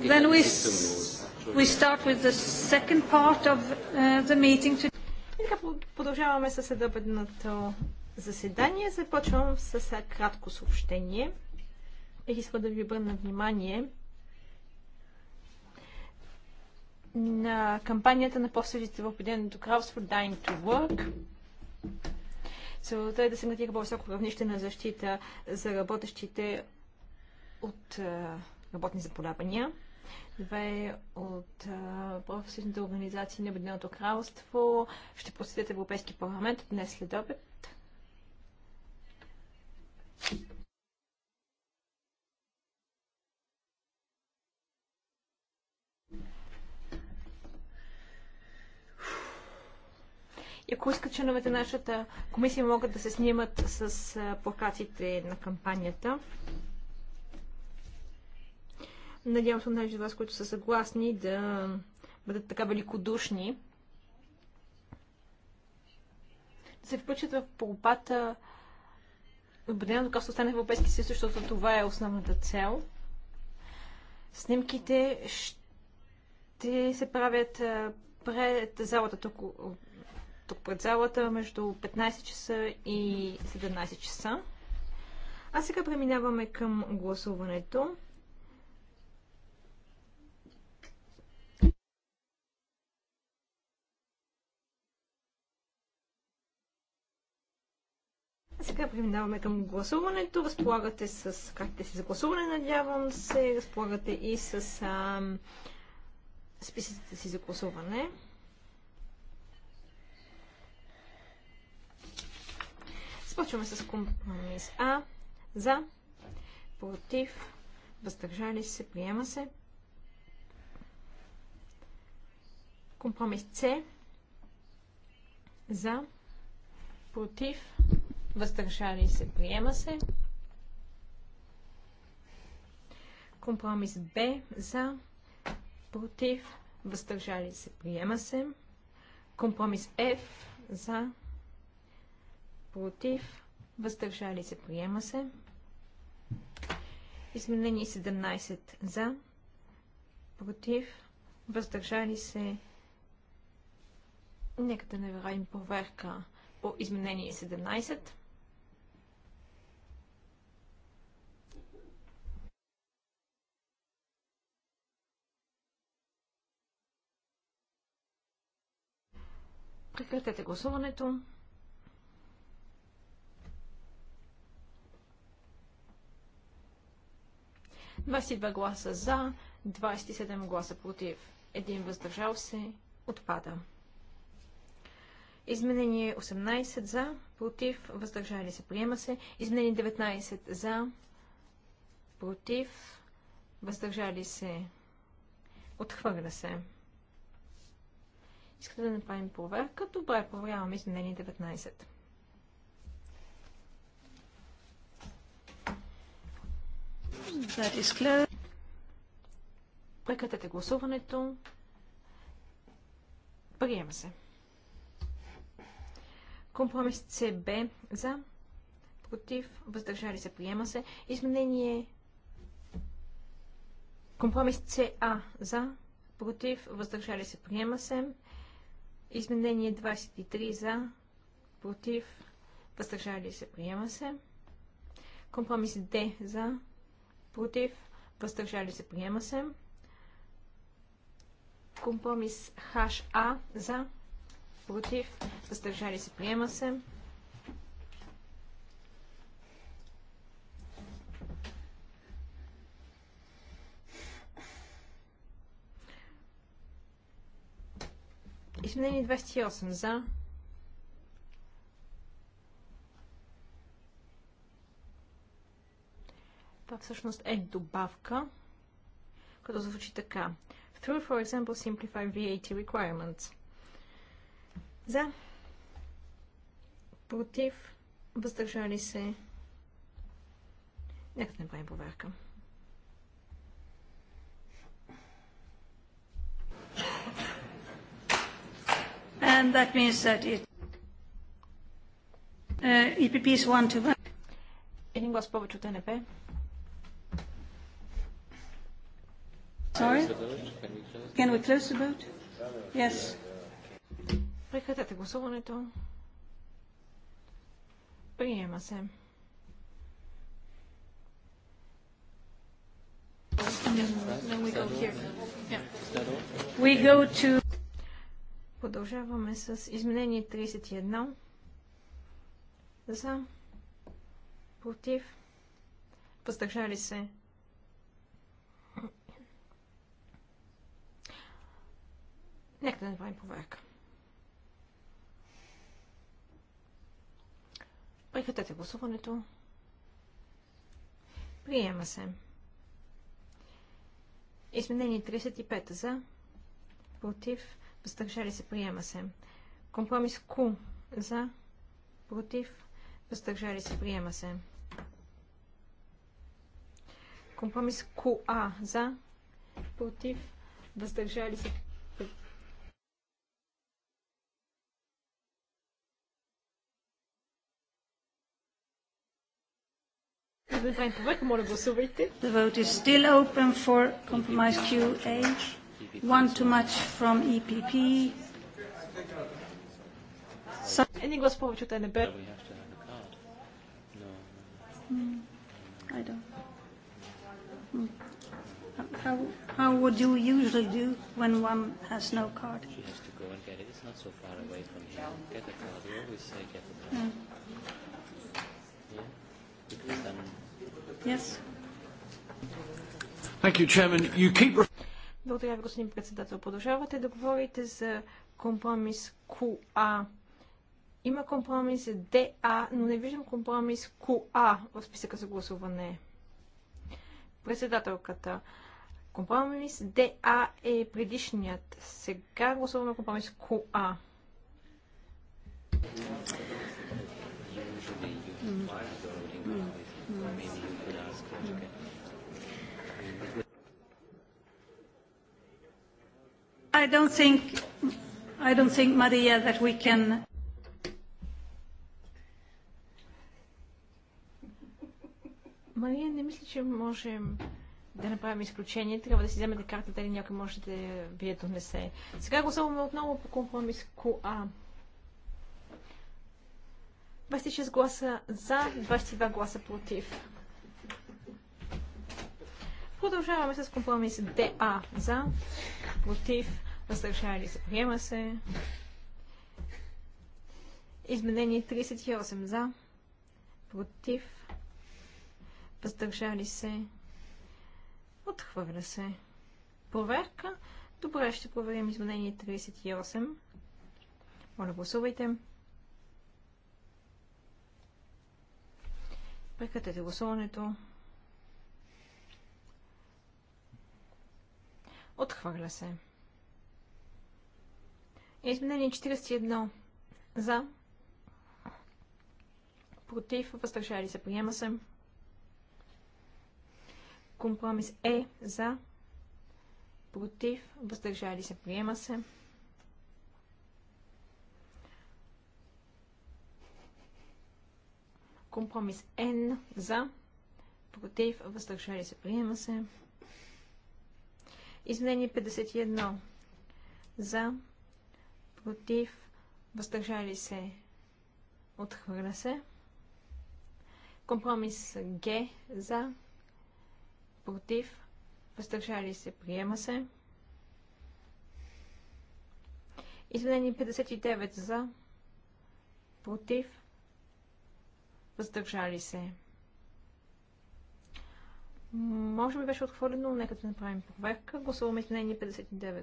Then we, we start with the second part of uh, the meeting. To... Така продължаваме с следобедното заседание. Започвам с кратко съобщение. Бих искал да ви обърна внимание на кампанията на посредите в Обединеното кралство Dying to Work. Целта е да се натига по-високо равнище на защита за работещите от работни заболявания. Две от професионалните организации на Обединеното кралство ще посетят Европейски парламент днес след обед. И ако искат членовете на нашата комисия могат да се снимат с плакатите на кампанията. Надявам се, от вас, които са съгласни, да бъдат така великодушни. Да се включат в полупата Обединеното кралство стане в Европейски съюз, защото това е основната цел. Снимките ще се правят пред залата тук тук пред залата между 15 часа и 17 часа. А сега преминаваме към гласуването. Сега преминаваме към гласуването. Разполагате с картите си за гласуване, надявам се. Разполагате и с а, списъците си за гласуване. Започваме с компромис А. За, против, въздържали се, приема се. Компромис С. За, против, въздържали се, приема се. Компромис Б. За, против, въздържали се, приема се. Компромис Ф. За, против, против, въздържали се, приема се. Изменение 17 за, против, въздържали се. Нека да направим проверка по изменение 17. Прекратете гласуването. 22 гласа за, 27 гласа против, 1 въздържал се, отпада. Изменение 18 за, против, въздържали се, приема се. Изменение 19 за, против, въздържали се, отхвърля се. Искате да направим проверка? Добре, проверяваме изменение 19. Прекратете гласуването. Приема се. Компромис ЦБ за, против, въздържали се, приема се. Изменение Компромис СА за, против, въздържали се, приема се. Изменение 23 за, против, въздържали се, приема се. Компромис Д за, против, въздържали се, приема се. Компромис ХА за, против, въздържали се, приема се. Изменение 28 за, Това всъщност е добавка, като звучи така. Through, for example, simplify VAT requirements. За, против, въздържали се. Нека да направим проверка. And that means that it uh, EPP is one to one. Един глас повече от НП. Sorry? Can we close the vote? Yes. Прекратете гласуването. Приема се. Продължаваме с изменение 31. За. Против. Въздържали се. Нека да направим проверка. Прекратете гласуването. Приема се. Изменение 35 за. Против. Въздържали се. Приема се. Компромис Q за. Против. Въздържали се. Приема се. Компромис QA за. Против. Въздържали се. да направим проверка, моля гласувайте. The vote is still open for compromise QA. One too much from EPP. Един глас повече от НБ. I don't. Mm. How, how would you usually do when one has no card? She has to go and get it. It's not so far away from here. Get the card. We always say get the card. Mm. Yeah? Because then Yes. Thank you, Chairman. You keep... Благодаря господин председател. Продължавате да говорите за компромис Куа. Има компромис ДА, но не виждам компромис Куа в списъка за гласуване. Председателката. Компромис ДА е предишният. Сега гласуваме компромис Куа. Mm. I don't think, I don't think, Maria, that we can. Мария, не мисля, че можем да направим изключение. Трябва да си вземете картата или някой може да ви я донесе. Сега гласуваме отново по компромис КОА. 26 гласа за, 22 гласа против. Продължаваме с компромис ДА за, против, въздържали се, приема се. Изменение 38 за, против, въздържали се, отхвърля се. Проверка. Добре, ще проверим изменение 38. Моля, гласувайте. Прекратете гласуването. Отхвърля се. Изменение 41. За. Против. Въздържали се. Приема се. Компромис Е. За. Против. Въздържали се. Приема се. Компромис Н. За. Против. Въздържали се. Приема се. Изменение 51. За, против, въздържали се, отхвърля се. Компромис Г за, против, въздържали се, приема се. Изменение 59 за, против, въздържали се. Може би беше отхвърлено, но нека да направим проверка. Гласуваме изменение 59.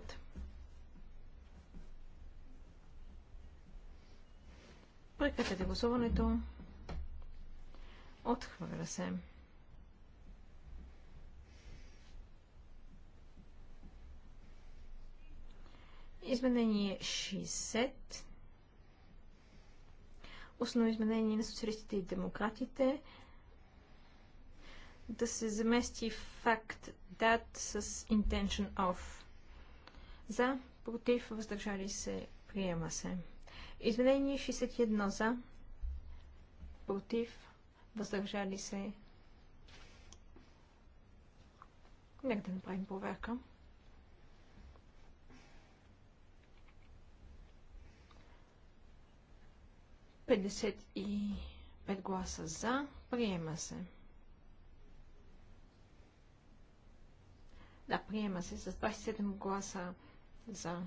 Прекратете гласуването. Отхвърля се. Изменение 60. Основно изменение на социалистите и демократите да се замести факт that с intention of. За, против, въздържали се, приема се. Изменение 61 за, против, въздържали се. Нека да направим проверка. Пятьдесят и пет гласа за. Приема се. Да, приема се с 27 гласа за.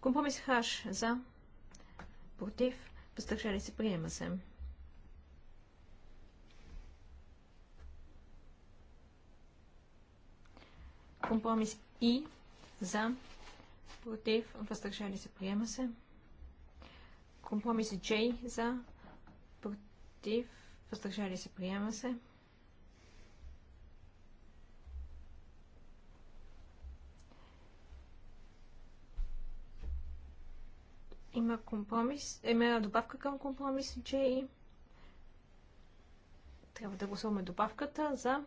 Компромис Хаш за. Против. Въздържали се. Приема се. Компромис И за. Против. Въздържали се. Приема се. Компромис J за. Против. Въздържали се. Приема се. Има компромис, има добавка към компромис и Трябва да гласуваме добавката за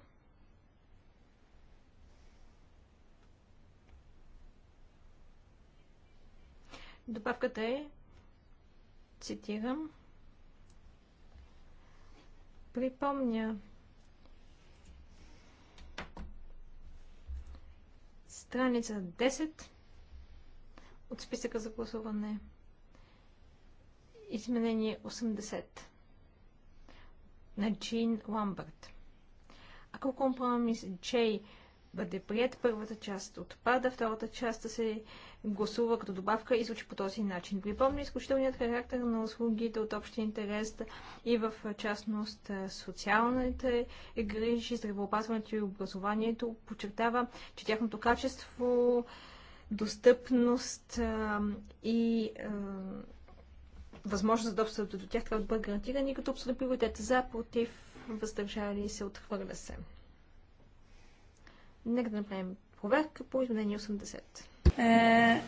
Добавката е, цитирам, припомня страница 10 от списъка за гласуване Изменение 80 на Джин Ламбърт. Ако компромис J бъде прият, първата част отпада, втората част се гласува като добавка и звучи по този начин. Припомня изключителният характер на услугите от общия интерес и в частност социалните грижи, здравеопазването и образованието. Подчертава, че тяхното качество, достъпност и възможност за достъп до тях трябва да бъдат гарантирани, като абсолютно приоритет за, против, въздържали се, отхвърля се. Нека да направим проверка по изменение 80. Uh, е,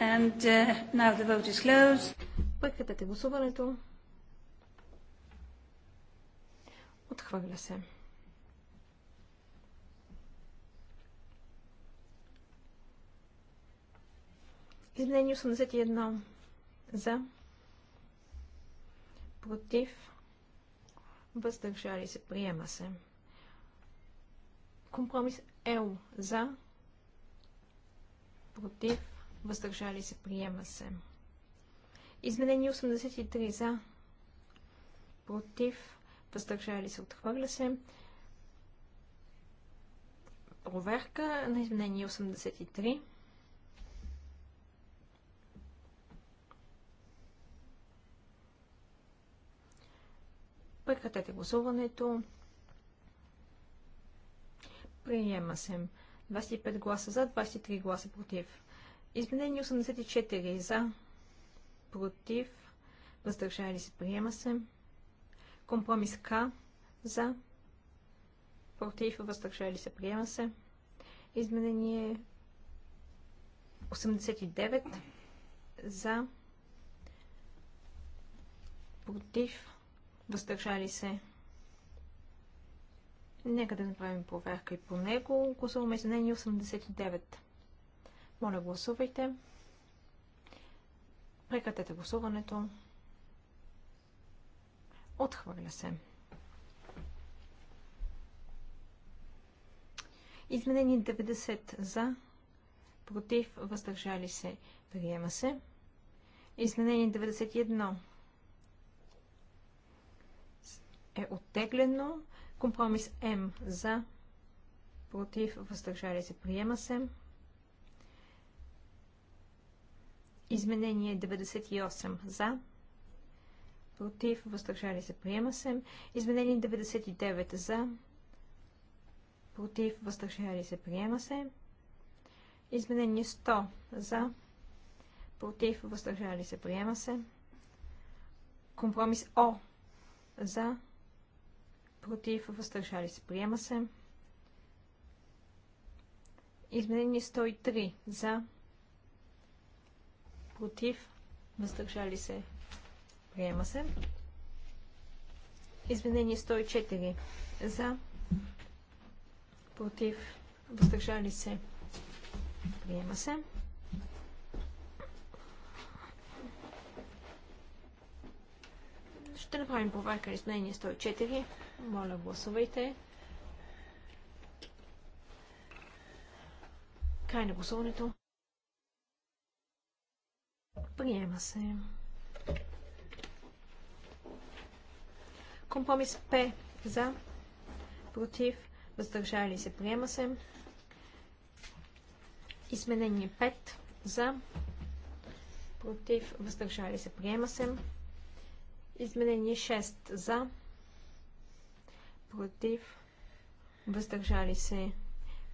and, uh, now the vote is closed. Прекратете гласуването. Отхвърля се. Изменение 81 за, против, въздържали се, приема се. Компромис L за, против, въздържали се, приема се. Изменение 83 за, против, въздържали се, отхвърля се. Проверка на изменение 83. Прекратете гласуването. Приема се. 25 гласа за, 23 гласа против. Изменение 84 за, против, въздържали се, приема се. Компромис К за, против, въздържали се, приема се. Изменение 89 за, против, въздържали се. Нека да направим проверка и по него. Гласуваме изменение 89. Моля, гласувайте. Прекратете гласуването. Отхвърля се. Изменени 90 за, против, въздържали се, приема се. Изменени 91 е оттеглено. Компромис М за, против, въздържали се, приема се. Изменение 98 за, против, въздържали се, приема се. Изменение 99 за, против, въздържали се, приема се. Изменение 100 за, против, въздържали се, приема се. Компромис О за, против, против, въздържали се, приема се. Изменение 103 за, против, въздържали се, приема се. Изменение 104 за, против, въздържали се, приема се. Ще направим проверка изменение 104. Моля, гласувайте. Край на гласуването. Приема се. Компромис П за, против, въздържали се, приема се. Изменение 5 за, против, въздържали се, приема се. Изменение 6 за, против, въздържали се,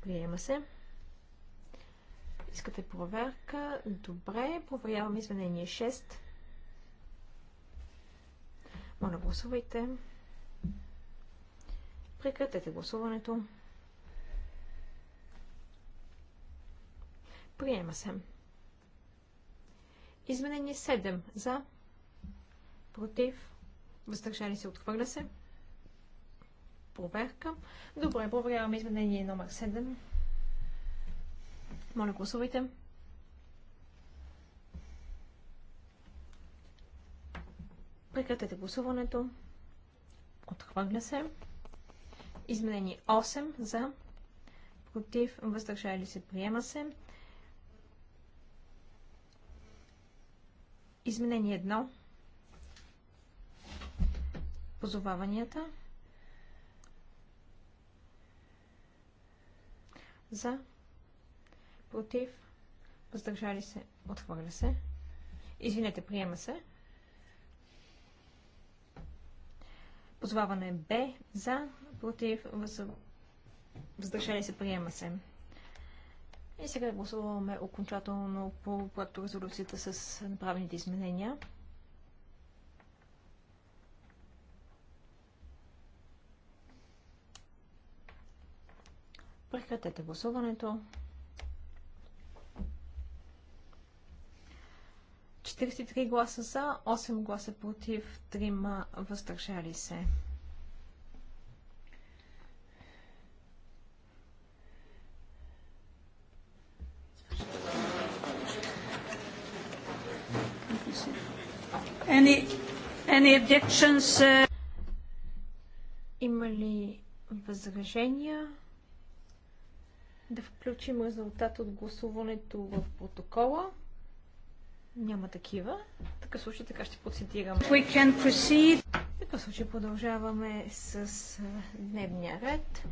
приема се. Искате проверка? Добре, проверяваме изменение 6. Моля, гласувайте. Прекратете гласуването. Приема се. Изменение 7. За. Против. Въздържали се. Отхвърля се проверка. Добре, проверяваме изменение номер 7. Моля, гласувайте. Прекратете гласуването. Отхвърля се. Изменение 8 за против, въздържали се, приема се. Изменение 1. Позоваванията. за, против, въздържали се, отхвърля се. Извинете, приема се. Позваване Б за, против, въздържали се, приема се. И сега гласуваме окончателно по резолюцията с направените изменения. Прекратете гласуването. 43 гласа за, 8 гласа против, 3 въздържали се. Any, any objections? Uh? Има ли възражения? да включим резултат от гласуването в протокола. Няма такива. Така случай така ще процедираме. We can proceed. В случай продължаваме с дневния ред.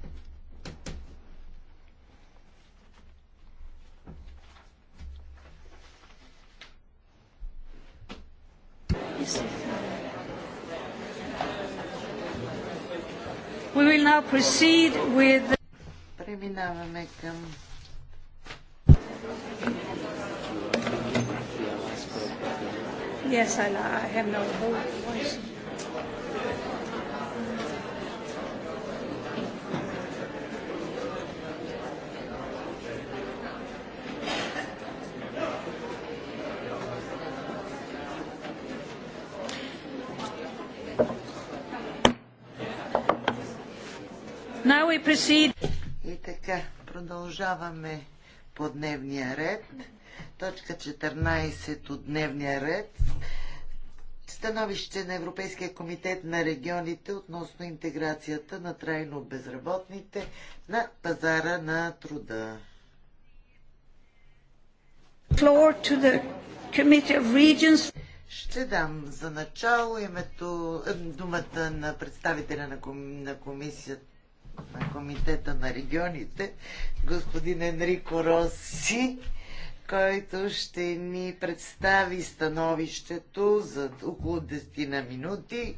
We will now proceed with Преминаваме към Yes, I, I have no voice. Now we proceed. Продължаваме по дневния ред. Точка 14 от дневния ред. Становище на Европейския комитет на регионите относно интеграцията на трайно безработните на пазара на труда. Ще дам за начало името, е, думата на представителя на, на комисията на Комитета на регионите, господин Енрико Роси, който ще ни представи становището за около 10 на минути.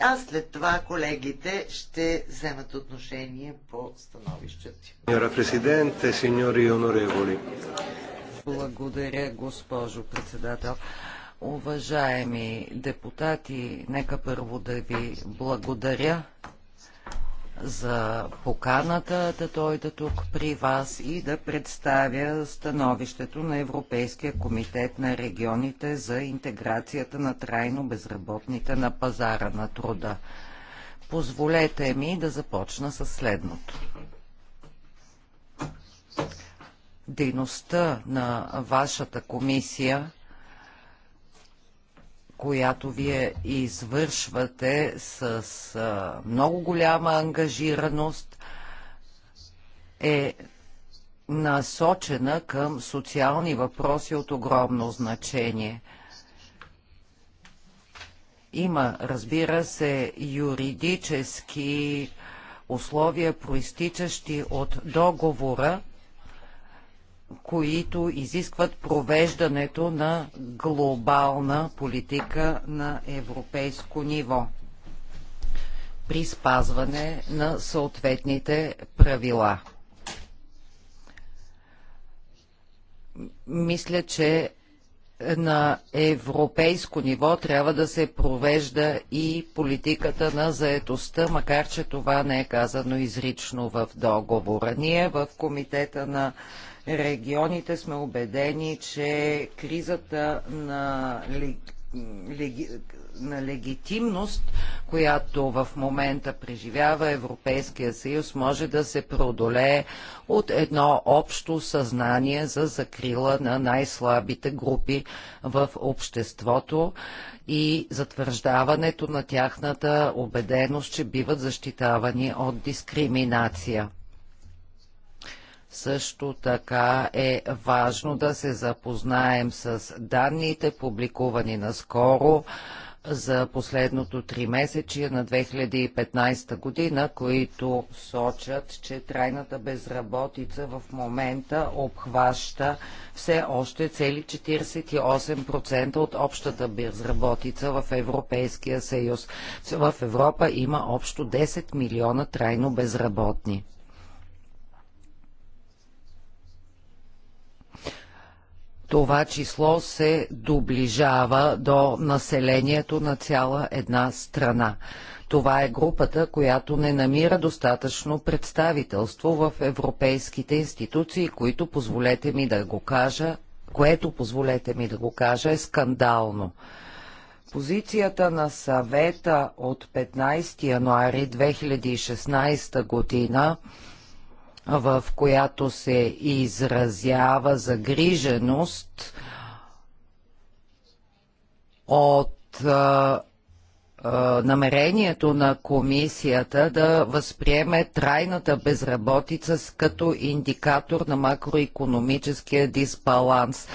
А след това колегите ще вземат отношение по становището. Сеньора президенте, сеньори онореволи. Благодаря, госпожо председател. Уважаеми депутати, нека първо да ви благодаря за поканата да дойда тук при вас и да представя становището на Европейския комитет на регионите за интеграцията на трайно безработните на пазара на труда. Позволете ми да започна с следното. Дейността на вашата комисия която вие извършвате с а, много голяма ангажираност, е насочена към социални въпроси от огромно значение. Има, разбира се, юридически условия, проистичащи от договора, които изискват провеждането на глобална политика на европейско ниво при спазване на съответните правила. Мисля, че на европейско ниво трябва да се провежда и политиката на заетостта, макар че това не е казано изрично в договора. Ние в Комитета на регионите сме убедени, че кризата на, леги... на легитимност, която в момента преживява Европейския съюз, може да се преодолее от едно общо съзнание за закрила на най-слабите групи в обществото и затвърждаването на тяхната убеденост, че биват защитавани от дискриминация. Също така е важно да се запознаем с данните, публикувани наскоро за последното три месечие на 2015 година, които сочат, че трайната безработица в момента обхваща все още цели 48% от общата безработица в Европейския съюз. В Европа има общо 10 милиона трайно безработни. това число се доближава до населението на цяла една страна. Това е групата, която не намира достатъчно представителство в европейските институции, които позволете ми да го кажа, което позволете ми да го кажа е скандално. Позицията на съвета от 15 януари 2016 година в която се изразява загриженост от а, а, намерението на комисията да възприеме трайната безработица като индикатор на макроекономическия дисбаланс.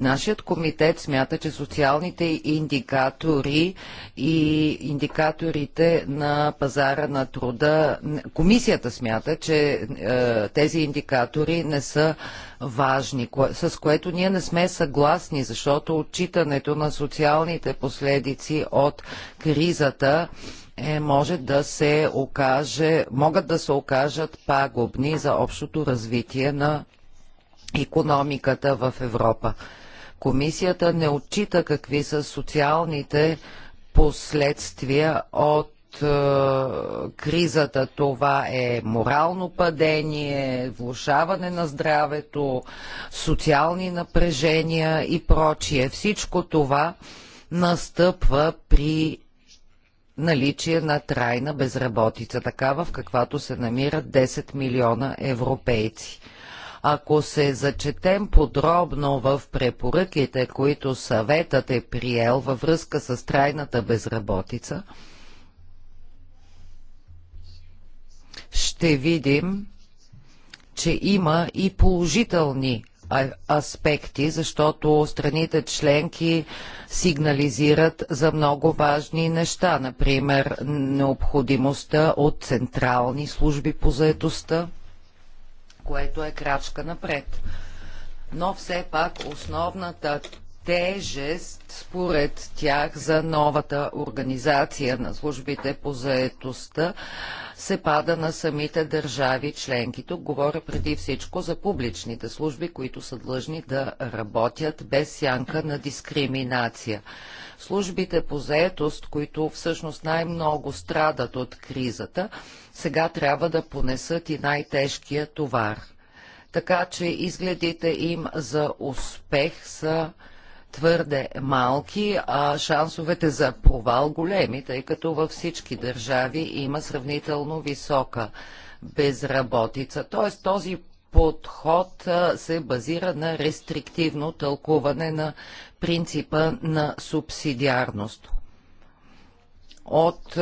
Нашият комитет смята, че социалните индикатори и индикаторите на пазара на труда, комисията смята, че е, тези индикатори не са важни, с което ние не сме съгласни, защото отчитането на социалните последици от кризата е, може да се окаже, могат да се окажат пагубни за общото развитие на економиката в Европа. Комисията не отчита какви са социалните последствия от е, кризата. Това е морално падение, влушаване на здравето, социални напрежения и прочие. Всичко това настъпва при наличие на трайна безработица, такава в каквато се намират 10 милиона европейци. Ако се зачетем подробно в препоръките, които съветът е приел във връзка с трайната безработица, ще видим, че има и положителни аспекти, защото страните членки сигнализират за много важни неща, например необходимостта от централни служби по заедостта, което е крачка напред. Но все пак основната тежест според тях за новата организация на службите по заетостта се пада на самите държави членки. Тук говоря преди всичко за публичните служби, които са длъжни да работят без сянка на дискриминация. Службите по заетост, които всъщност най-много страдат от кризата, сега трябва да понесат и най-тежкия товар. Така че изгледите им за успех са твърде малки, а шансовете за провал големи, тъй като във всички държави има сравнително висока безработица. Т.е. този подход се базира на рестриктивно тълкуване на принципа на субсидиарност. От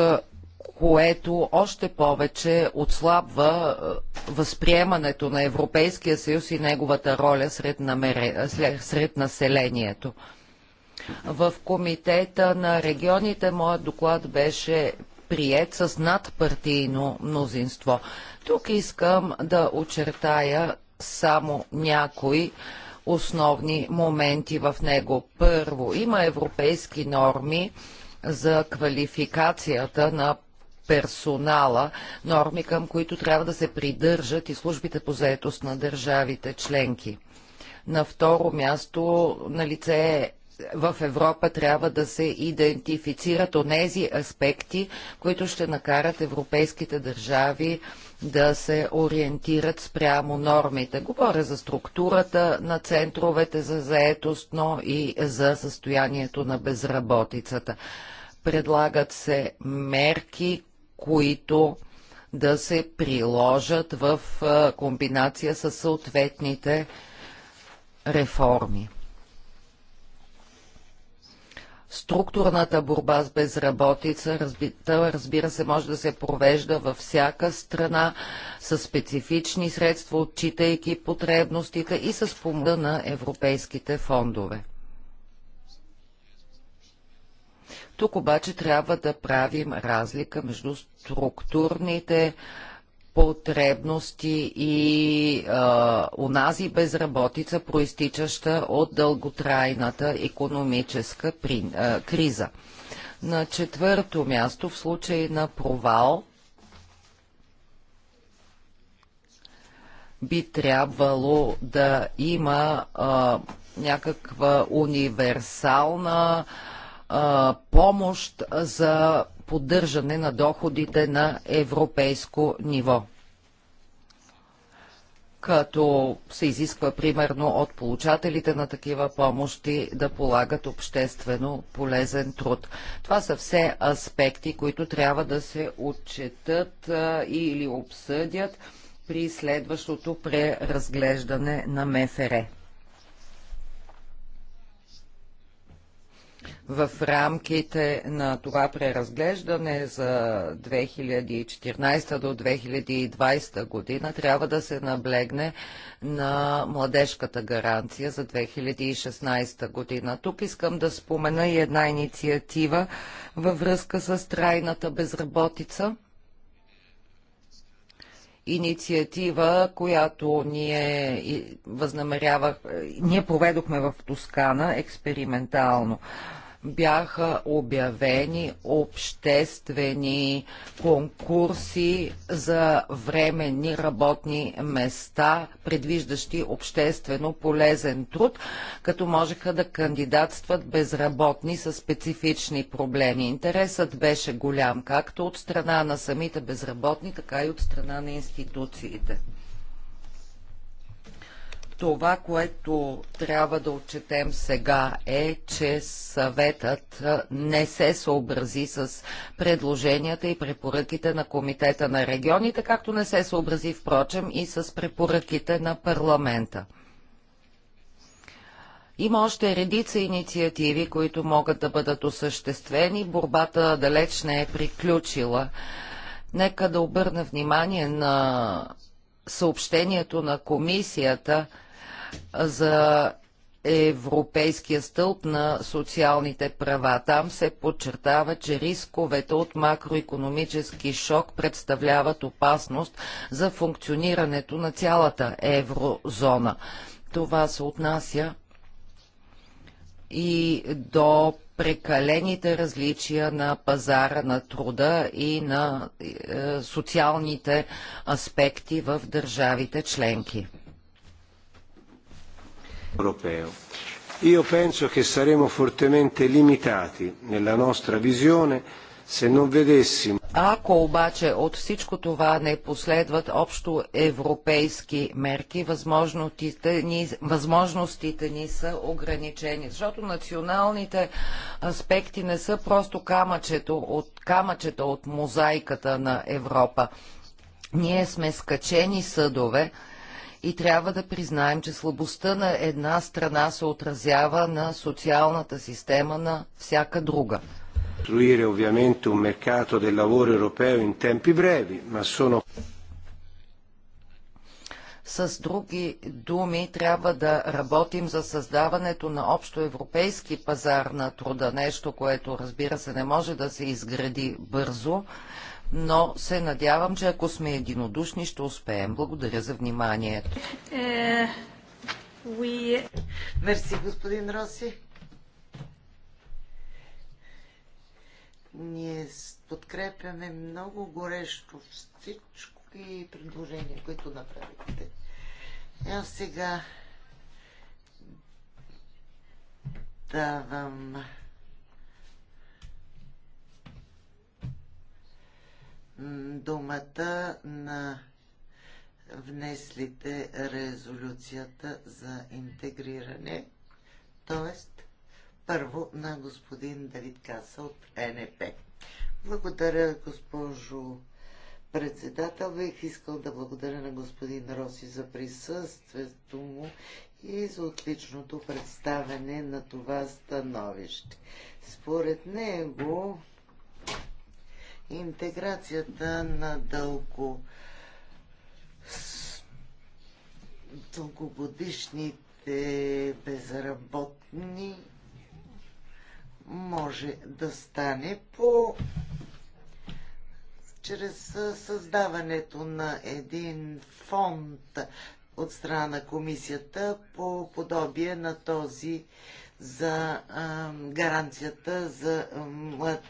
което още повече отслабва е, възприемането на Европейския съюз и неговата роля сред, намере... сред населението. В комитета на регионите моят доклад беше прият с надпартийно мнозинство. Тук искам да очертая само някои основни моменти в него. Първо, има европейски норми за квалификацията на персонала, норми към които трябва да се придържат и службите по заетост на държавите членки. На второ място на лице е в Европа трябва да се идентифицират онези аспекти, които ще накарат европейските държави да се ориентират спрямо нормите. Говоря за структурата на центровете за заетост, но и за състоянието на безработицата. Предлагат се мерки, които да се приложат в комбинация с съответните реформи. Структурната борба с безработица, разбира се, може да се провежда във всяка страна с специфични средства, отчитайки потребностите и с помощта на европейските фондове. Тук обаче трябва да правим разлика между структурните потребности и а, унази безработица, проистичаща от дълготрайната економическа при, а, криза. На четвърто място, в случай на провал, би трябвало да има а, някаква универсална а, помощ за поддържане на доходите на европейско ниво като се изисква примерно от получателите на такива помощи да полагат обществено полезен труд. Това са все аспекти, които трябва да се отчетат или обсъдят при следващото преразглеждане на МФР. в рамките на това преразглеждане за 2014 до 2020 година трябва да се наблегне на младежката гаранция за 2016 година. Тук искам да спомена и една инициатива във връзка с трайната безработица – инициатива, която ние възнамерявах, ние проведохме в Тоскана експериментално бяха обявени обществени конкурси за временни работни места, предвиждащи обществено полезен труд, като можеха да кандидатстват безработни с специфични проблеми. Интересът беше голям, както от страна на самите безработни, така и от страна на институциите. Това, което трябва да отчетем сега е, че съветът не се съобрази с предложенията и препоръките на Комитета на регионите, както не се съобрази, впрочем, и с препоръките на парламента. Има още редица инициативи, които могат да бъдат осъществени. Борбата далеч не е приключила. Нека да обърна внимание на съобщението на комисията – за Европейския стълб на социалните права. Там се подчертава, че рисковете от макроекономически шок представляват опасност за функционирането на цялата еврозона. Това се отнася и до прекалените различия на пазара на труда и на е, социалните аспекти в държавите членки europeo. Io penso che saremo fortemente limitati nella nostra visione се но ведесим. Ако обаче от всичко това не последват общо европейски мерки, възможностите ни, възможностите ни са ограничени, защото националните аспекти не са просто камъчето от, камъчето от мозайката на Европа. Ние сме скачени съдове, и трябва да признаем, че слабостта на една страна се отразява на социалната система на всяка друга. un mercato del lavoro europeo in tempi brevi, ma sono с други думи, трябва да работим за създаването на общо европейски пазар на труда, нещо, което разбира се не може да се изгради бързо, но се надявам, че ако сме единодушни, ще успеем. Благодаря за вниманието. Е, Мерси, господин Роси. Ние подкрепяме много горещо всичко и предложения, които направихте. Я сега давам думата на внеслите резолюцията за интегриране, т.е. първо на господин Давид Каса от НП. Благодаря, госпожо председател. Бих искал да благодаря на господин Роси за присъствието му и за отличното представяне на това становище. Според него интеграцията на дълго дългогодишните безработни може да стане по чрез създаването на един фонд от страна на комисията по подобие на този за а, гаранцията за млад,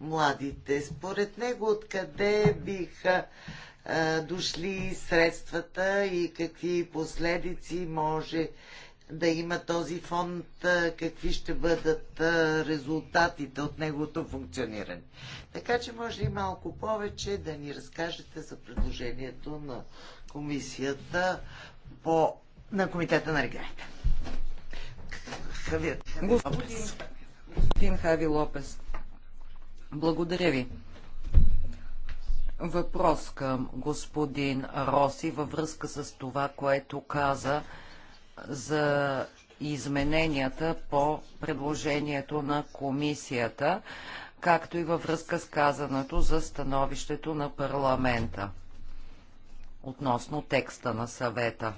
младите. Според него откъде биха а, дошли средствата и какви последици може да има този фонд, какви ще бъдат резултатите от неговото функциониране. Така че може и малко повече да ни разкажете за предложението на комисията по, на Комитета на регионите. Господин Хави Лопес. Благодаря ви. Въпрос към господин Роси във връзка с това, което каза за измененията по предложението на комисията, както и във връзка с казаното за становището на парламента относно текста на съвета.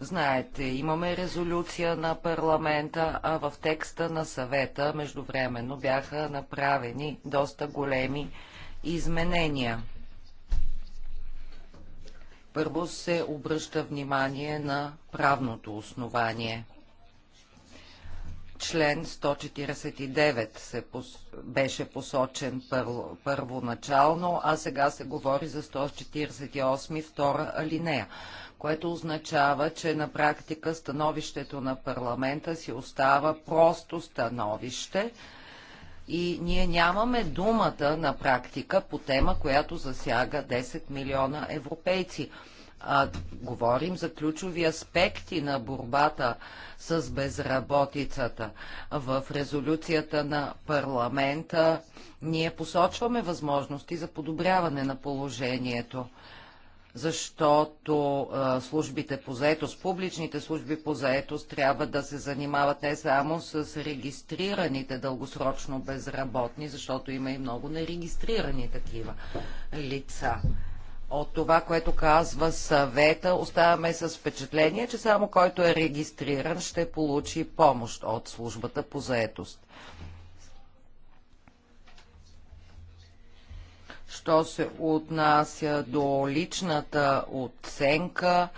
Знаете, имаме резолюция на парламента, а в текста на съвета междувременно бяха направени доста големи изменения. Първо се обръща внимание на правното основание. Член 149 се пос... беше посочен пър... първоначално, а сега се говори за 148 втора алинея което означава, че на практика становището на парламента си остава просто становище и ние нямаме думата на практика по тема, която засяга 10 милиона европейци. А, говорим за ключови аспекти на борбата с безработицата. В резолюцията на парламента ние посочваме възможности за подобряване на положението защото а, службите по заетост, публичните служби по заетост трябва да се занимават не само с регистрираните дългосрочно безработни, защото има и много нерегистрирани такива лица. От това, което казва съвета, оставаме с впечатление, че само който е регистриран ще получи помощ от службата по заетост. що се отнася до личната оценка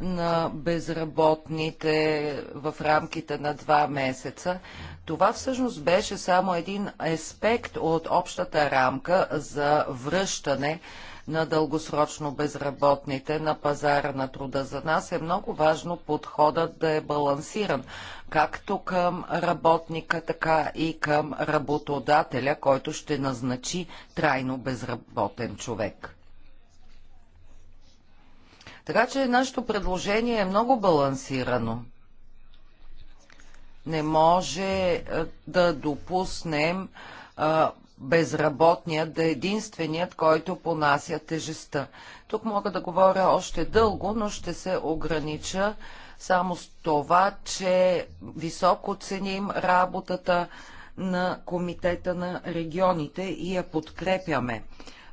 на безработните в рамките на два месеца. Това всъщност беше само един аспект от общата рамка за връщане на дългосрочно безработните на пазара на труда. За нас е много важно подходът да е балансиран както към работника, така и към работодателя, който ще назначи трайно безработен човек. Така че нашето предложение е много балансирано. Не може е, да допуснем а, е, безработният да е единственият, който понася тежестта. Тук мога да говоря още дълго, но ще се огранича само с това, че високо ценим работата на Комитета на регионите и я подкрепяме.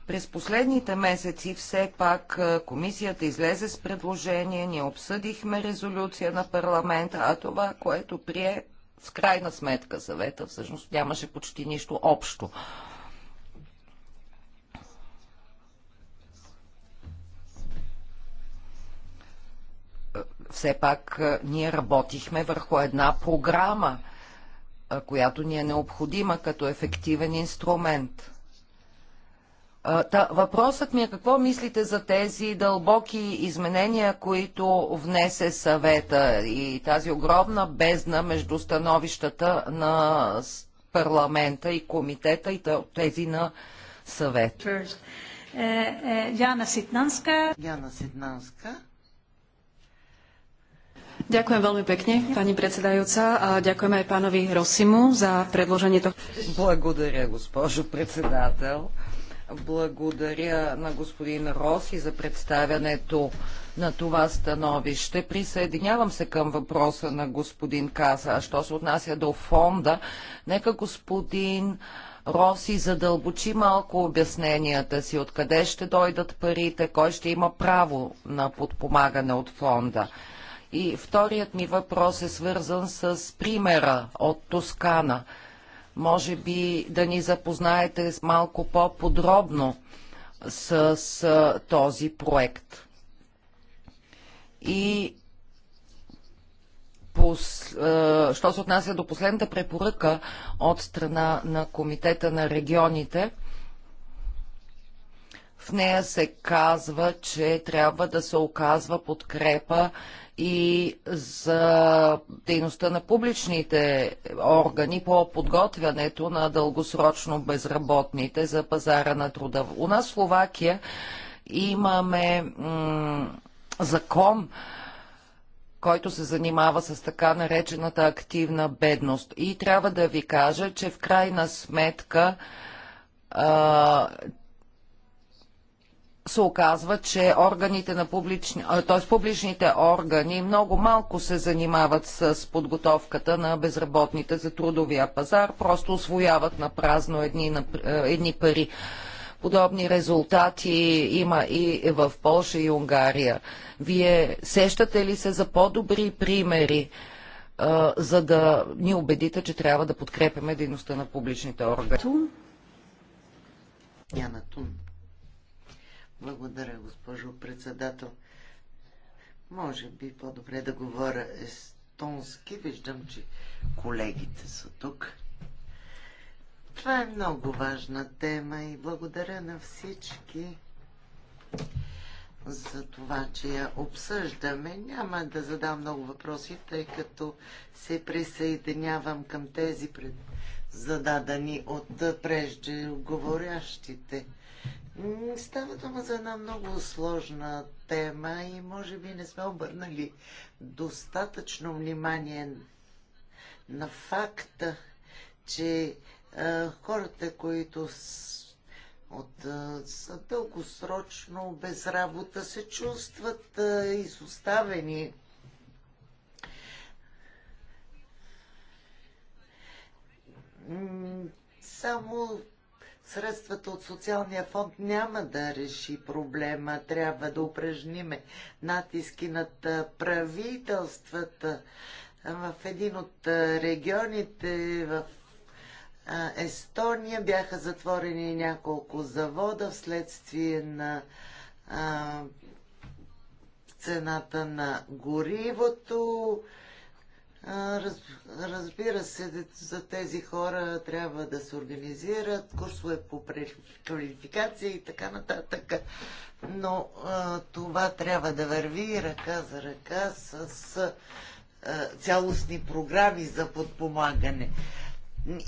През последните месеци все пак комисията излезе с предложение, ние обсъдихме резолюция на парламента, а това, което прие в крайна сметка съвета всъщност нямаше почти нищо общо. Все пак ние работихме върху една програма, която ни е необходима като ефективен инструмент – Та, въпросът ми е какво мислите за тези дълбоки изменения, които внесе съвета и тази огромна бездна между становищата на парламента и комитета и тези на съвет. Е, е, Яна Ситнанска. Яна Ситнанска. Ďakujem veľmi pekne, pani predsedajúca, a ďakujem aj pánovi Rosimu za predloženie toho. Благодаря, госпожо председател. Благодаря на господин Роси за представянето на това становище. Присъединявам се към въпроса на господин Каса. А що се отнася до фонда, нека господин Роси задълбочи малко обясненията си, откъде ще дойдат парите, кой ще има право на подпомагане от фонда. И вторият ми въпрос е свързан с примера от Тоскана – може би да ни запознаете с малко по-подробно с, с този проект. И пос, е, що се отнася до последната препоръка от страна на Комитета на регионите, в нея се казва, че трябва да се оказва подкрепа и за дейността на публичните органи по подготвянето на дългосрочно безработните за пазара на труда. У нас в Словакия имаме закон, който се занимава с така наречената активна бедност. И трябва да ви кажа, че в крайна сметка а, се оказва, че органите на публични, т.е. публичните органи много малко се занимават с подготовката на безработните за трудовия пазар, просто освояват на празно едни, е, едни пари. Подобни резултати има и в Польша и Унгария. Вие сещате ли се за по-добри примери, е, за да ни убедите, че трябва да подкрепяме дейността на публичните органи? Яна Тун. Благодаря, госпожо председател. Може би по-добре да говоря естонски. Виждам, че колегите са тук. Това е много важна тема и благодаря на всички за това, че я обсъждаме. Няма да задам много въпроси, тъй като се присъединявам към тези пред... зададени от преждеговорящите. Става дума за една много сложна тема и може би не сме обърнали достатъчно внимание на факта, че а, хората, които с, от, а, са дългосрочно без работа, се чувстват а, изоставени. Само средствата от социалния фонд няма да реши проблема. Трябва да упражниме натиски над правителствата в един от регионите в Естония бяха затворени няколко завода вследствие на цената на горивото. Раз, разбира се, за тези хора трябва да се организират курсове по квалификация и така нататък. Но а, това трябва да върви ръка за ръка с а, цялостни програми за подпомагане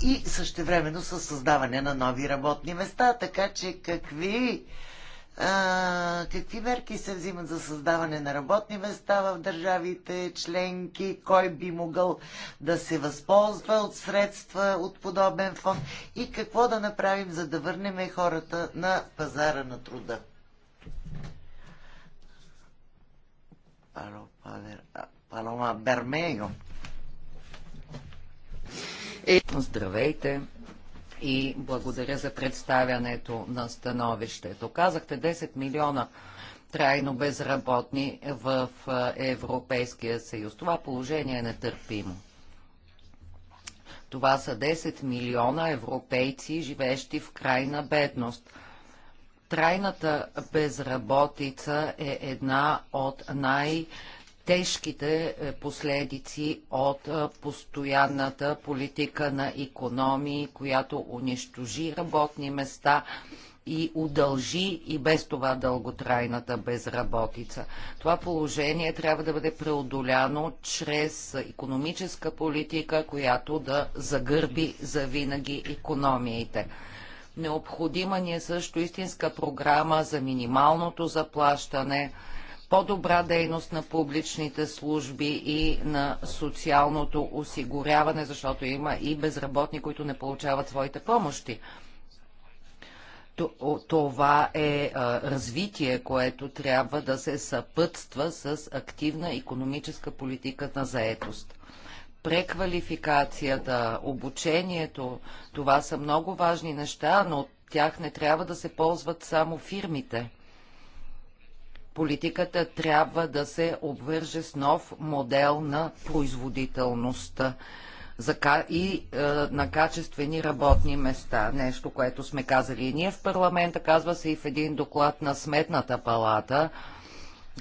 и същевременно с създаване на нови работни места. Така че какви какви мерки се взимат за създаване на работни места в държавите, членки, кой би могъл да се възползва от средства от подобен фонд и какво да направим, за да върнем хората на пазара на труда. Палома Бермейо. Здравейте! и благодаря за представянето на становището. Казахте 10 милиона трайно безработни в Европейския съюз. Това положение е нетърпимо. Това са 10 милиона европейци, живещи в крайна бедност. Трайната безработица е една от най- тежките е, последици от е, постоянната политика на економии, която унищожи работни места и удължи и без това дълготрайната безработица. Това положение трябва да бъде преодоляно чрез економическа политика, която да загърби завинаги економиите. Необходима ни е също истинска програма за минималното заплащане – по-добра дейност на публичните служби и на социалното осигуряване, защото има и безработни, които не получават своите помощи. Това е развитие, което трябва да се съпътства с активна економическа политика на заетост преквалификацията, обучението, това са много важни неща, но от тях не трябва да се ползват само фирмите политиката трябва да се обвърже с нов модел на производителността и е, на качествени работни места. Нещо, което сме казали и ние в парламента, казва се и в един доклад на Сметната палата,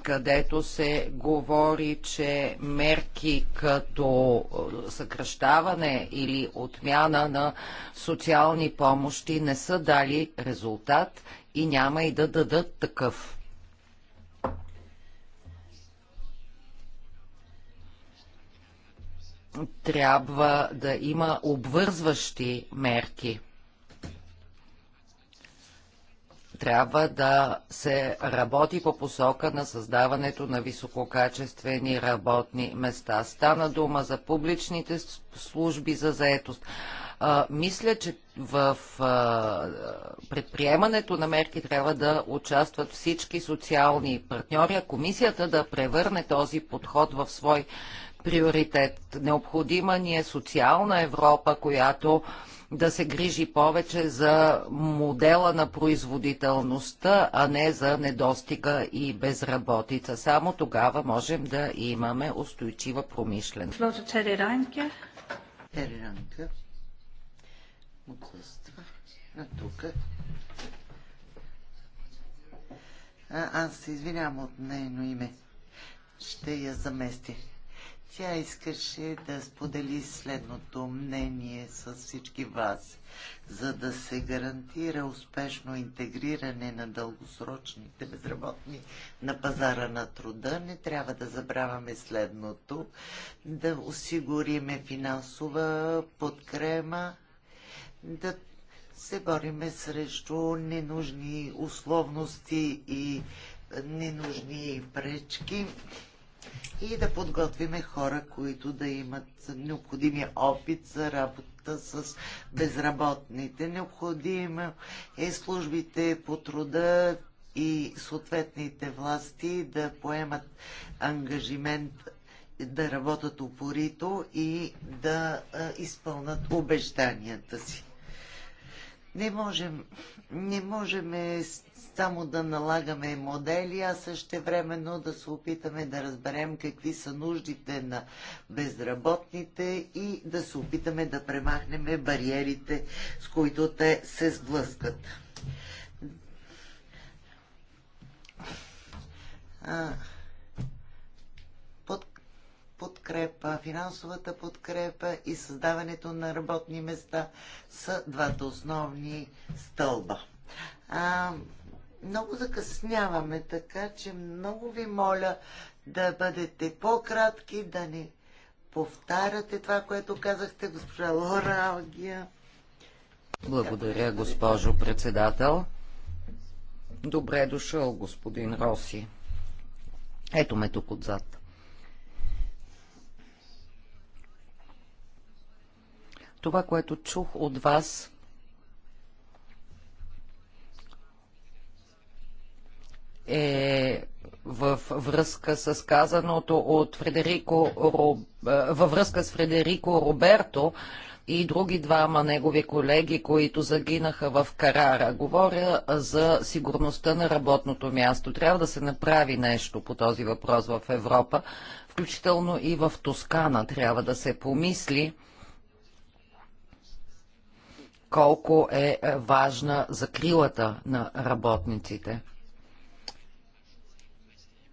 където се говори, че мерки като е, съкръщаване или отмяна на социални помощи не са дали резултат и няма и да дадат такъв. трябва да има обвързващи мерки. Трябва да се работи по посока на създаването на висококачествени работни места. Стана дума за публичните служби за заетост. А, мисля, че в а, предприемането на мерки трябва да участват всички социални партньори, а комисията да превърне този подход в свой приоритет. Необходима ни е социална Европа, която да се грижи повече за модела на производителността, а не за недостига и безработица. Само тогава можем да имаме устойчива промишленост. аз се извинявам от нейно име. Ще я замести. Тя искаше да сподели следното мнение с всички вас. За да се гарантира успешно интегриране на дългосрочните безработни на пазара на труда, не трябва да забравяме следното. Да осигуриме финансова подкрема, да се бориме срещу ненужни условности и ненужни пречки и да подготвиме хора, които да имат необходимия опит за работа с безработните. Необходимо е службите по труда и съответните власти да поемат ангажимент да работят упорито и да изпълнат обещанията си. Не можем, не можем само да налагаме модели, а също времено да се опитаме да разберем какви са нуждите на безработните и да се опитаме да премахнем бариерите, с които те се сблъскат. Под, подкрепа, финансовата подкрепа и създаването на работни места са двата основни стълба. А, много закъсняваме, така че много ви моля да бъдете по-кратки, да не повтаряте това, което казахте, госпожа Лора Алгия. Благодаря, госпожо председател. Добре е дошъл, господин Роси. Ето ме тук отзад. Това, което чух от вас, е в връзка с казаното от Фредерико, е, във връзка с Фредерико Роберто и други двама негови колеги, които загинаха в Карара. Говоря за сигурността на работното място. Трябва да се направи нещо по този въпрос в Европа, включително и в Тоскана трябва да се помисли колко е важна закрилата на работниците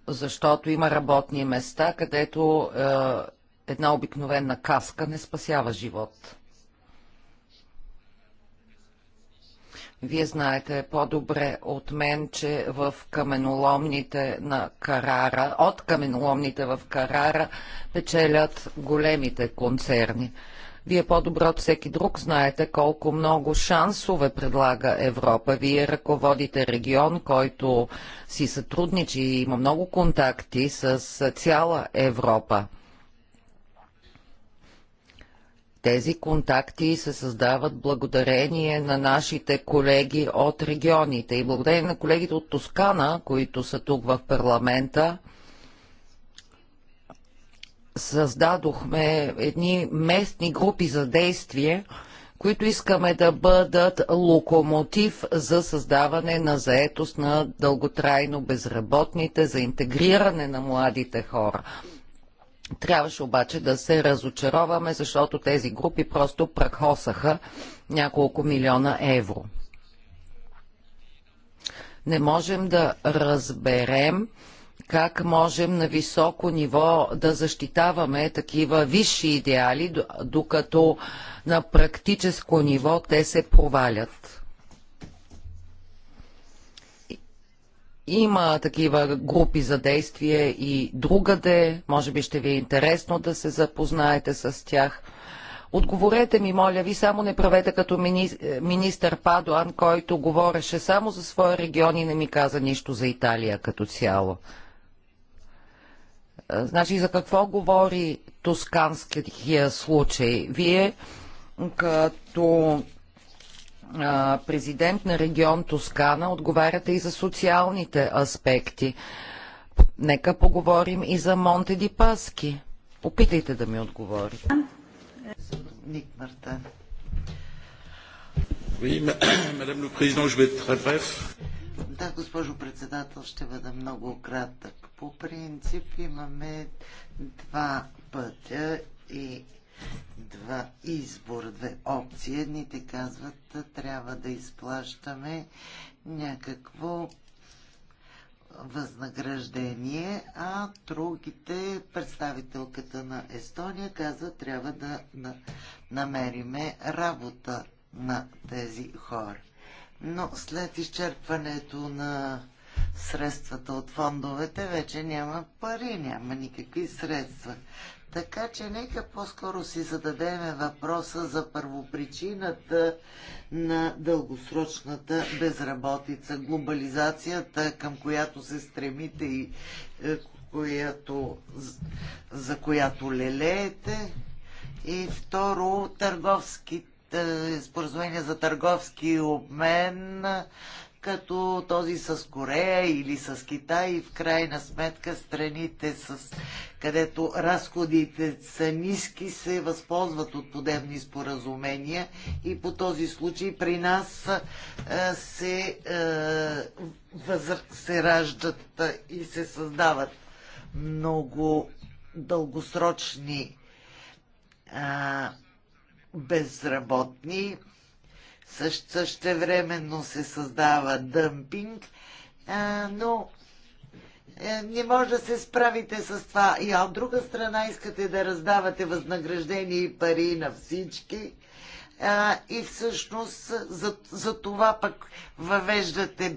защото има работни места, където е, една обикновена каска не спасява живот. Вие знаете по-добре от мен, че в каменоломните на Карара, от каменоломните в Карара печелят големите концерни. Вие по-добро от всеки друг знаете колко много шансове предлага Европа. Вие ръководите регион, който си сътрудничи и има много контакти с цяла Европа. Тези контакти се създават благодарение на нашите колеги от регионите и благодарение на колегите от Тоскана, които са тук в парламента – създадохме едни местни групи за действие, които искаме да бъдат локомотив за създаване на заетост на дълготрайно безработните, за интегриране на младите хора. Трябваше обаче да се разочароваме, защото тези групи просто прахосаха няколко милиона евро. Не можем да разберем, как можем на високо ниво да защитаваме такива висши идеали, докато на практическо ниво те се провалят. Има такива групи за действие и другаде. Може би ще ви е интересно да се запознаете с тях. Отговорете ми, моля ви, само не правете като министър Падуан, който говореше само за своя регион и не ми каза нищо за Италия като цяло. Значи за какво говори тусканския случай? Вие като президент на регион Тоскана отговаряте и за социалните аспекти. Нека поговорим и за Монте Ди Паски. Опитайте да ми отговорите. Ник Да, госпожо председател, ще бъда много кратък по принцип имаме два пътя и два избора, две опции. Едните казват, трябва да изплащаме някакво възнаграждение, а другите, представителката на Естония, казва, трябва да, на, намериме работа на тези хора. Но след изчерпването на средствата от фондовете, вече няма пари, няма никакви средства. Така че нека по-скоро си зададеме въпроса за първопричината на дългосрочната безработица, глобализацията, към която се стремите и е, която, за която лелеете. И второ, търговските споразумения за търговски обмен като този с Корея или с Китай и в крайна сметка страните, с, където разходите са ниски, се възползват от подебни споразумения и по този случай при нас а, е, се, а, е, възр... се раждат е, и се създават много дългосрочни а, безработни също, същевременно се създава дъмпинг, а, но е, не може да се справите с това. И от друга страна искате да раздавате възнаграждение и пари на всички. А, и всъщност за, за това пък въвеждате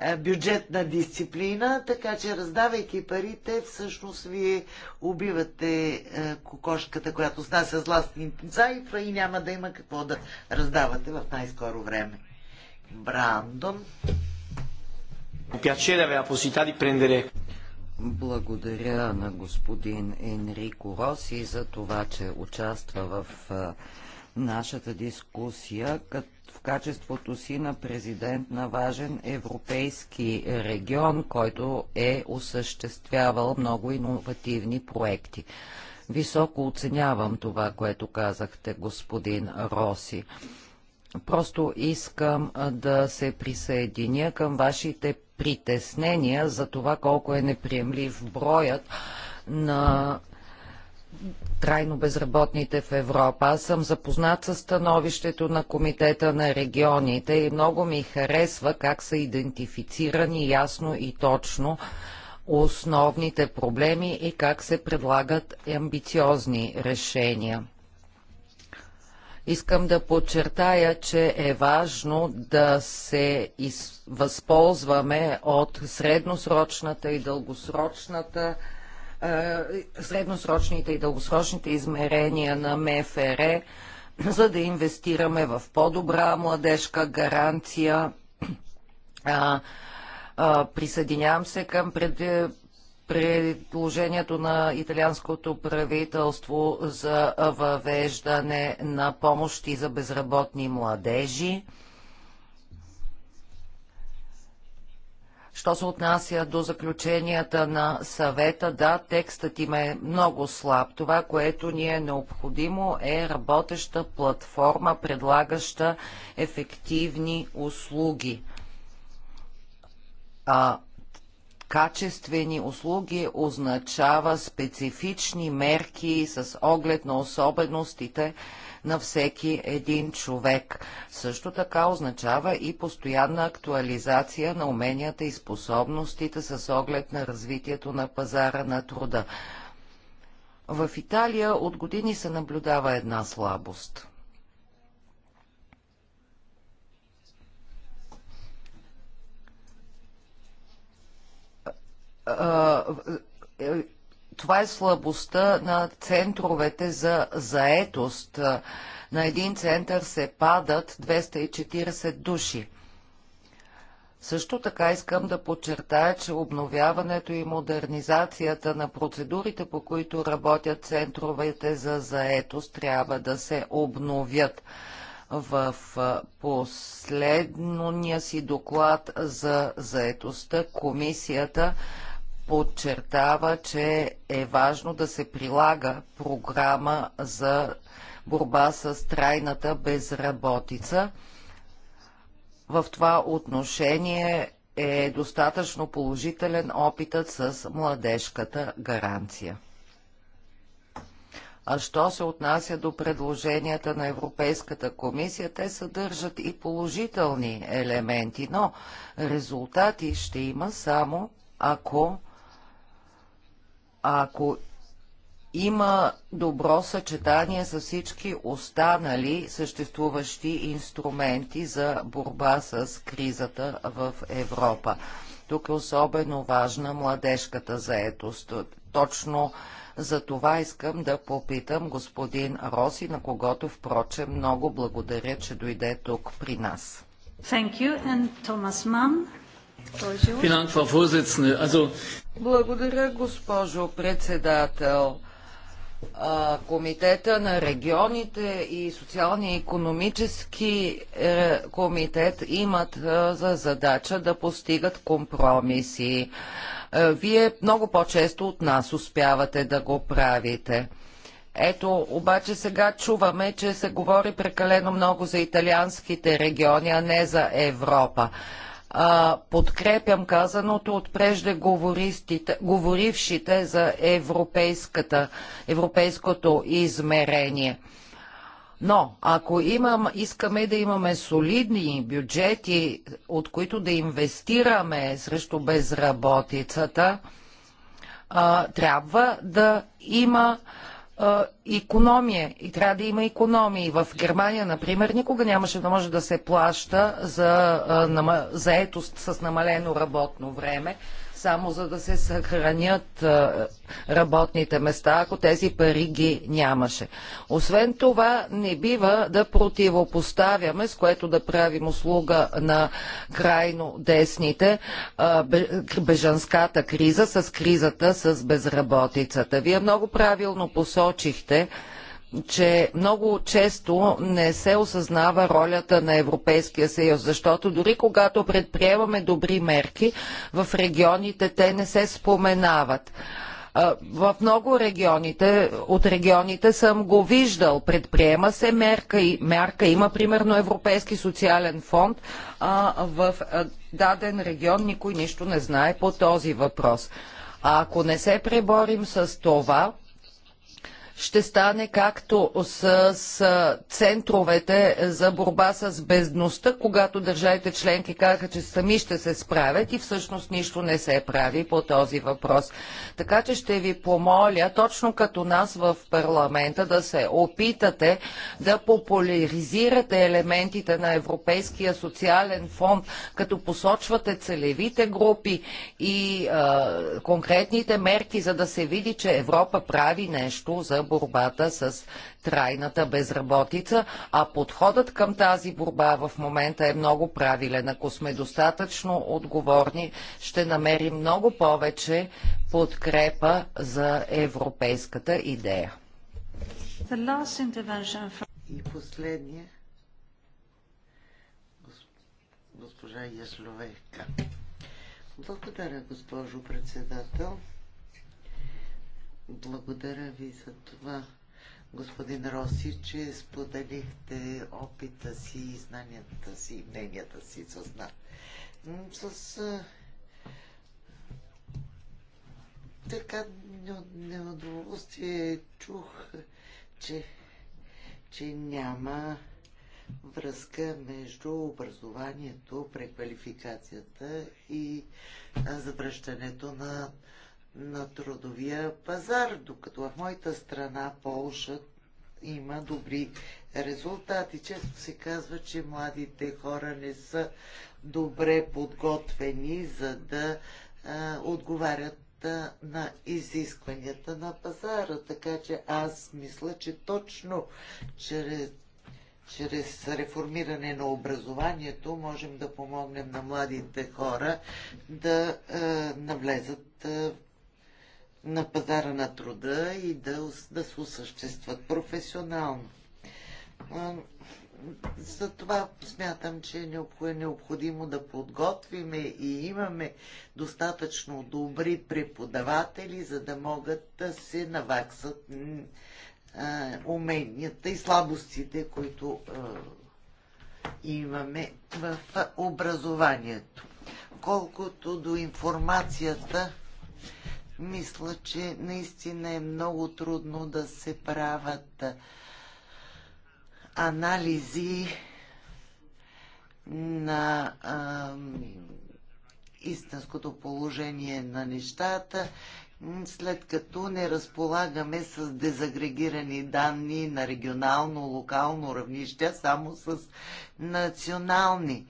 е, бюджетна дисциплина, така че раздавайки парите, всъщност вие убивате е, кокошката, която снася зластни цайфа и няма да има какво да раздавате в най-скоро време. Брандон. Благодаря на господин Енрико Роси за това, че участва в е, нашата дискусия, като качеството си на президент на важен европейски регион, който е осъществявал много иновативни проекти. Високо оценявам това, което казахте, господин Роси. Просто искам да се присъединя към вашите притеснения за това колко е неприемлив броят на трайно безработните в Европа. Аз съм запознат с становището на Комитета на регионите и много ми харесва как са идентифицирани ясно и точно основните проблеми и как се предлагат амбициозни решения. Искам да подчертая, че е важно да се из... възползваме от средносрочната и дългосрочната е, средносрочните и дългосрочните измерения на МФР, за да инвестираме в по-добра младежка гаранция. Присъединявам се към пред предложението на италианското правителство за въвеждане на помощи за безработни младежи. Що се отнася до заключенията на съвета, да, текстът им е много слаб. Това, което ни е необходимо е работеща платформа, предлагаща ефективни услуги. А качествени услуги означава специфични мерки с оглед на особеностите на всеки един човек. Също така означава и постоянна актуализация на уменията и способностите с оглед на развитието на пазара на труда. В Италия от години се наблюдава една слабост. А, това е слабостта на центровете за заетост. На един център се падат 240 души. Също така искам да подчертая, че обновяването и модернизацията на процедурите, по които работят центровете за заетост, трябва да се обновят. В последния си доклад за заетостта комисията подчертава, че е важно да се прилага програма за борба с трайната безработица. В това отношение е достатъчно положителен опитът с младежката гаранция. А що се отнася до предложенията на Европейската комисия, те съдържат и положителни елементи, но резултати ще има само ако ако има добро съчетание с всички останали съществуващи инструменти за борба с кризата в Европа. Тук е особено важна младежката заетост. Точно за това искам да попитам господин Роси, на когото, впрочем, много благодаря, че дойде тук при нас. Thank you and Thomas Mann. Благодаря, госпожо председател. Комитета на регионите и социалния и економически е, комитет имат за задача да постигат компромиси. Вие много по-често от нас успявате да го правите. Ето, обаче сега чуваме, че се говори прекалено много за италианските региони, а не за Европа а, подкрепям казаното от преждеговорившите за европейското измерение. Но ако имам, искаме да имаме солидни бюджети, от които да инвестираме срещу безработицата, а, трябва да има економия и трябва да има економии. В Германия, например, никога нямаше да може да се плаща за заетост с намалено работно време, само за да се съхранят работните места, ако тези пари ги нямаше. Освен това, не бива да противопоставяме, с което да правим услуга на крайно десните, бежанската криза с кризата с безработицата. Вие много правилно посочихте, че много често не се осъзнава ролята на Европейския съюз, защото дори когато предприемаме добри мерки, в регионите те не се споменават. В много регионите, от регионите съм го виждал. Предприема се мерка и мярка. Има примерно Европейски социален фонд, а в даден регион никой нищо не знае по този въпрос. А ако не се преборим с това, ще стане както с, с центровете за борба с бездността, когато държавите членки казаха, че сами ще се справят и всъщност нищо не се прави по този въпрос. Така че ще ви помоля, точно като нас в парламента, да се опитате да популяризирате елементите на Европейския социален фонд, като посочвате целевите групи и а, конкретните мерки, за да се види, че Европа прави нещо за борбата с трайната безработица, а подходът към тази борба в момента е много правилен. Ако сме достатъчно отговорни, ще намерим много повече подкрепа за европейската идея. И последния. Госпожа Яслове. Благодаря, госпожо председател. Благодаря ви за това, господин Роси, че споделихте опита си, знанията си мненията си с нас. С така неудоволствие чух, че, че няма връзка между образованието, преквалификацията и завръщането на на трудовия пазар, докато в моята страна Полша има добри резултати. Често се казва, че младите хора не са добре подготвени, за да а, отговарят на изискванията на пазара. Така че аз мисля, че точно чрез, чрез реформиране на образованието можем да помогнем на младите хора да е, навлезат в на пазара на труда и да, да се осъществат професионално. Затова смятам, че е необходимо да подготвиме и имаме достатъчно добри преподаватели, за да могат да се наваксат уменията и слабостите, които имаме в образованието. Колкото до информацията мисля, че наистина е много трудно да се правят анализи на а, истинското положение на нещата, след като не разполагаме с дезагрегирани данни на регионално, локално равнище, само с национални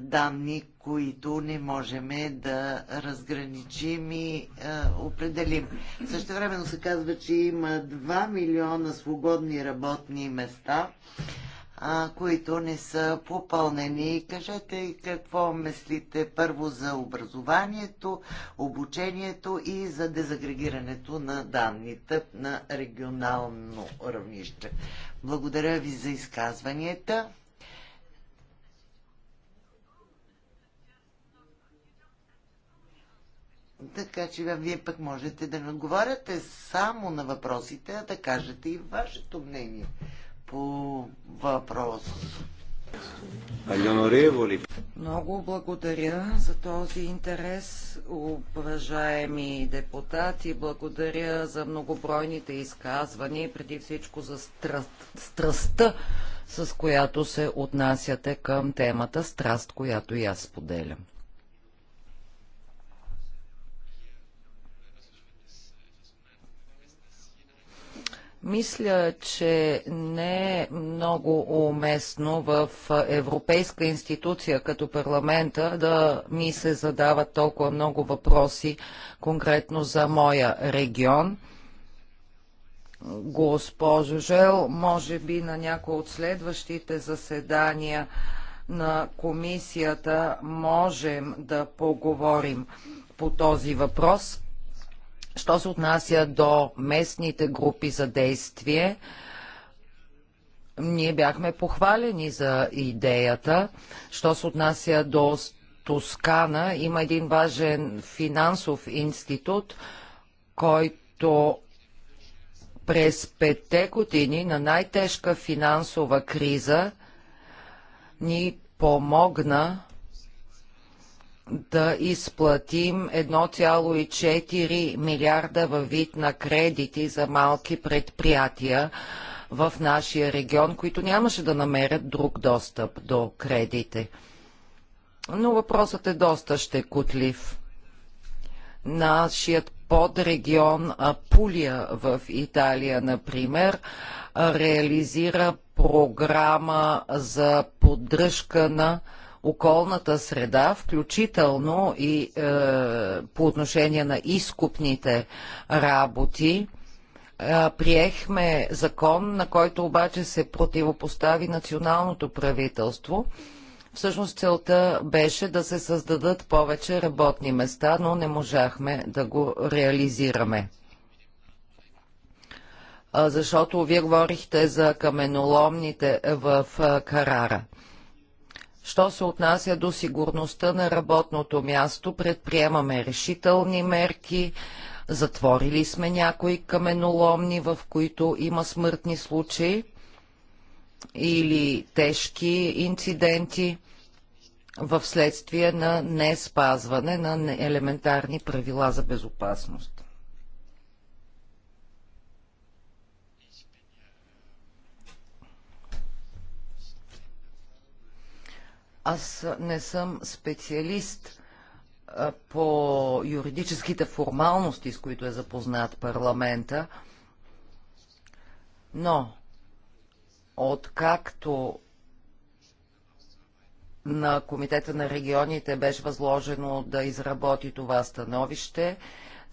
данни, които не можем да разграничим и а, определим. Също времено се казва, че има 2 милиона свободни работни места, а, които не са попълнени. Кажете какво мислите първо за образованието, обучението и за дезагрегирането на данните на регионално равнище. Благодаря ви за изказванията. Така че вие пък можете да не отговаряте само на въпросите, а да кажете и вашето мнение по въпрос. Много благодаря за този интерес, уважаеми депутати. Благодаря за многобройните изказвания и преди всичко за страст, страстта, с която се отнасяте към темата, страст, която и аз споделям. Мисля, че не е много уместно в европейска институция като парламента да ми се задават толкова много въпроси конкретно за моя регион. Госпожо Жел, може би на някои от следващите заседания на комисията можем да поговорим по този въпрос. Що се отнася до местните групи за действие, ние бяхме похвалени за идеята. Що се отнася до Тоскана, има един важен финансов институт, който през петте години на най-тежка финансова криза ни помогна да изплатим 1,4 милиарда във вид на кредити за малки предприятия в нашия регион, които нямаше да намерят друг достъп до кредити. Но въпросът е доста щекотлив. Нашият подрегион Апулия в Италия, например, реализира програма за поддръжка на околната среда, включително и е, по отношение на изкупните работи. Е, приехме закон, на който обаче се противопостави националното правителство. Всъщност целта беше да се създадат повече работни места, но не можахме да го реализираме е, защото вие говорихте за каменоломните в е, Карара. Що се отнася до сигурността на работното място, предприемаме решителни мерки, затворили сме някои каменоломни, в които има смъртни случаи или тежки инциденти в следствие на неспазване на елементарни правила за безопасност. Аз не съм специалист по юридическите формалности, с които е запознат парламента, но откакто на Комитета на регионите беше възложено да изработи това становище,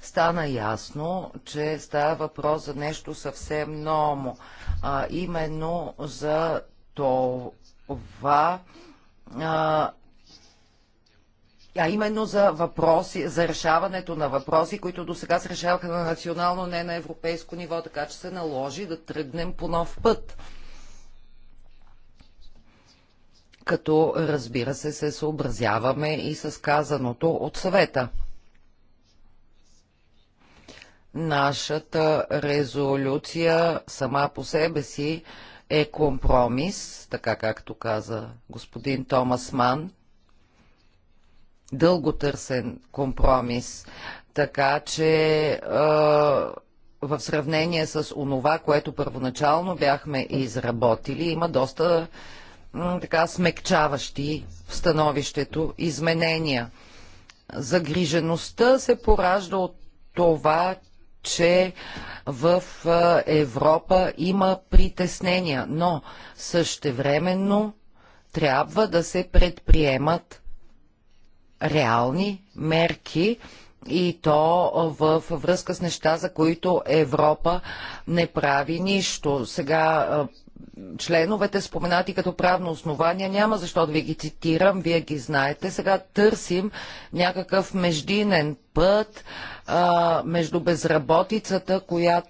стана ясно, че става въпрос за нещо съвсем ново, а именно за това, а, а именно за въпроси, за решаването на въпроси, които до сега се решаваха на национално, не на европейско ниво, така че се наложи да тръгнем по нов път. Като, разбира се, се съобразяваме и с казаното от съвета. Нашата резолюция сама по себе си е компромис, така както каза господин Томас Ман, дълго търсен компромис, така че е, в сравнение с онова, което първоначално бяхме изработили, има доста така смекчаващи в становището изменения. Загрижеността се поражда от това, че в Европа има притеснения, но същевременно трябва да се предприемат реални мерки и то в връзка с неща, за които Европа не прави нищо. Сега членовете споменати като правно основание, няма защо да ви ги цитирам, вие ги знаете. Сега търсим някакъв междинен път а, между безработицата, която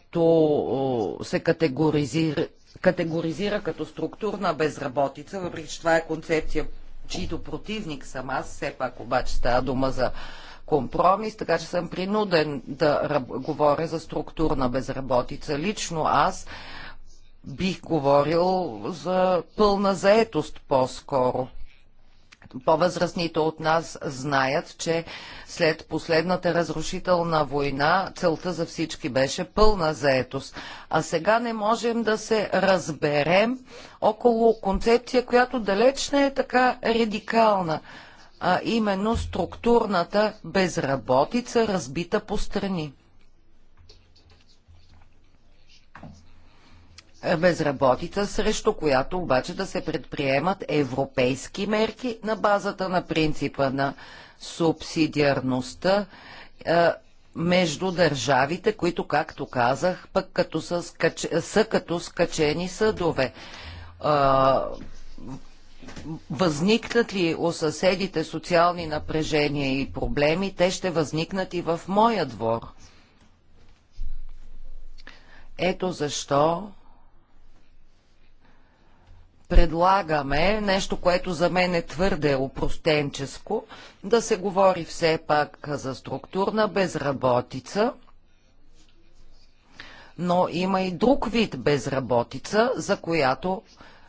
се категоризира, категоризира като структурна безработица, въпреки че това е концепция, чийто противник съм аз, все пак обаче става дума за компромис, така че съм принуден да говоря за структурна безработица. Лично аз бих говорил за пълна заетост по-скоро. По-възрастните от нас знаят, че след последната разрушителна война целта за всички беше пълна заетост. А сега не можем да се разберем около концепция, която далеч не е така радикална, а именно структурната безработица, разбита по страни. безработица, срещу която обаче да се предприемат европейски мерки на базата на принципа на субсидиарността е, между държавите, които, както казах, пък като са, скач... са като скачени съдове. Е, възникнат ли у съседите социални напрежения и проблеми, те ще възникнат и в моя двор. Ето защо предлагаме нещо, което за мен е твърде опростенческо, да се говори все пак за структурна безработица, но има и друг вид безработица, за която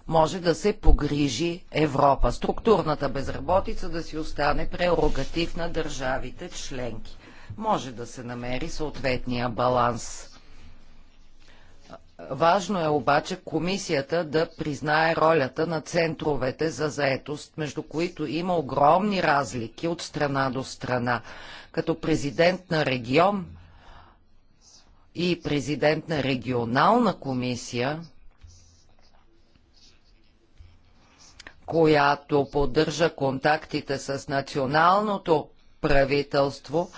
може да се погрижи Европа. Структурната безработица да си остане прерогатив на държавите членки. Може да се намери съответния баланс. Важно е обаче комисията да признае ролята на центровете за заетост, между които има огромни разлики от страна до страна. Като президент на регион и президент на регионална комисия, която поддържа контактите с националното правителство,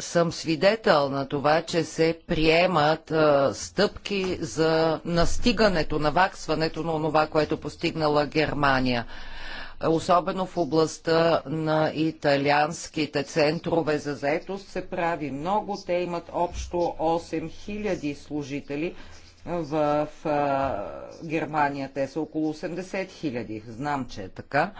съм свидетел на това, че се приемат а, стъпки за настигането, наваксването на това, което е постигнала Германия. Особено в областта на италианските центрове за заетост се прави много. Те имат общо 8000 служители в а, Германия. Те са около 80 000. Знам, че е така. А,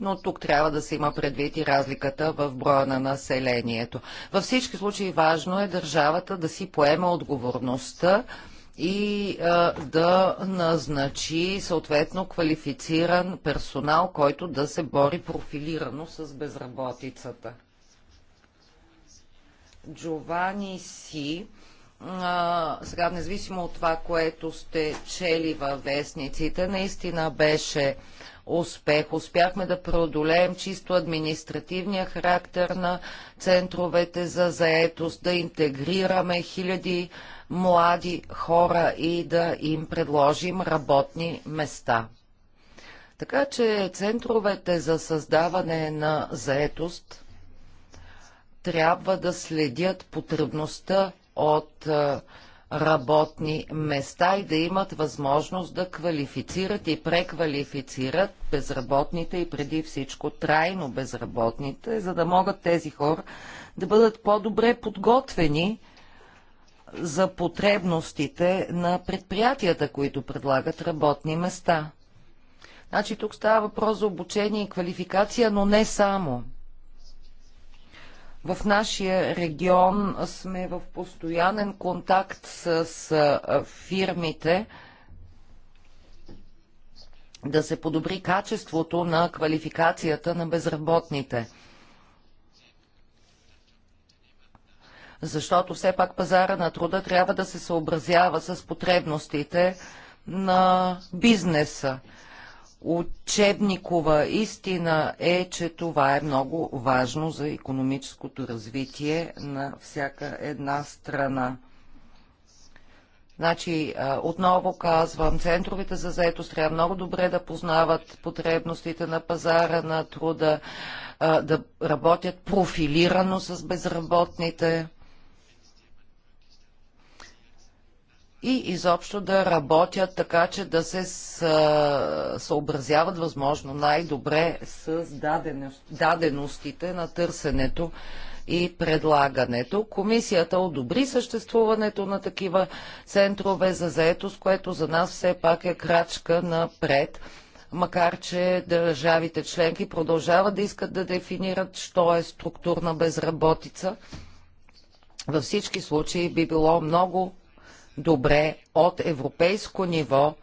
но тук трябва да се има предвид и разликата в броя на населението. Във всички случаи важно е държавата да си поема отговорността и а, да назначи съответно квалифициран персонал, който да се бори профилирано с безработицата. Джовани Си, а, сега независимо от това, което сте чели във вестниците, наистина беше успех. Успяхме да преодолеем чисто административния характер на центровете за заетост, да интегрираме хиляди млади хора и да им предложим работни места. Така че центровете за създаване на заетост трябва да следят потребността от работни места и да имат възможност да квалифицират и преквалифицират безработните и преди всичко трайно безработните, за да могат тези хора да бъдат по-добре подготвени за потребностите на предприятията, които предлагат работни места. Значи тук става въпрос за обучение и квалификация, но не само. В нашия регион сме в постоянен контакт с фирмите да се подобри качеството на квалификацията на безработните. Защото все пак пазара на труда трябва да се съобразява с потребностите на бизнеса учебникова истина е, че това е много важно за економическото развитие на всяка една страна. Значи, отново казвам, центровете за заетост трябва много добре да познават потребностите на пазара на труда, да работят профилирано с безработните. и изобщо да работят така, че да се съобразяват възможно най-добре с даденостите на търсенето и предлагането. Комисията одобри съществуването на такива центрове за заетост, което за нас все пак е крачка напред макар че държавите членки продължават да искат да дефинират, що е структурна безработица. Във всички случаи би било много добре от европейско ниво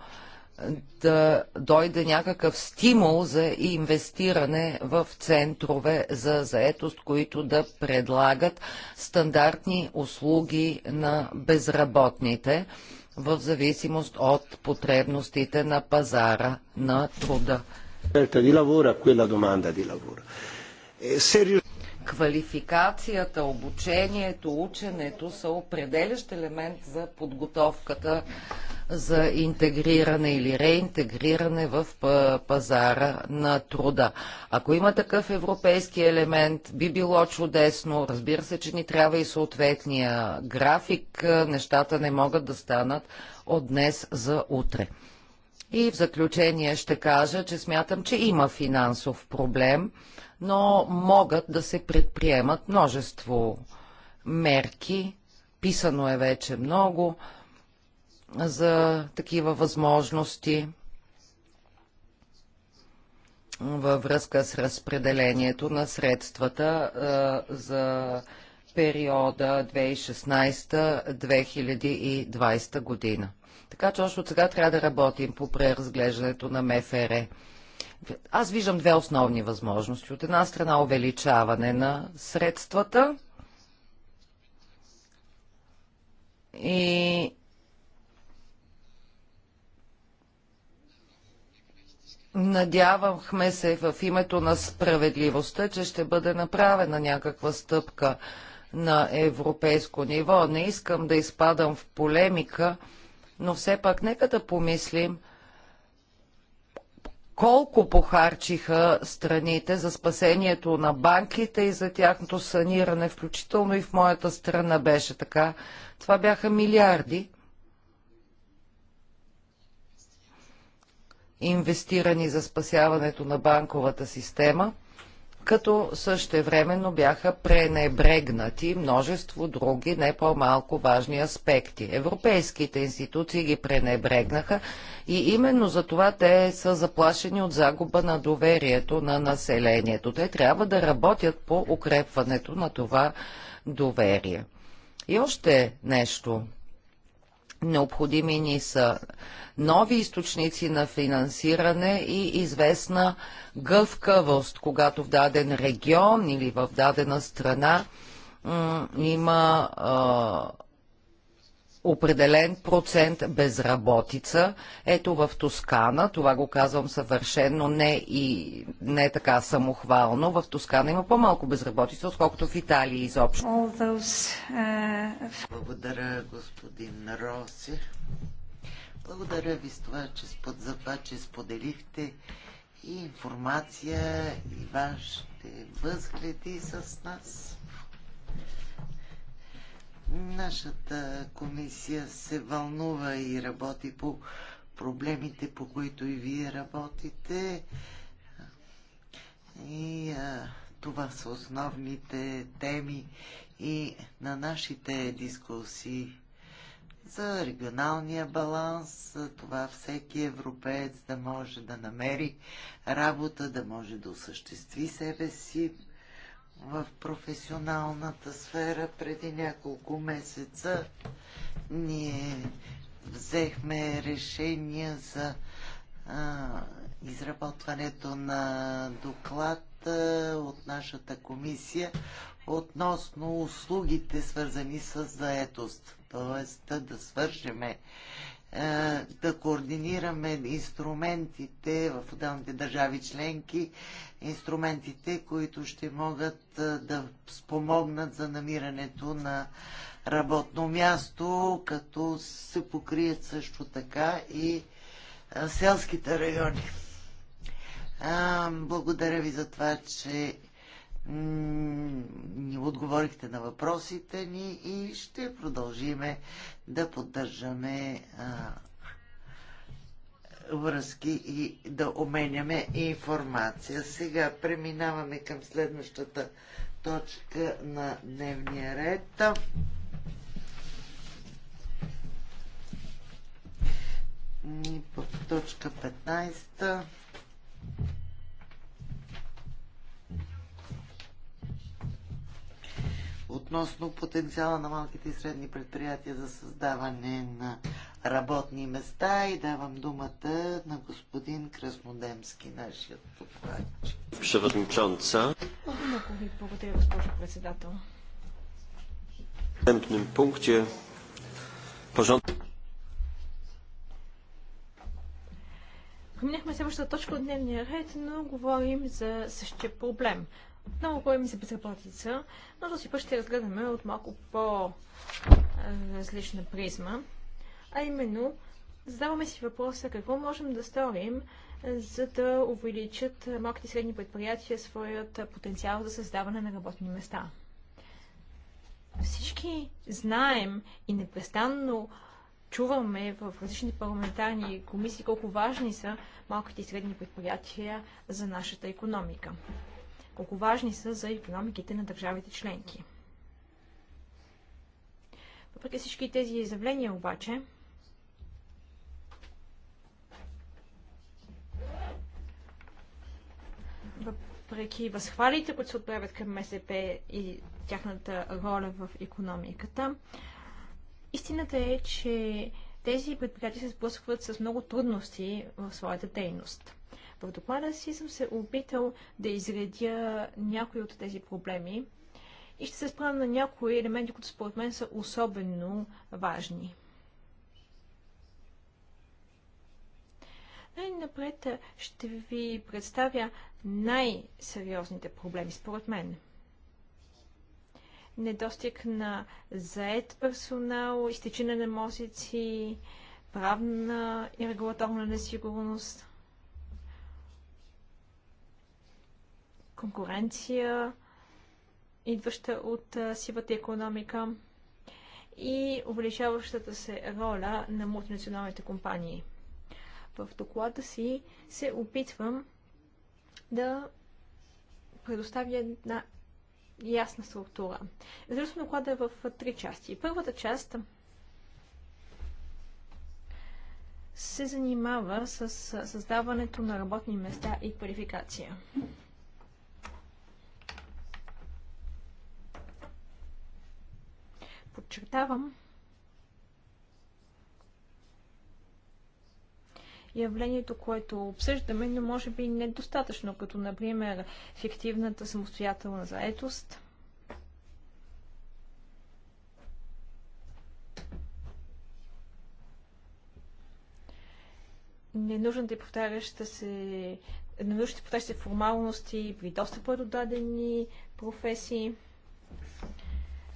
да дойде някакъв стимул за инвестиране в центрове за заетост, които да предлагат стандартни услуги на безработните в зависимост от потребностите на пазара на труда. Квалификацията, обучението, ученето са определящ елемент за подготовката за интегриране или реинтегриране в пазара на труда. Ако има такъв европейски елемент, би било чудесно. Разбира се, че ни трябва и съответния график. Нещата не могат да станат от днес за утре. И в заключение ще кажа, че смятам, че има финансов проблем но могат да се предприемат множество мерки. Писано е вече много за такива възможности във връзка с разпределението на средствата за периода 2016-2020 година. Така че още от сега трябва да работим по преразглеждането на МФР. Аз виждам две основни възможности. От една страна увеличаване на средствата и Надявахме се в името на справедливостта, че ще бъде направена някаква стъпка на европейско ниво. Не искам да изпадам в полемика, но все пак нека да помислим – колко похарчиха страните за спасението на банките и за тяхното саниране, включително и в моята страна беше така. Това бяха милиарди инвестирани за спасяването на банковата система като същевременно бяха пренебрегнати множество други не по-малко важни аспекти. Европейските институции ги пренебрегнаха и именно за това те са заплашени от загуба на доверието на населението. Те трябва да работят по укрепването на това доверие. И още нещо – Необходими ни са нови източници на финансиране и известна гъвкавост, когато в даден регион или в дадена страна има определен процент безработица. Ето в Тоскана, това го казвам съвършено не и не така самохвално, в Тоскана има по-малко безработица, отколкото в Италия изобщо. Those, uh... Благодаря, господин Роси. Благодаря ви с това, че, спод, за това, че споделихте и информация, и вашите възгледи с нас. Нашата комисия се вълнува и работи по проблемите, по които и вие работите. И а, това са основните теми и на нашите дискусии за регионалния баланс, за това всеки европеец да може да намери работа, да може да осъществи себе си в професионалната сфера преди няколко месеца ние взехме решение за а, изработването на доклад а, от нашата комисия относно услугите свързани с заетост. Тоест да свържеме е, да координираме инструментите в отделните държави членки, инструментите, които ще могат е, да спомогнат за намирането на работно място, като се покрият също така и е, селските райони. Благодаря ви за това, че ни отговорихте на въпросите ни и ще продължиме да поддържаме а, връзки и да уменяме информация. Сега преминаваме към следващата точка на дневния ред. И по точка 15. относно потенциала на малките и средни предприятия за създаване на работни места и давам думата на господин Краснодемски, нашият докладчик. Przewodnicząca. Много ви благодаря, госпожо председател. W пункте porządku. Преминахме следващата точка от дневния ред, но говорим за същия проблем. Много големи се безработица, но този път ще разгледаме от малко по-различна призма. А именно, задаваме си въпроса какво можем да сторим, за да увеличат малките и средни предприятия своят потенциал за създаване на работни места. Всички знаем и непрестанно чуваме в различни парламентарни комисии колко важни са малките и средни предприятия за нашата економика колко важни са за економиките на държавите членки. Въпреки всички тези изявления обаче, въпреки възхвалите, които се отправят към МСП и тяхната роля в економиката, истината е, че тези предприятия се сблъскват с много трудности в своята дейност. В доклада си съм се опитал да изредя някои от тези проблеми и ще се спра на някои елементи, които според мен са особено важни. Най-напред ще ви представя най-сериозните проблеми, според мен. Недостиг на заед персонал, изтичане на мозъци, правна и регулаторна несигурност. конкуренция, идваща от сивата економика и увеличаващата се роля на мултинационалните компании. В доклада си се опитвам да предоставя една ясна структура. Изръчно доклада е в три части. Първата част се занимава с създаването на работни места и квалификация. Подчертавам, явлението, което обсъждаме, но може би недостатъчно, като например фиктивната самостоятелна заетост. нужно да повтаряща се ненужните повтарящи се формалности при достъпа до дадени професии –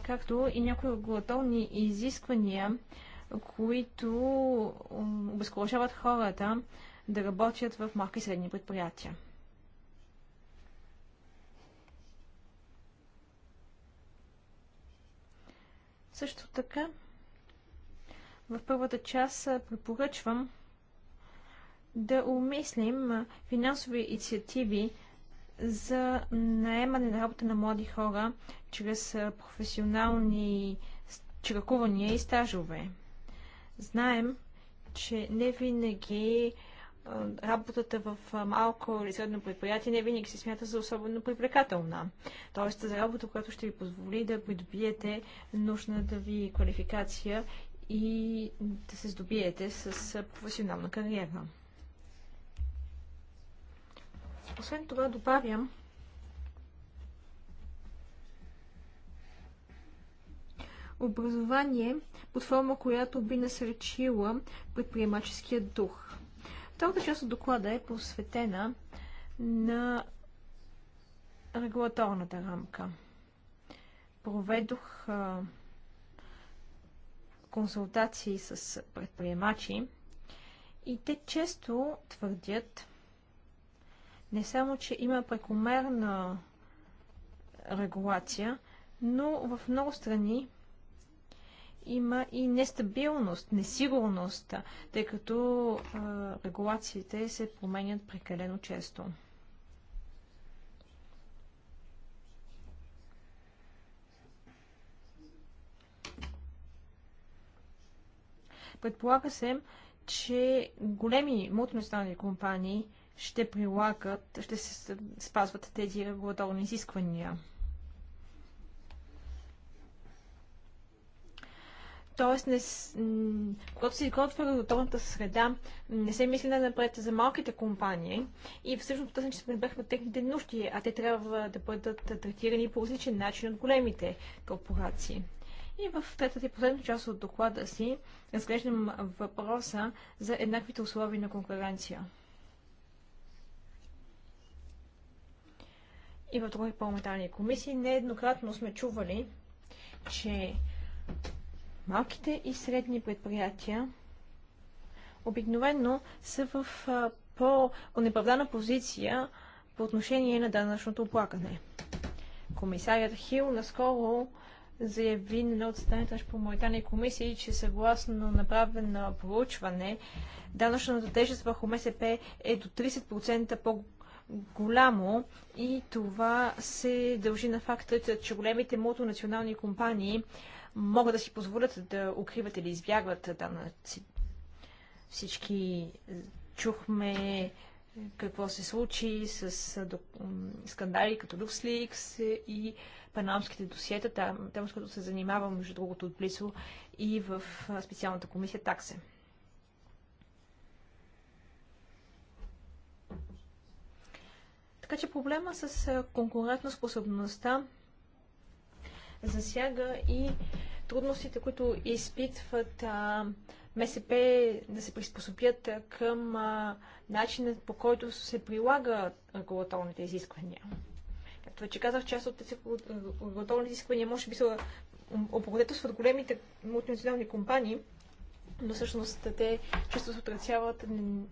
както и някои регулаторни изисквания, които обезколожават хората да работят в малки и средни предприятия. Също така, в първата част препоръчвам да умислим финансови инициативи, за наемане на работа на млади хора чрез професионални чракувания и стажове. Знаем, че не винаги работата в малко или средно предприятие не винаги се смята за особено привлекателна. Тоест за работа, която ще ви позволи да придобиете нужната ви квалификация и да се здобиете с професионална кариера. Освен това добавям, образование под форма, която би насречила предприемаческия дух. Втората част от доклада е посветена на регулаторната рамка. Проведох а, консултации с предприемачи и те често твърдят, не само, че има прекомерна регулация, но в много страни има и нестабилност, несигурност, тъй като а, регулациите се променят прекалено често. Предполага се, че големи мултинационални компании ще прилагат, ще се спазват тези регулаторни изисквания. Тоест, не, когато се изготвя регулаторната среда, не се мисли да напред за малките компании и всъщност тази, че се пренебрехме техните нужди, а те трябва да бъдат третирани по различен начин от големите корпорации. И в третата и последна част от доклада си разглеждам въпроса за еднаквите условия на конкуренция. и в други парламентарни комисии. Нееднократно сме чували, че малките и средни предприятия обикновено са в по-неправдана позиция по отношение на данъчното оплакане. Комисарият Хил наскоро заяви на едно от станите по монетарни комисии, че съгласно направено проучване, данъчната тежест върху МСП е до 30% по голямо и това се дължи на факта, че големите мултонационални компании могат да си позволят да укриват или избягват данъци. Всички чухме какво се случи с скандали като LuxLeaks и панамските досиета, там, с която се занимава, между другото, отблизо и в специалната комисия таксе. Така че проблема с способността засяга и трудностите, които изпитват а, МСП да се приспособят към а, начинът по който се прилага регулаторните изисквания. Както вече казах, част от тези регулаторни изисквания може би са облагодетелстват големите мултинационални компании, но всъщност те често се отрицават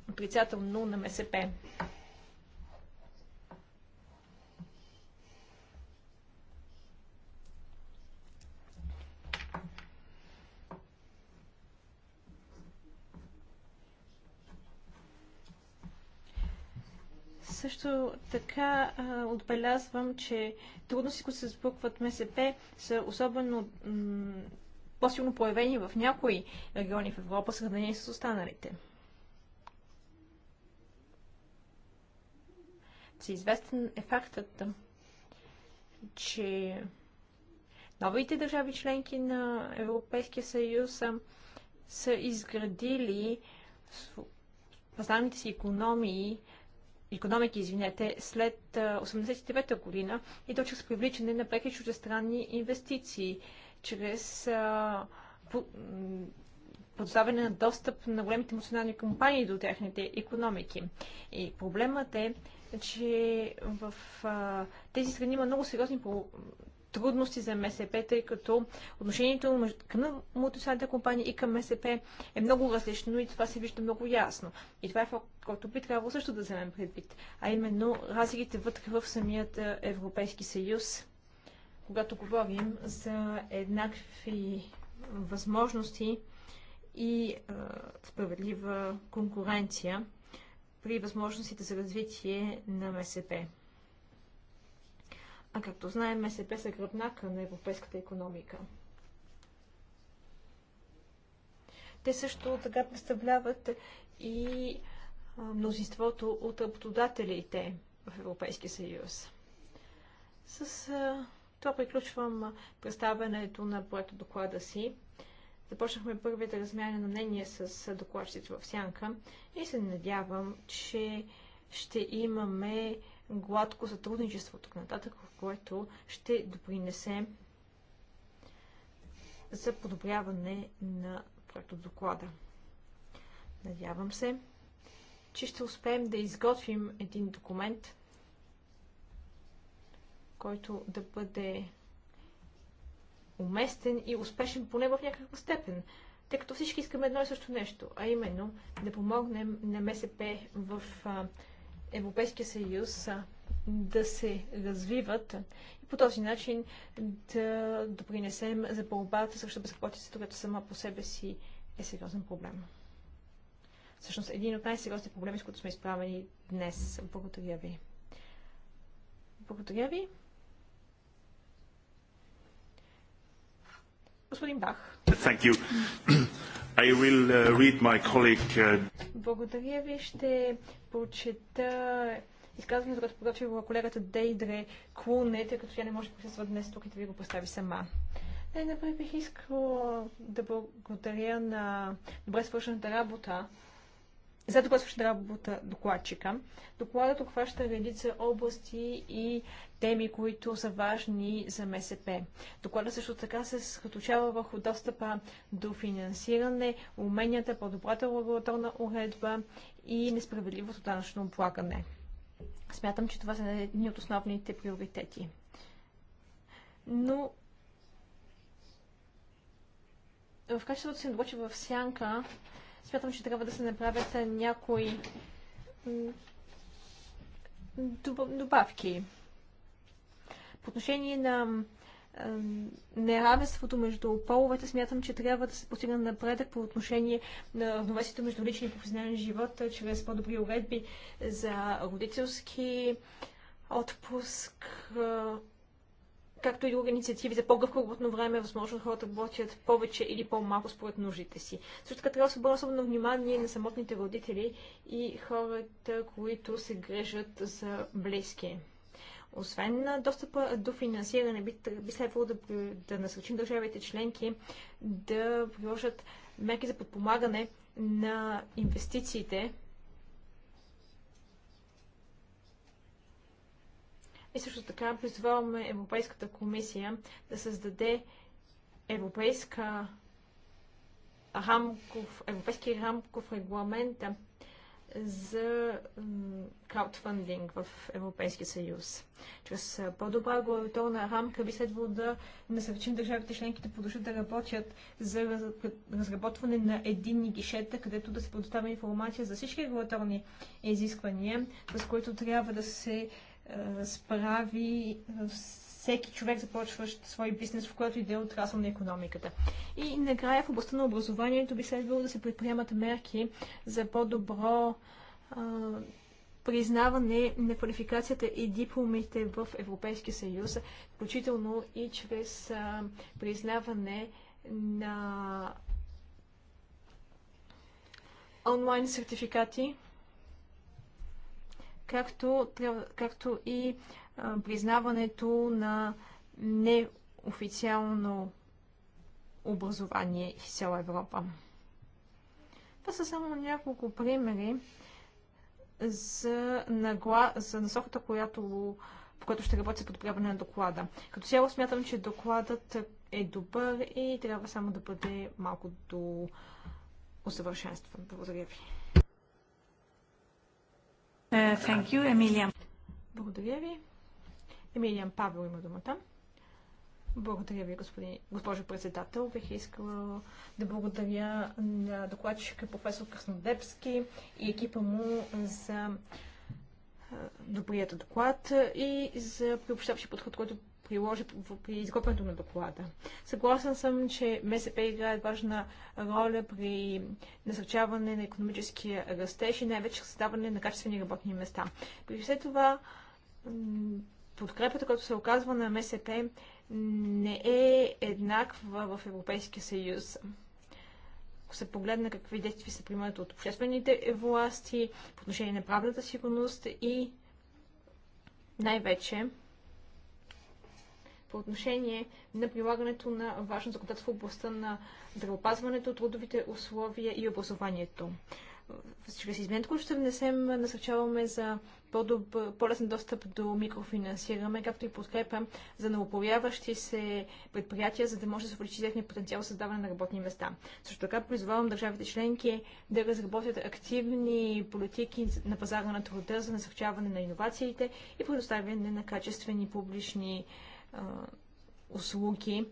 отрицателно на МСП. Също така а, отбелязвам, че трудности, които се сблъкват МСП, са особено по-силно проявени в някои региони в Европа, сравнени с останалите. Всеизвестен е фактът, че новите държави членки на Европейския съюз са, са изградили пазарните си економии економики, извинете, след 1989 година и то чрез привличане на преки чуждестранни инвестиции, чрез а, на достъп на големите национални компании до техните економики. И проблемът е, че в а, тези страни има много сериозни трудности за МСП, тъй като отношението към мултинационалните компании и към МСП е много различно и това се вижда много ясно. И това е факт, който би трябвало също да вземем предвид, а именно разликите вътре в самият е, Европейски съюз, когато говорим за еднакви възможности и е, справедлива конкуренция при възможностите за развитие на МСП. А както знаем, МСП са гръбнака на европейската економика. Те също така представляват и мнозинството от работодателите в Европейския съюз. С това приключвам представянето на проекта доклада си. Започнахме първите размяна на мнение с докладчиците в Сянка и се надявам, че ще имаме гладко сътрудничество тук нататък, в което ще допринесе за подобряване на проекто доклада. Надявам се, че ще успеем да изготвим един документ, който да бъде уместен и успешен поне в някаква степен, тъй като всички искаме едно и също нещо, а именно да помогнем на МСП в Европейския съюз да се развиват и по този начин да допринесем за борбата срещу безработицата, която сама по себе си е сериозен проблем. Всъщност един от най-сериозните проблеми, с които сме изправени днес. Благодаря ви. Благодаря ви. Господин Бах. Thank you. I will uh, read my colleague. Uh, благодаря ви. Ще прочета изказването, което подготвила колегата Дейдре Клуне, тъй като тя не може да присъства днес тук и да ви го представи сама. Най-напред бих искала да благодаря на добре свършената работа за доклад свърши работа докладчика. Докладът обхваща редица области и теми, които са важни за МСП. Докладът също така се съсредоточава върху достъпа до финансиране, уменията, по-добрата регулаторна уредба и несправедливото данъчно облагане. Смятам, че това са едни от основните приоритети. Но в качеството си на в Сянка Смятам, че трябва да се направят някои добавки. По отношение на неравенството между половете, смятам, че трябва да се постигне напредък по отношение на равновесието между личния и професионален живот, чрез по-добри уредби за родителски отпуск, както и други инициативи за по-гъвко работно време, възможно хората работят повече или по-малко според нуждите си. Също така трябва да се обърне особено внимание на самотните родители и хората, които се грежат за близки. Освен на достъпа до финансиране, би, би следвало да, да насърчим държавите членки да приложат мерки за подпомагане на инвестициите, И също така призваваме Европейската комисия да създаде европейска рамков, европейски рамков регламент за краудфандинг в Европейския съюз. Чрез по-добра регулаторна рамка би следвало да насърчим държавите членки да продължат да работят за разработване на единни гишета, където да се предоставя информация за всички регулаторни изисквания, с които трябва да се е, справи е, всеки човек, започващ свой бизнес, в който иде отрасъл на економиката. И накрая в областта на образованието би следвало да се предприемат мерки за по-добро е, признаване на квалификацията и дипломите в Европейския съюз, включително и чрез признаване на онлайн сертификати както, както и признаването на неофициално образование в цяла Европа. Това са само няколко примери за, нагла... за насоката, която, по която ще работя за подобряване на доклада. Като цяло смятам, че докладът е добър и трябва само да бъде малко до усъвършенстван. Благодаря ви. Uh, thank you, Емилиан. Благодаря ви. Емилиан Павел има думата. Благодаря ви, господин, госпожо председател. Бих искала да благодаря на докладчика професор Краснодепски и екипа му за добрият доклад и за приобщаващи подход, който приложи при изготвянето на доклада. Съгласен съм, че МСП играе важна роля при насърчаване на економическия растеж и най-вече създаване на качествени работни места. При все това, подкрепата, която се оказва на МСП, не е еднаква в Европейския съюз. Ако се погледне какви действия се приемат от обществените власти по отношение на правната сигурност и най-вече по отношение на прилагането на важно законодателство в областта на здравеопазването, трудовите условия и образованието. Чрез изменението, което ще внесем, насърчаваме за по-лесен по достъп до микрофинансиране, както и подкрепа за новопояващи се предприятия, за да може да се увеличи техния потенциал за създаване на работни места. Също така призовавам държавите членки да разработят активни политики на пазара на труда за насърчаване на иновациите и предоставяне на качествени публични услуги,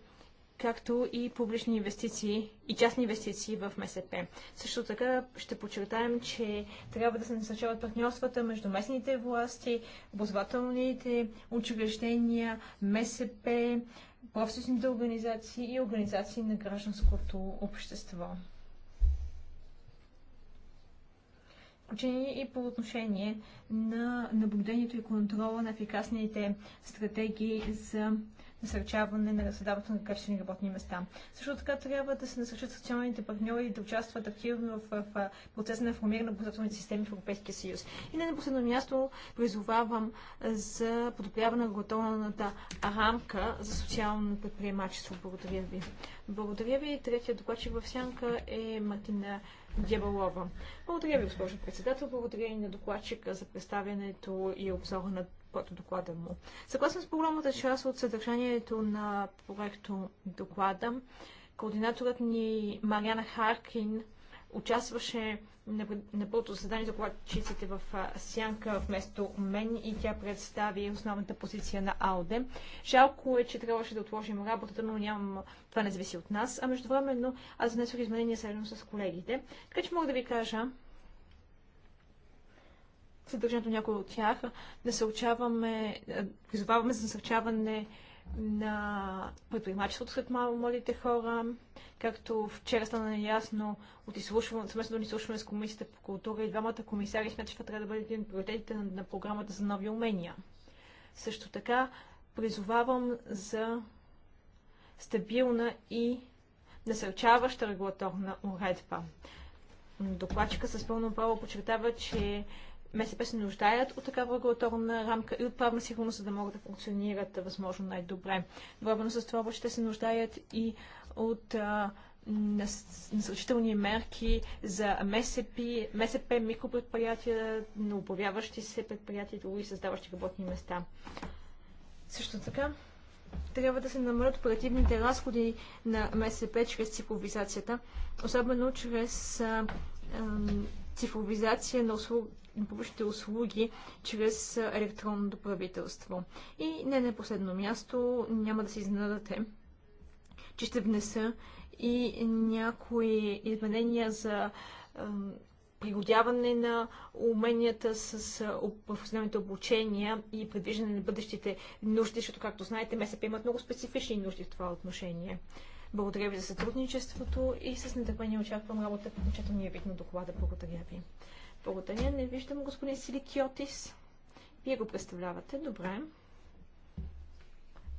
както и публични инвестиции и частни инвестиции в МСП. Също така ще подчертаем, че трябва да се насърчават партньорствата между местните власти, образователните учреждения, МСП, профсъюзните организации и организации на гражданското общество. включени и по отношение на наблюдението и контрола на ефикасните стратегии за насърчаване на създаването на качествени работни места. Също така трябва да се насърчат социалните партньори и да участват активно в, в процеса на формиране на образователните системи в Европейския съюз. И на последно място призовавам за подобряване на регулаторната рамка за социално предприемачество. Благодаря ви. Благодаря ви. Третия докладчик в сянка е Мартина Дяволова. Благодаря ви, госпожо председател. Благодаря и на докладчика за представянето и обзора на който доклада му. Съгласно с по-голямата част от съдържанието на проекто доклада, координаторът ни Мариана Харкин участваше на, на първото заседание за докладчиците в Сянка вместо мен и тя представи основната позиция на АОДЕ. Жалко е, че трябваше да отложим работата, но нямам, това не зависи от нас. А междувременно аз внесох изменения заедно с колегите. Така че мога да ви кажа, съдържанието някои от тях, насърчаваме, призоваваме за насърчаване на предприемачеството сред младите хора, както вчера стана неясно от изслушването, съвместно изслушване с Комисията по култура и двамата комисари смятат, че това трябва да бъде един от приоритетите на, на програмата за нови умения. Също така призовавам за стабилна и насърчаваща регулаторна уредба. Докладчика с пълно право подчертава, че МСП се нуждаят от такава регулаторна рамка и от правна сигурност, за да могат да функционират възможно най-добре. Главно с това обаче те се нуждаят и от а, насърчителни мерки за МСП, МСП микропредприятия, обявяващи се предприятия и други създаващи работни места. Също така, трябва да се намалят оперативните разходи на МСП чрез цифровизацията, особено чрез а, а, цифровизация на услуг, публичните услуги чрез електронното правителство. И не на последно място, няма да се изненадате, че ще внеса и някои изменения за пригодяване на уменията с професионалните обучения и предвиждане на бъдещите нужди, защото, както знаете, МСП имат много специфични нужди в това отношение. Благодаря ви за сътрудничеството и с нетърпение очаквам работа по окончателния вид на доклада. Благодаря ви. Благодаря. Не виждам господин Силикиотис. Вие го представлявате. Добре.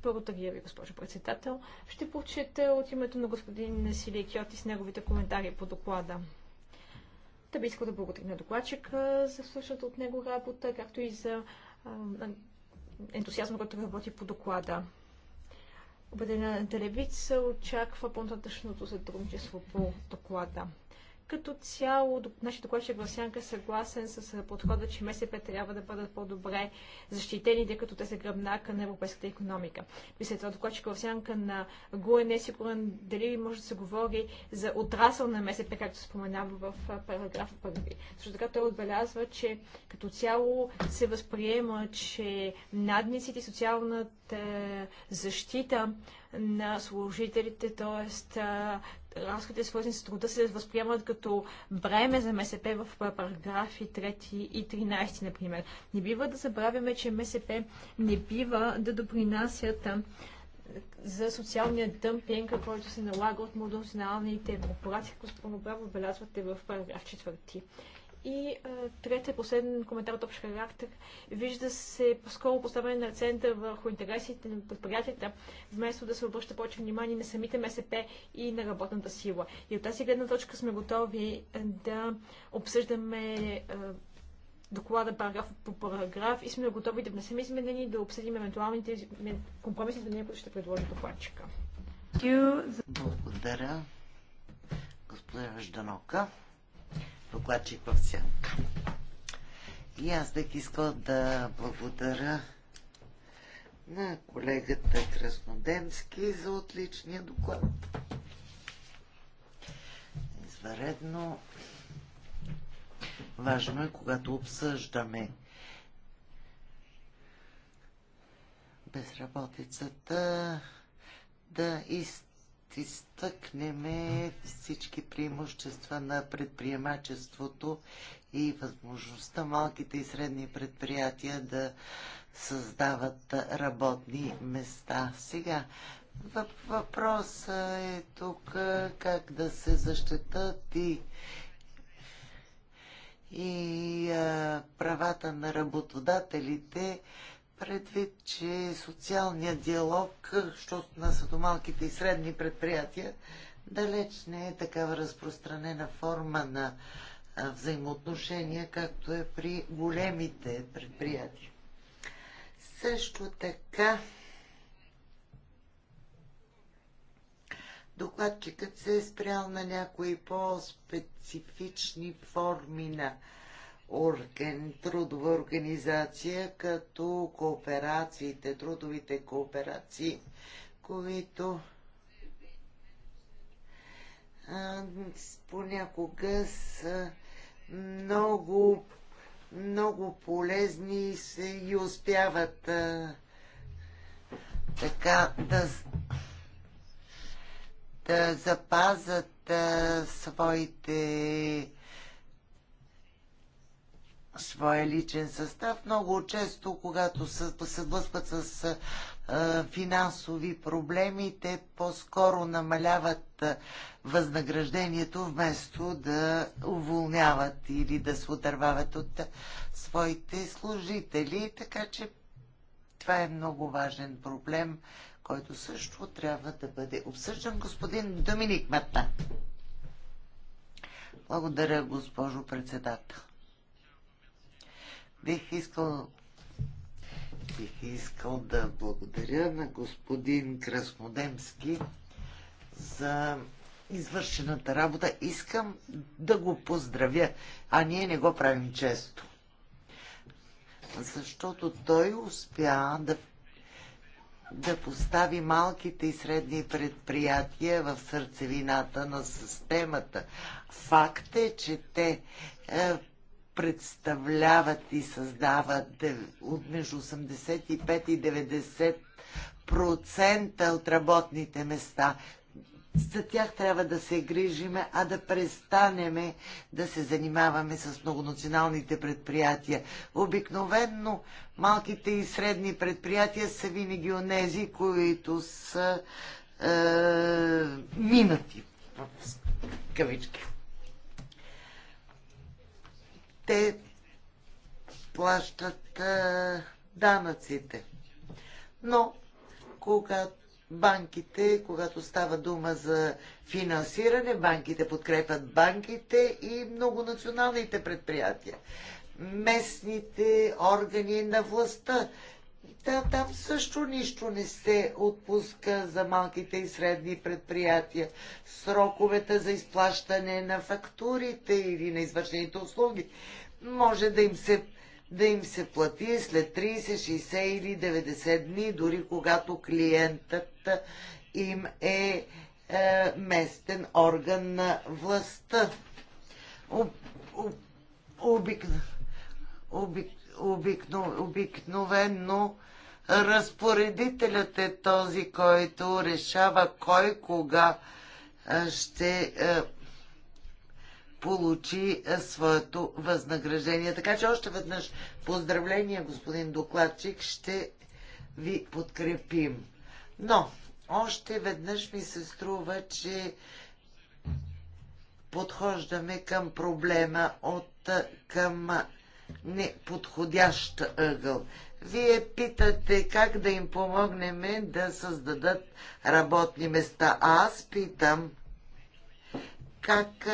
Благодаря ви, госпожо председател. Ще прочета от името на господин Силикиотис неговите коментари по доклада. Та би искал да благодаря на докладчика за свършната от него работа, както и за ентусиазма, който работи по доклада. Обедена телевица очаква по-нататъчното сътрудничество по доклада. Като цяло, нашия докладчик в Сянка е съгласен с подхода, че МСП трябва да бъдат по-добре защитени, тъй като те са гръбнака на европейската економика. Мисля, това докладчик в Сянка на ГУЕ не е сигурен дали може да се говори за отрасъл на МСП, както споменава в параграф 1. Също така той отбелязва, че като цяло се възприема, че надниците и социалната защита на служителите, т.е разходите, свързани с труда, се възприемат като бреме за МСП в параграфи 3 и 13, например. Не бива да забравяме, че МСП не бива да допринасят за социалния дъмпинг, който се налага от мултинационалните корпорации, ако направо отбелязвате в параграф 4. И третия, последен коментар от общ характер. Вижда се по-скоро поставяне на акцента върху интересите на предприятията, вместо да се обръща повече внимание на самите МСП и на работната сила. И от тази гледна точка сме готови да обсъждаме доклада параграф по параграф и сме готови да внесем изменения и да обсъдим евентуалните компромиси за някои, които ще предложи докладчика. Благодаря. господин Жданока докладчик в сянка. И аз бих искал да благодаря на колегата Краснодемски за отличния доклад. Изваредно важно е, когато обсъждаме безработицата, да, из, изтъкнем всички преимущества на предприемачеството и възможността малките и средни предприятия да създават работни места. Сега, въпросът е тук как да се защитат и и а, правата на работодателите предвид, че социалният диалог, защото нас до малките и средни предприятия, далеч не е такава разпространена форма на взаимоотношения, както е при големите предприятия. Също така, докладчикът се е спрял на някои по-специфични форми на орган, трудова организация, като кооперациите, трудовите кооперации, които понякога са много, много полезни и, се, и успяват а, така да, да запазат а, своите своя личен състав. Много често, когато се блъскват с финансови проблеми, те по-скоро намаляват възнаграждението, вместо да уволняват или да се отървават от своите служители. Така че това е много важен проблем, който също трябва да бъде обсъждан. Господин Доминик Мата. Благодаря, госпожо председател. Бих искал, бих искал да благодаря на господин Краснодемски за извършената работа. Искам да го поздравя, а ние не го правим често. Защото той успя да, да постави малките и средни предприятия в сърцевината на системата. Факт е, че те е, представляват и създават от между 85 и 90 процента от работните места. За тях трябва да се грижиме, а да престанеме да се занимаваме с многонационалните предприятия. Обикновенно малките и средни предприятия са винаги онези, които са е, минати в кавички те плащат а, данъците. Но когато банките, когато става дума за финансиране, банките подкрепят банките и многонационалните предприятия. Местните органи на властта да, там също нищо не се отпуска за малките и средни предприятия. Сроковете за изплащане на фактурите или на извършените услуги може да им се, да им се плати след 30, 60 или 90 дни, дори когато клиентът им е, е местен орган на властта. Обикновено. обик, обикно, обикновенно разпоредителят е този, който решава кой кога ще получи своето възнаграждение. Така че още веднъж поздравления, господин докладчик, ще ви подкрепим. Но още веднъж ми се струва, че подхождаме към проблема от към неподходящ ъгъл. Вие питате как да им помогнем да създадат работни места. А аз питам как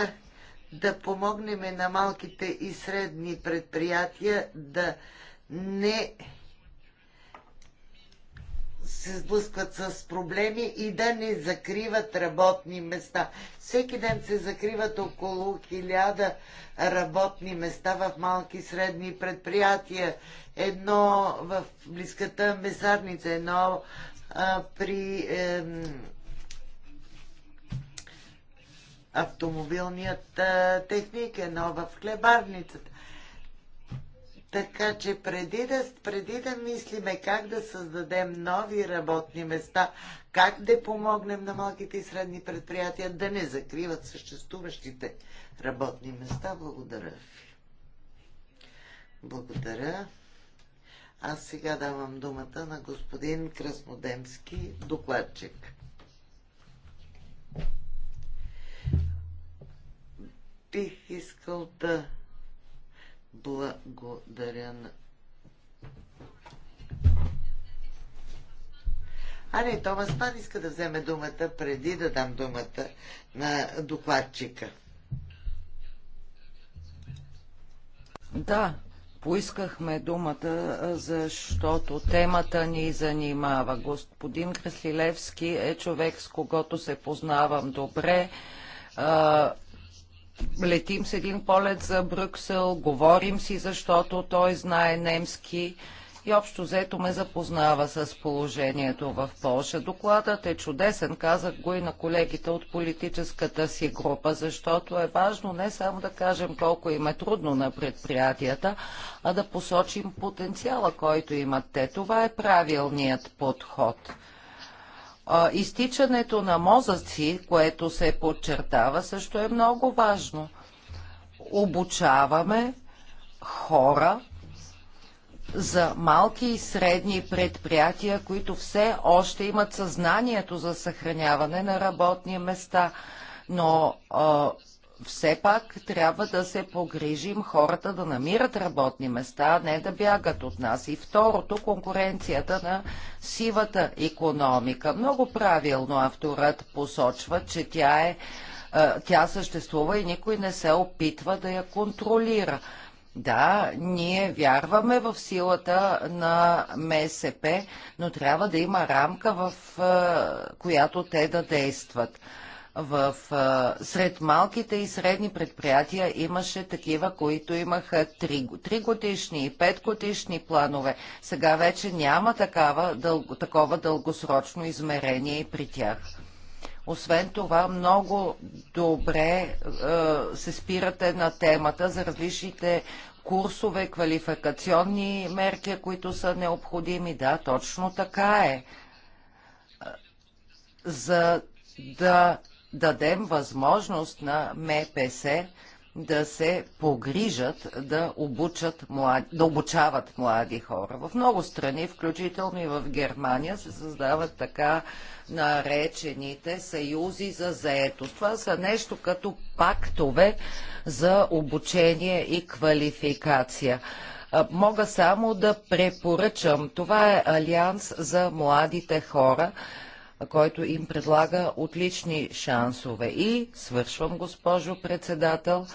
да помогнем на малките и средни предприятия да не се сблъскват с проблеми и да не закриват работни места. Всеки ден се закриват около 1000 работни места в малки и средни предприятия. Едно в близката месарница, едно а, при е, автомобилният а, техник, едно в хлебарницата. Така че преди да, преди да мислиме как да създадем нови работни места, как да помогнем на малките и средни предприятия да не закриват съществуващите работни места, благодаря ви. Благодаря. Аз сега давам думата на господин Краснодемски, докладчик. Бих искал да благодаря на... Томас Пан иска да вземе думата преди да дам думата на докладчика. Да, поискахме думата, защото темата ни занимава. Господин Красилевски е човек, с когото се познавам добре летим с един полет за Брюксел, говорим си, защото той знае немски и общо взето ме запознава с положението в Польша. Докладът е чудесен, казах го и на колегите от политическата си група, защото е важно не само да кажем колко им е трудно на предприятията, а да посочим потенциала, който имат те. Това е правилният подход изтичането на мозъци, което се подчертава, също е много важно. Обучаваме хора за малки и средни предприятия, които все още имат съзнанието за съхраняване на работни места, но а, все пак трябва да се погрижим хората да намират работни места, а не да бягат от нас. И второто, конкуренцията на сивата економика. Много правилно авторът посочва, че тя, е, тя съществува и никой не се опитва да я контролира. Да, ние вярваме в силата на МСП, но трябва да има рамка, в която те да действат в, а, сред малките и средни предприятия имаше такива, които имаха три годишни и 5 годишни планове. Сега вече няма такава, дълго, такова дългосрочно измерение и при тях. Освен това, много добре а, се спирате на темата за различните курсове, квалификационни мерки, които са необходими. Да, точно така е. За да дадем възможност на МПС да се погрижат да, обучат млади, да обучават млади хора. В много страни, включително и в Германия, се създават така наречените съюзи за заетост. Това са нещо като пактове за обучение и квалификация. Мога само да препоръчам. Това е Алианс за младите хора, който им предлага отлични шансове. И свършвам, госпожо председател,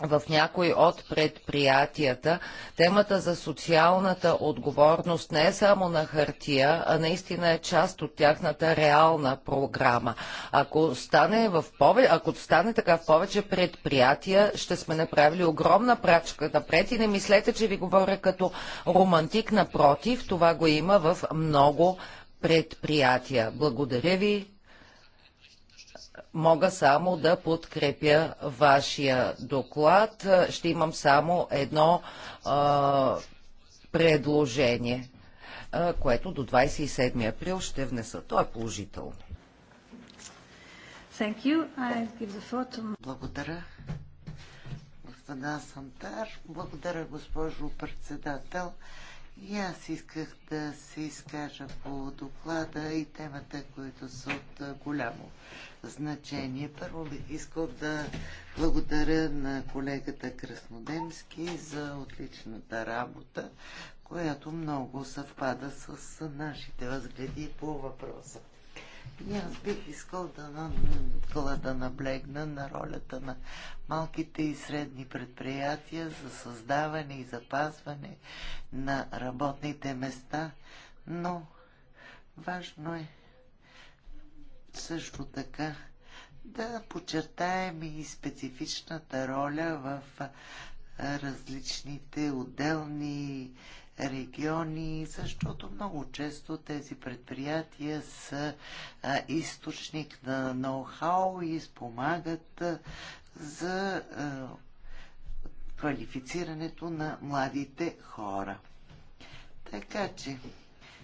в някои от предприятията темата за социалната отговорност не е само на хартия, а наистина е част от тяхната реална програма. Ако стане, в пове... Ако стане така в повече предприятия, ще сме направили огромна прачка напред и не мислете, че ви говоря като романтик. Напротив, това го има в много предприятия. Благодаря ви. Мога само да подкрепя вашия доклад. Ще имам само едно а, предложение, а, което до 27 април ще внеса. То е положително. To... Благодаря. Господа Сантар, благодаря госпожо председател. И аз исках да се изкажа по доклада и темата, които са от голямо значение. Първо бих искал да благодаря на колегата Краснодемски за отличната работа, която много съвпада с нашите възгледи по въпроса. И аз бих искал да, на, да наблегна на ролята на малките и средни предприятия за създаване и запазване на работните места, но важно е също така да подчертаем и специфичната роля в различните отделни региони, защото много често тези предприятия са а, източник на ноу-хау и спомагат а, за а, квалифицирането на младите хора. Така че,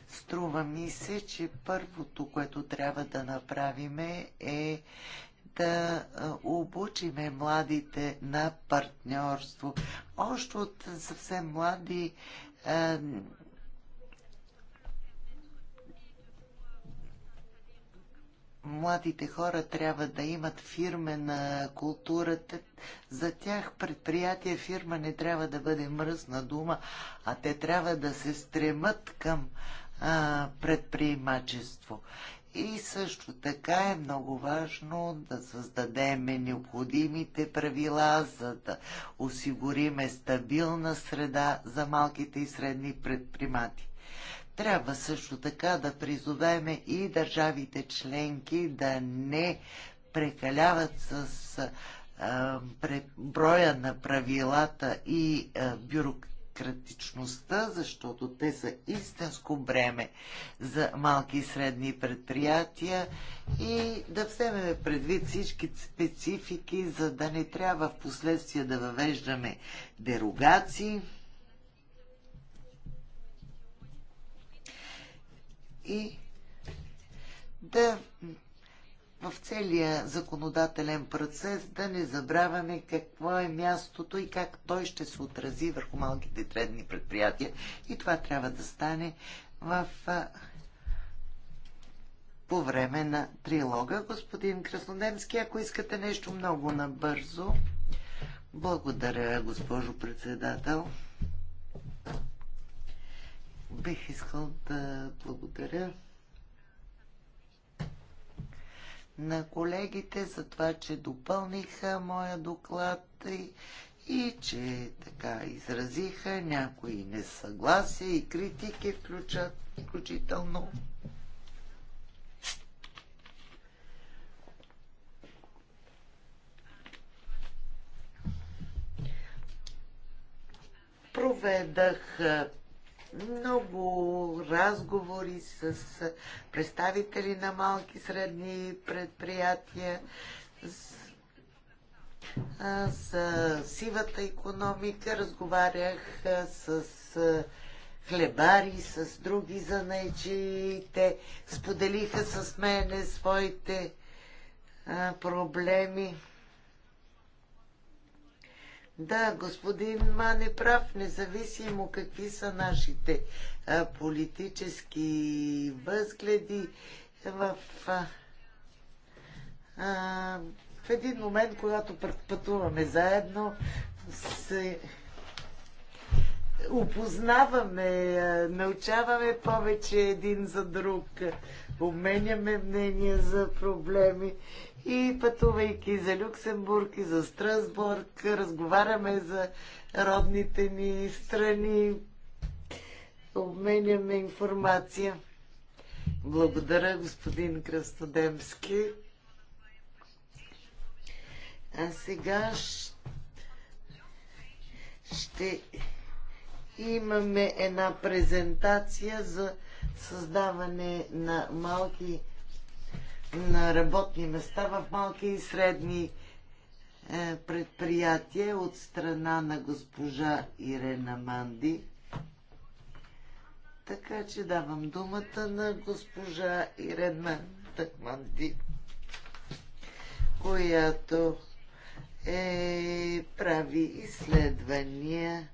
струва ми се, че първото, което трябва да направим е да обучиме младите на партньорство. Още от съвсем млади младите хора трябва да имат фирме на културата. За тях предприятие фирма не трябва да бъде мръсна дума, а те трябва да се стремат към предприемачество. И също така е много важно да създадем необходимите правила, за да осигуриме стабилна среда за малките и средни предпримати. Трябва също така да призовеме и държавите членки да не прекаляват с а, броя на правилата и а, бюрократичността, защото те са истинско бреме за малки и средни предприятия и да вземем предвид всички специфики, за да не трябва в последствие да въвеждаме дерогации. И да в целия законодателен процес да не забравяме какво е мястото и как той ще се отрази върху малките и средни предприятия. И това трябва да стане в по време на трилога. Господин Краснодемски, ако искате нещо много набързо. Благодаря, госпожо председател. Бих искал да благодаря на колегите за това, че допълниха моя доклад и, и че така изразиха някои несъгласия и критики, включат, включително проведах много разговори с представители на малки средни предприятия, с сивата економика, разговарях с хлебари, с други занайчи. Те споделиха с мене своите проблеми. Да, господин Мане прав, независимо какви са нашите а, политически възгледи в. А, а, в един момент, когато пътуваме заедно, се опознаваме, научаваме повече един за друг, обменяме мнения за проблеми и пътувайки за Люксембург и за Страсбург, разговаряме за родните ни страни, обменяме информация. Благодаря, господин Кръстодемски. А сега ще имаме една презентация за създаване на малки на работни места в малки и средни е, предприятия от страна на госпожа Ирена Манди. Така че давам думата на госпожа Ирена Манди, която е, прави изследвания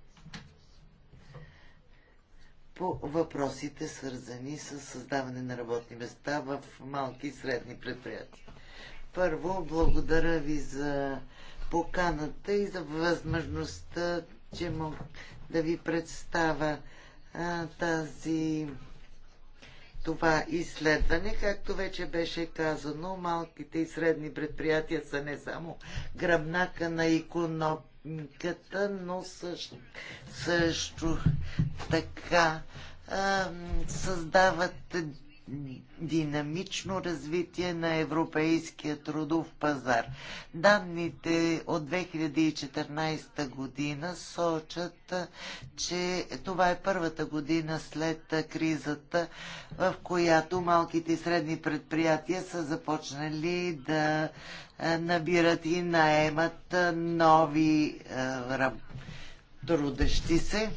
по въпросите, свързани с създаване на работни места в малки и средни предприятия. Първо, благодаря ви за поканата и за възможността, че мога да ви представя а, тази това изследване. Както вече беше казано, малките и средни предприятия са не само гръбнака на, иконо, економиката, но също, също така а, създават динамично развитие на европейския трудов пазар. Данните от 2014 година сочат, че това е първата година след кризата, в която малките и средни предприятия са започнали да набират и наемат нови трудещи се.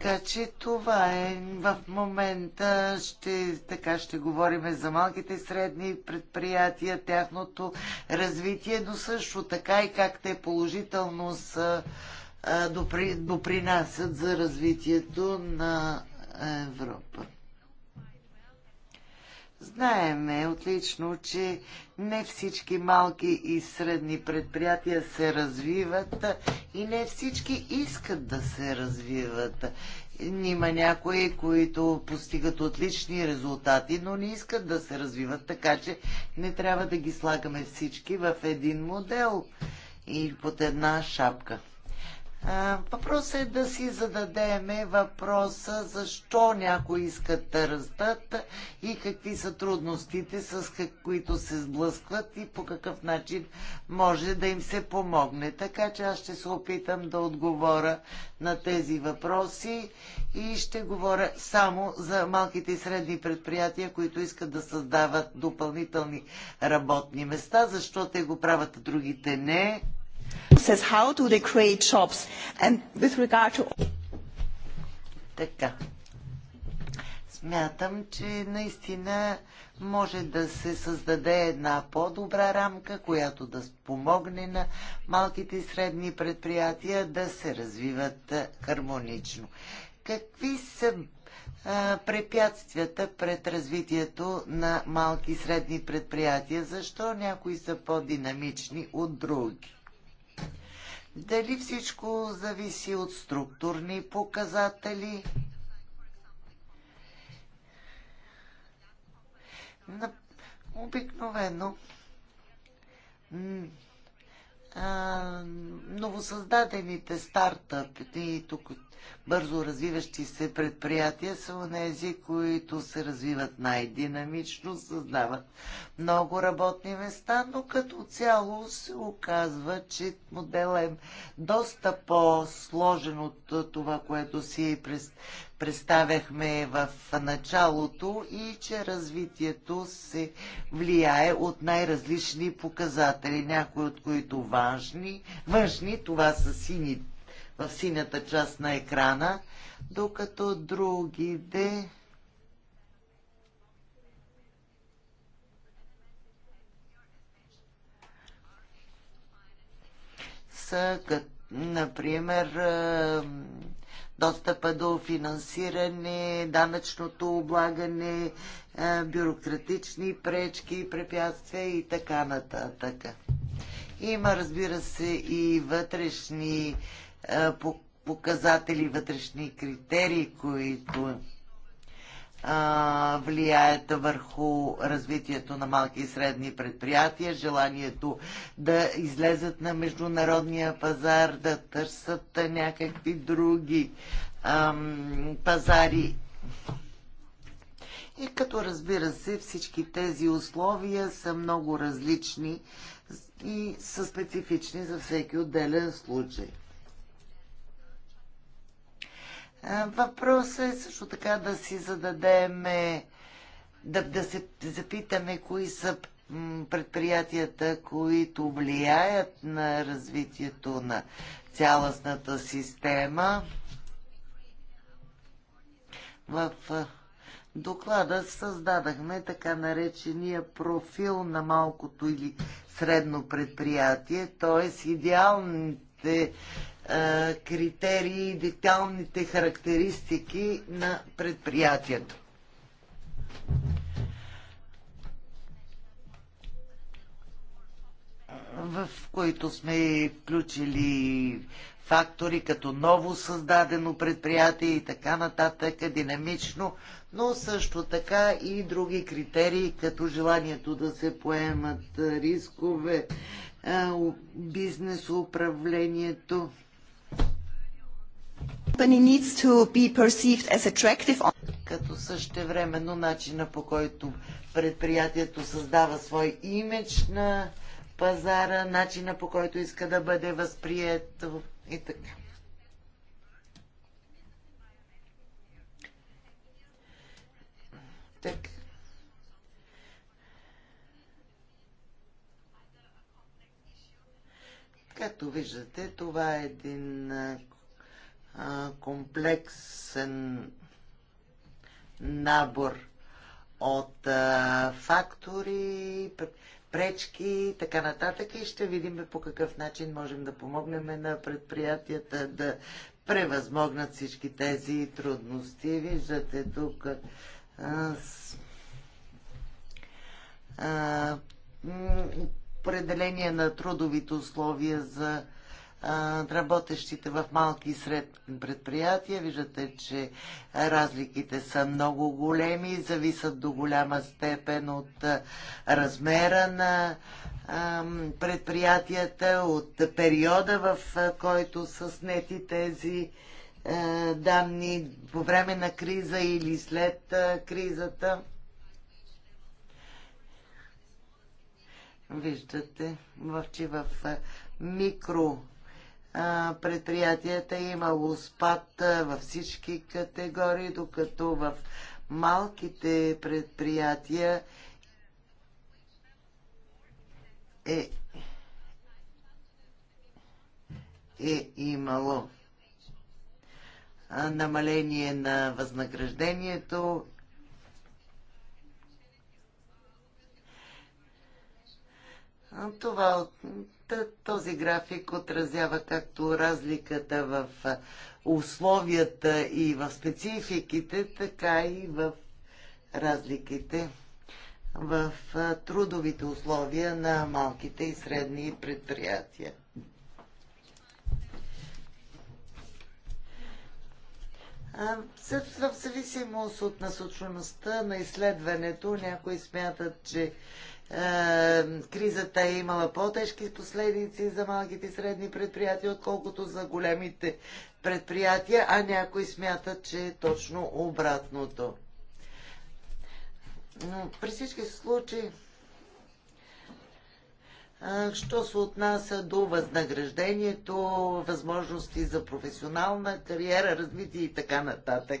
Така че това е в момента. Ще, така ще говорим за малките и средни предприятия, тяхното развитие, но също така и как те положително са, допри, допринасят за развитието на Европа. Знаеме отлично, че не всички малки и средни предприятия се развиват и не всички искат да се развиват. Има някои, които постигат отлични резултати, но не искат да се развиват, така че не трябва да ги слагаме всички в един модел и под една шапка. Въпросът е да си зададеме въпроса защо някои искат да растат и какви са трудностите, с които се сблъскват и по какъв начин може да им се помогне. Така че аз ще се опитам да отговоря на тези въпроси и ще говоря само за малките и средни предприятия, които искат да създават допълнителни работни места, защо те го правят, а другите не Says how do they create jobs and with regard to... Така. Смятам, че наистина може да се създаде една по-добра рамка, която да помогне на малките и средни предприятия да се развиват хармонично. Какви са а, препятствията пред развитието на малки и средни предприятия? Защо някои са по-динамични от други? Дали всичко зависи от структурни показатели? На... Обикновено новосъздадените стартъпи, тук бързо развиващи се предприятия са онези, които се развиват най-динамично, създават много работни места, но като цяло се оказва, че моделът е доста по-сложен от това, което си представяхме в началото и че развитието се влияе от най-различни показатели, някои от които важни, външни, това са сините в синята част на екрана, докато другите са, например, достъпа до финансиране, данъчното облагане, бюрократични пречки, препятствия и така нататък. Има, разбира се, и вътрешни е, показатели, вътрешни критерии, които е, влияят върху развитието на малки и средни предприятия, желанието да излезат на международния пазар, да търсят някакви други ам, пазари. И като разбира се, всички тези условия са много различни и са специфични за всеки отделен случай. Въпросът е също така да си зададем, да, да се запитаме кои са предприятията, които влияят на развитието на цялостната система. В доклада създадахме така наречения профил на малкото или средно предприятие, т.е. идеалните критерии и деталните характеристики на предприятието. в които сме включили фактори като ново създадено предприятие и така нататък, динамично, но също така и други критерии, като желанието да се поемат рискове, бизнес управлението company needs to be perceived as attractive като същевременно начина по който предприятието създава свой имидж на пазара, начина по който иска да бъде възприят и така. Так. Както виждате, това е един комплексен набор от а, фактори, пречки и така нататък и ще видим по какъв начин можем да помогнем на предприятията да превъзмогнат всички тези трудности. Виждате тук а, с, а, определение на трудовите условия за работещите в малки и средни предприятия. Виждате, че разликите са много големи, зависят до голяма степен от размера на предприятията, от периода, в който са снети тези данни по време на криза или след кризата. Виждате, че в микро предприятията е имало спад във всички категории, докато в малките предприятия е, е имало намаление на възнаграждението това този график отразява както разликата в условията и в спецификите, така и в разликите в трудовите условия на малките и средни предприятия. В зависимост от насочеността на изследването, някои смятат, че е, кризата е имала по-тежки последици за малките и средни предприятия, отколкото за големите предприятия, а някои смятат, че е точно обратното. Но при всички случаи, що се отнася до възнаграждението, възможности за професионална кариера, развитие и така нататък.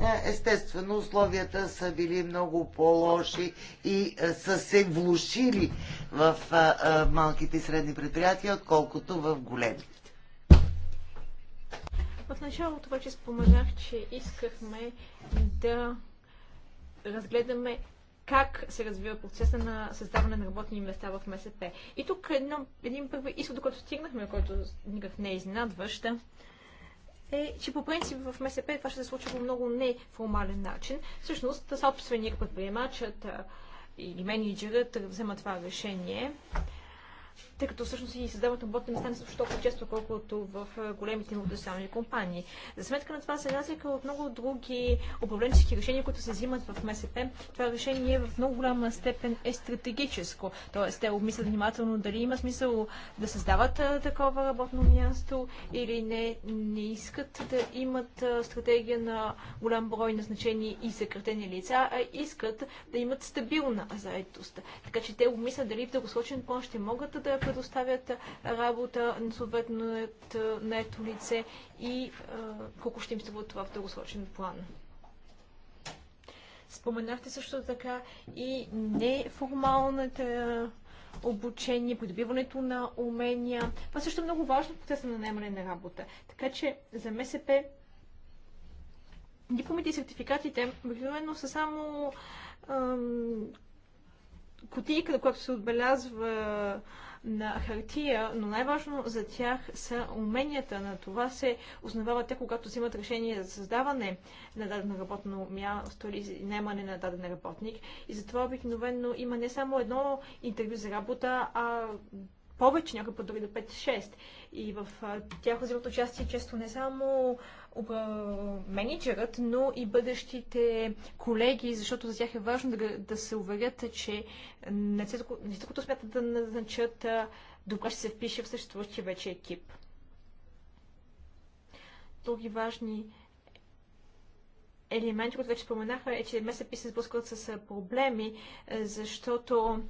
Е, естествено, условията са били много по-лоши и е, са се влушили в е, малките и средни предприятия, отколкото в големите. В началото вече споменах, че искахме да разгледаме как се развива процеса на създаване на работни места в МСП. И тук едно, един първи изход, до който стигнахме, който никак не е изненадващ, е, че по принцип в МСП това ще се случва по много неформален начин. Всъщност, собственик, предприемачът или менеджерът взема това решение тъй като всъщност и създават работни места не също толкова често, колкото в е, големите мултинационални компании. За сметка на това, се разлика от много други управленчески решения, които се взимат в МСП, това решение е в много голяма степен е стратегическо. Тоест, те обмислят внимателно дали има смисъл да създават е, такова работно място или не, не искат да имат стратегия на голям брой назначени и съкратени лица, а искат да имат стабилна заедост. Така че те обмислят дали в дългосрочен план ще могат да предоставят работа на съответно наето лице и колко ще им струва това в дългосрочен план. Споменахте също така и неформалната обучение, придобиването на умения. Това също е много важно в процеса на наемане на работа. Така че за МСП дипломите и сертификатите обикновено са само ам, кутийка, на която се отбелязва на хартия, но най-важно за тях са уменията. На това се основават те, когато взимат решение за създаване на дадено работно място или наймане на даден работник. И затова обикновено има не само едно интервю за работа, а повече, някой път дори до 5-6. И в тях взимат участие често не само менеджерът, но и бъдещите колеги, защото за тях е важно да, да се уверят, че не което смятат да назначат, добре ще се впише в съществуващия вече екип. Други важни елементи, които вече споменаха, е, че МСП се сблъскват с проблеми, е, защото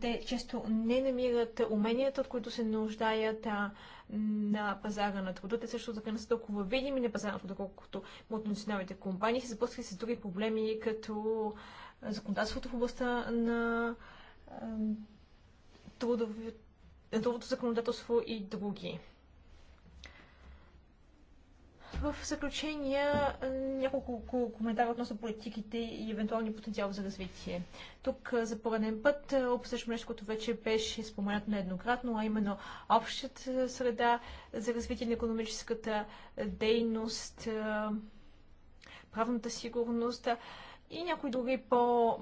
те често не намират уменията, от които се нуждаят а, на пазара на труда. Те също така не са толкова видими на пазара на труда, колкото мултинационалните компании се сблъскват с други проблеми, като законодателството в областта на трудовото законодателство и други. В заключение е, няколко коментара относно политиките и евентуални потенциал за развитие. Тук е, за пореден път е, обсъждаме нещо, което вече беше споменато нееднократно, а именно общата среда за развитие на економическата дейност, правната сигурност и някои други по-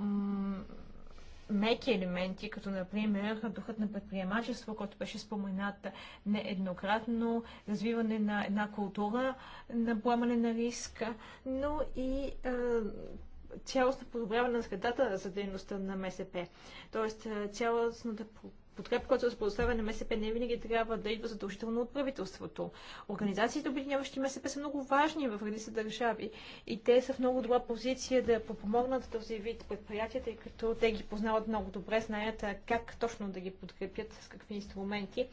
меки елементи, като например духът на предприемачество, който беше споменат нееднократно, развиване на една култура на поемане на риска, но и е, цялостно подобряване на средата за дейността на МСП. Тоест цялостната подкрепа, която се предоставя на МСП, не винаги трябва да идва задължително от правителството. Организациите, обединяващи МСП, са много важни в редица държави и те са в много добра позиция да подпомогнат този вид предприятия, тъй като те ги познават много добре, знаят как точно да ги подкрепят, с какви инструменти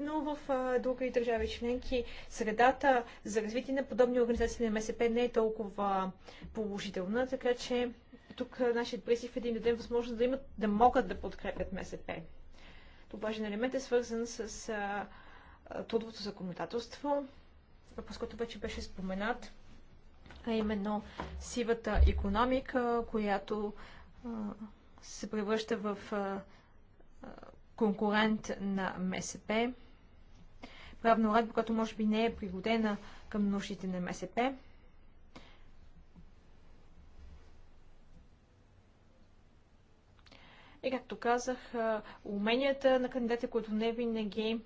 но в други държави членки средата за развитие на подобни организации на МСП не е толкова положителна, така че тук нашият призив е да им дадем възможност да, имат, да могат да подкрепят МСП. Тук важен елемент е свързан с а, трудовото законодателство, въпрос, който вече беше споменат, а именно сивата економика, която а, се превръща в а, конкурент на МСП. Правна уредба, която може би не е пригодена към нуждите на МСП. И както казах, уменията на кандидатите, които не винаги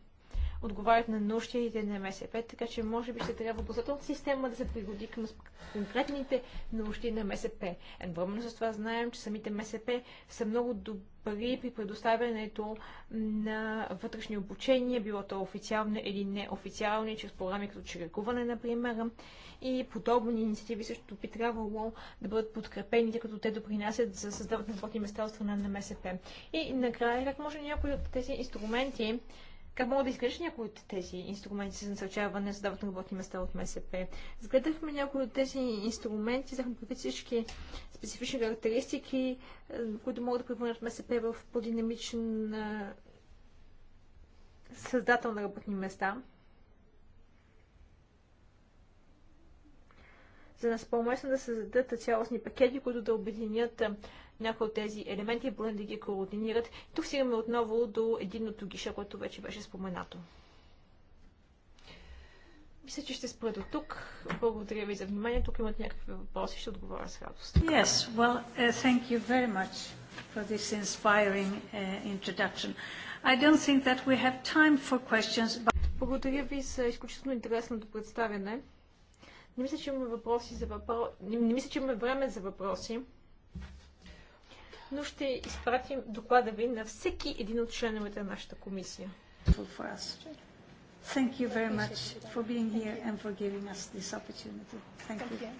отговарят на нуждите на МСП, така че може би ще трябва образователната система да се пригоди към конкретните нужди на МСП. Едновременно с това знаем, че самите МСП са много добри при предоставянето на вътрешни обучения, било то официално или неофициални, чрез програми като чирекуване, например. И подобни инициативи също би трябвало да бъдат подкрепени, тъй като те допринасят за създаването на работни места от страна на МСП. И накрая, как може някои от тези инструменти как мога да изглеждаш някои от тези инструменти за насърчаване на създаването на работни места от МСП? Сгледахме някои от тези инструменти, взехме предвид всички специфични характеристики, е, които могат да превърнат МСП в по-динамичен е, създател на работни места. За нас по-уместно е да създадат цялостни пакети, които да обединят някои от тези елементи, е да ги координират. И тук стигаме отново до единното гиша, което вече беше споменато. Мисля, че ще спра до тук. Благодаря ви за вниманието. Тук имат някакви въпроси, ще отговоря с радост. Yes, well, uh, thank you very much for this inspiring uh, introduction. I don't think that we have time for questions. But... Благодаря ви за изключително интересното представяне. Не мисля, че имаме въпроси за въпро... не, не мисля, че имаме време за въпроси но ще изпратим доклада ви на всеки един от членовете на нашата комисия. Thank you very much for being here and for giving us this opportunity. Thank you.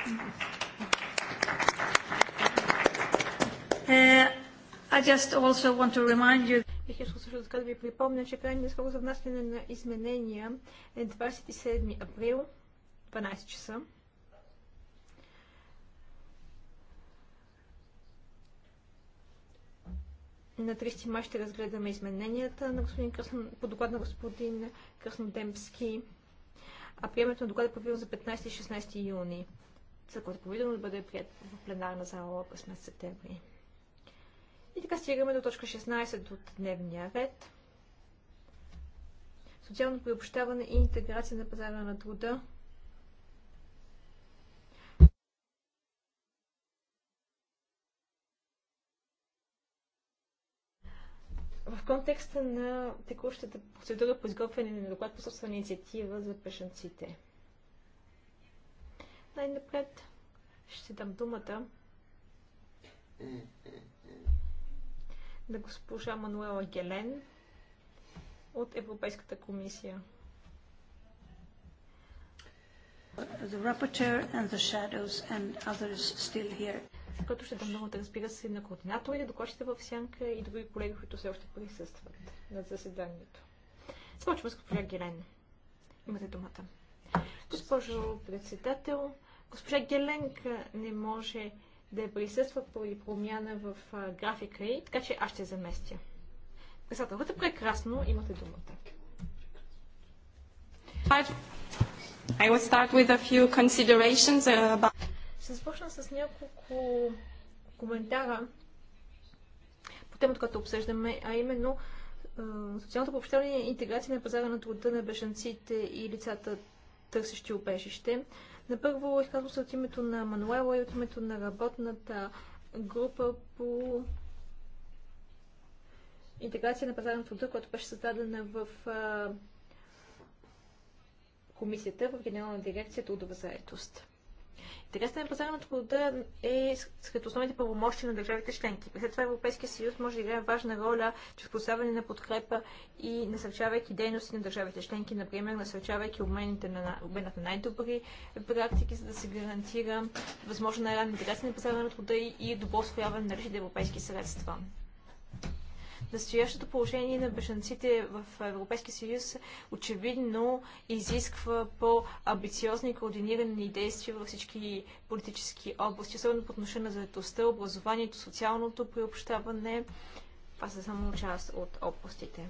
Uh, I just also want to remind you Бих искал също така да ви припомня, че крайният срок за внасяне на изменения е 27 април, 12 часа. На 30 май ще разгледаме измененията на господин Кръсн, по доклад на господин Кръснодемски, а приемането на доклада е за 15-16 и юни, за което е предвидено да бъде прият в пленарна зала през месец септември. И така стигаме до точка 16 от дневния ред. Социално приобщаване и интеграция на пазара на труда в контекста на текущата процедура по изготвяне на доклад по собствена инициатива за пешенците. Най-напред ще дам думата на госпожа Мануела Гелен от Европейската комисия. The rapporteur and the shadows and others still here като ще дам да разбира се, на координаторите, докочите в сянка и други колеги, които все още присъстват на заседанието. Започваме с госпожа Гелен. Имате думата. Госпожо председател, госпожа Геленка не може да е присъства поради промяна в графика и, така че аз ще заместя. Председателката прекрасно, имате думата. I will start with a few considerations uh, about ще започна с няколко коментара по темата, която обсъждаме, а именно социалното пообщаване и интеграция на пазара на труда на бежанците и лицата, търсещи убежище. На първо изказвам се от името на Мануела и от името на работната група по интеграция на пазара на труда, която беше създадена в комисията в Генерална дирекция Трудова заетост. Интересен на пазара на труда е сред основните правомощи на държавите членки. След това Европейския съюз може да играе важна роля чрез поставяне на подкрепа и насърчавайки дейности на държавите членки, например насърчавайки обмените на, обменът на най-добри практики, за да се гарантира възможно най-ранна интересен на на труда и добро освояване на наличните европейски средства настоящото положение на бежанците в Европейския съюз очевидно изисква по-амбициозни и координирани действия във всички политически области, особено по отношение на заедостта, образованието, социалното приобщаване. Това са само част от областите.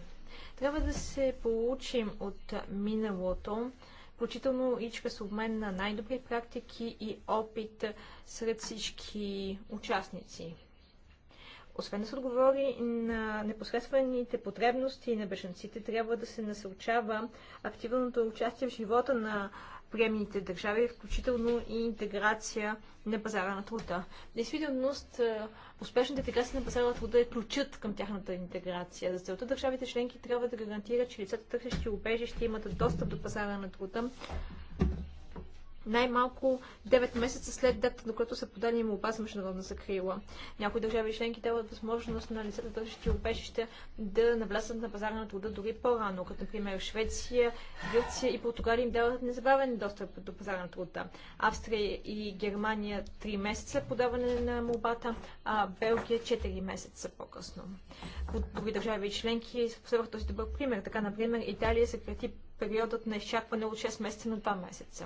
Трябва да се получим от миналото, включително и чрез обмен на най-добри практики и опит сред всички участници. Освен да се отговори на непосредствените потребности на бежанците, трябва да се насълчава активното участие в живота на приемните държави, включително и интеграция на пазара на труда. Действителност, е, успешната интеграция на пазара на труда е ключът към тяхната интеграция. За целта държавите членки трябва да гарантират, че лицата търсещи убежище имат достъп до пазара на труда най-малко 9 месеца след датата, до която са подали молба за международна закрила. Някои държави и членки дават възможност на лицата, дължащи обежища, да навлязат на пазара на труда дори по-рано, като например Швеция, Гърция и Португалия им дават незабавен достъп до пазара на труда. Австрия и Германия 3 месеца подаване на молбата, а Белгия 4 месеца по-късно. От други държави и членки последвах този добър пример. Така, например, Италия се крати периодът на изчакване от 6 месеца на 2 месеца.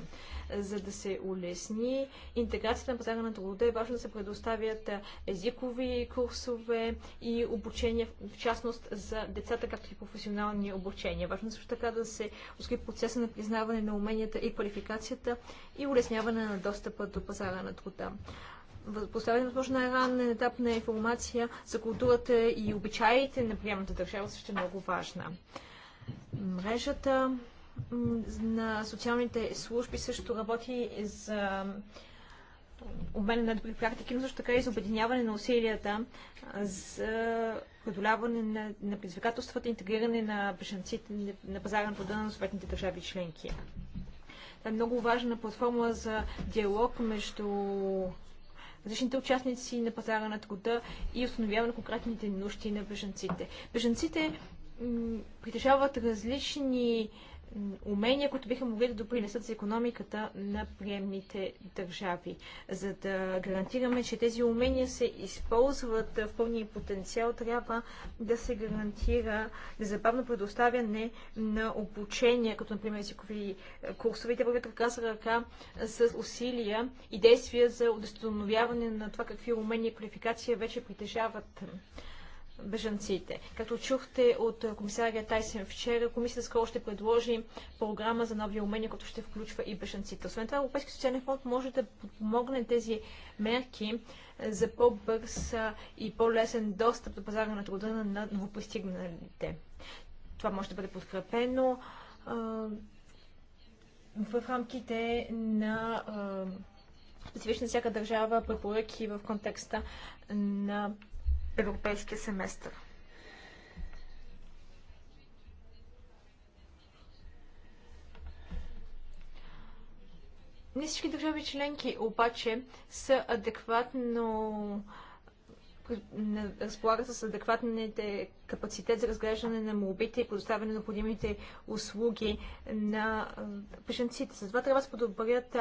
За да се улесни интеграцията на пазара на труда е важно да се предоставят езикови курсове и обучение, в частност за децата, както и професионални обучения. Важно също така да се ускори процеса на признаване на уменията и квалификацията и улесняване на достъпа до пазара на труда поставя възможно най-ранен етап на информация за културата и обичаите на приемната държава също е много важна. Мрежата на социалните служби също работи за обмен на добри практики, но също така и за обединяване на усилията за преодоляване на, на предизвикателствата и интегриране на бежанците на пазара на труда на съответните държави членки. Това е много важна платформа за диалог между различните участници на пазара на труда и установяване на конкретните нужди на бежанците. Бежанците притежават различни умения, които биха могли да допринесат за економиката на приемните държави. За да гарантираме, че тези умения се използват в пълния потенциал, трябва да се гарантира незабавно предоставяне на обучение, като например езикови е, курсове. Те вървят ръка за ръка с усилия и действия за удостановяване на това какви умения и квалификация вече притежават бежанците. Като чухте от комисария Тайсен вчера, комисията скоро ще предложи програма за нови умения, която ще включва и бежанците. Освен това, Европейски социален фонд може да подпомогне тези мерки за по-бърз и по-лесен достъп до пазара на труда на новопристигналите. Това може да бъде подкрепено в рамките на специфична всяка държава препоръки в контекста на европейския семестър. Не всички държави членки обаче са адекватно разполагат с адекватните капацитет за разглеждане на молбите и предоставяне на необходимите услуги на беженците. Затова трябва да се подобрят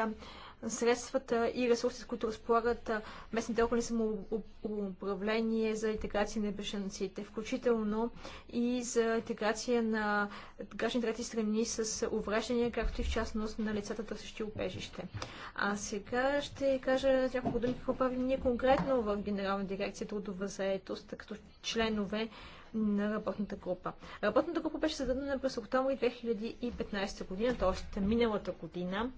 средствата и ресурси, с които разполагат местните органи самоуправление за интеграция на бешенците, включително и за интеграция на граждани трети страни с увреждания, както и в частност на лицата търсещи убежище. А сега ще кажа няколко думи какво правим ние конкретно в Генерална дирекция трудова заетост, като членове на работната група. Работната група беше създадена през октомври 2015 година, т.е. миналата година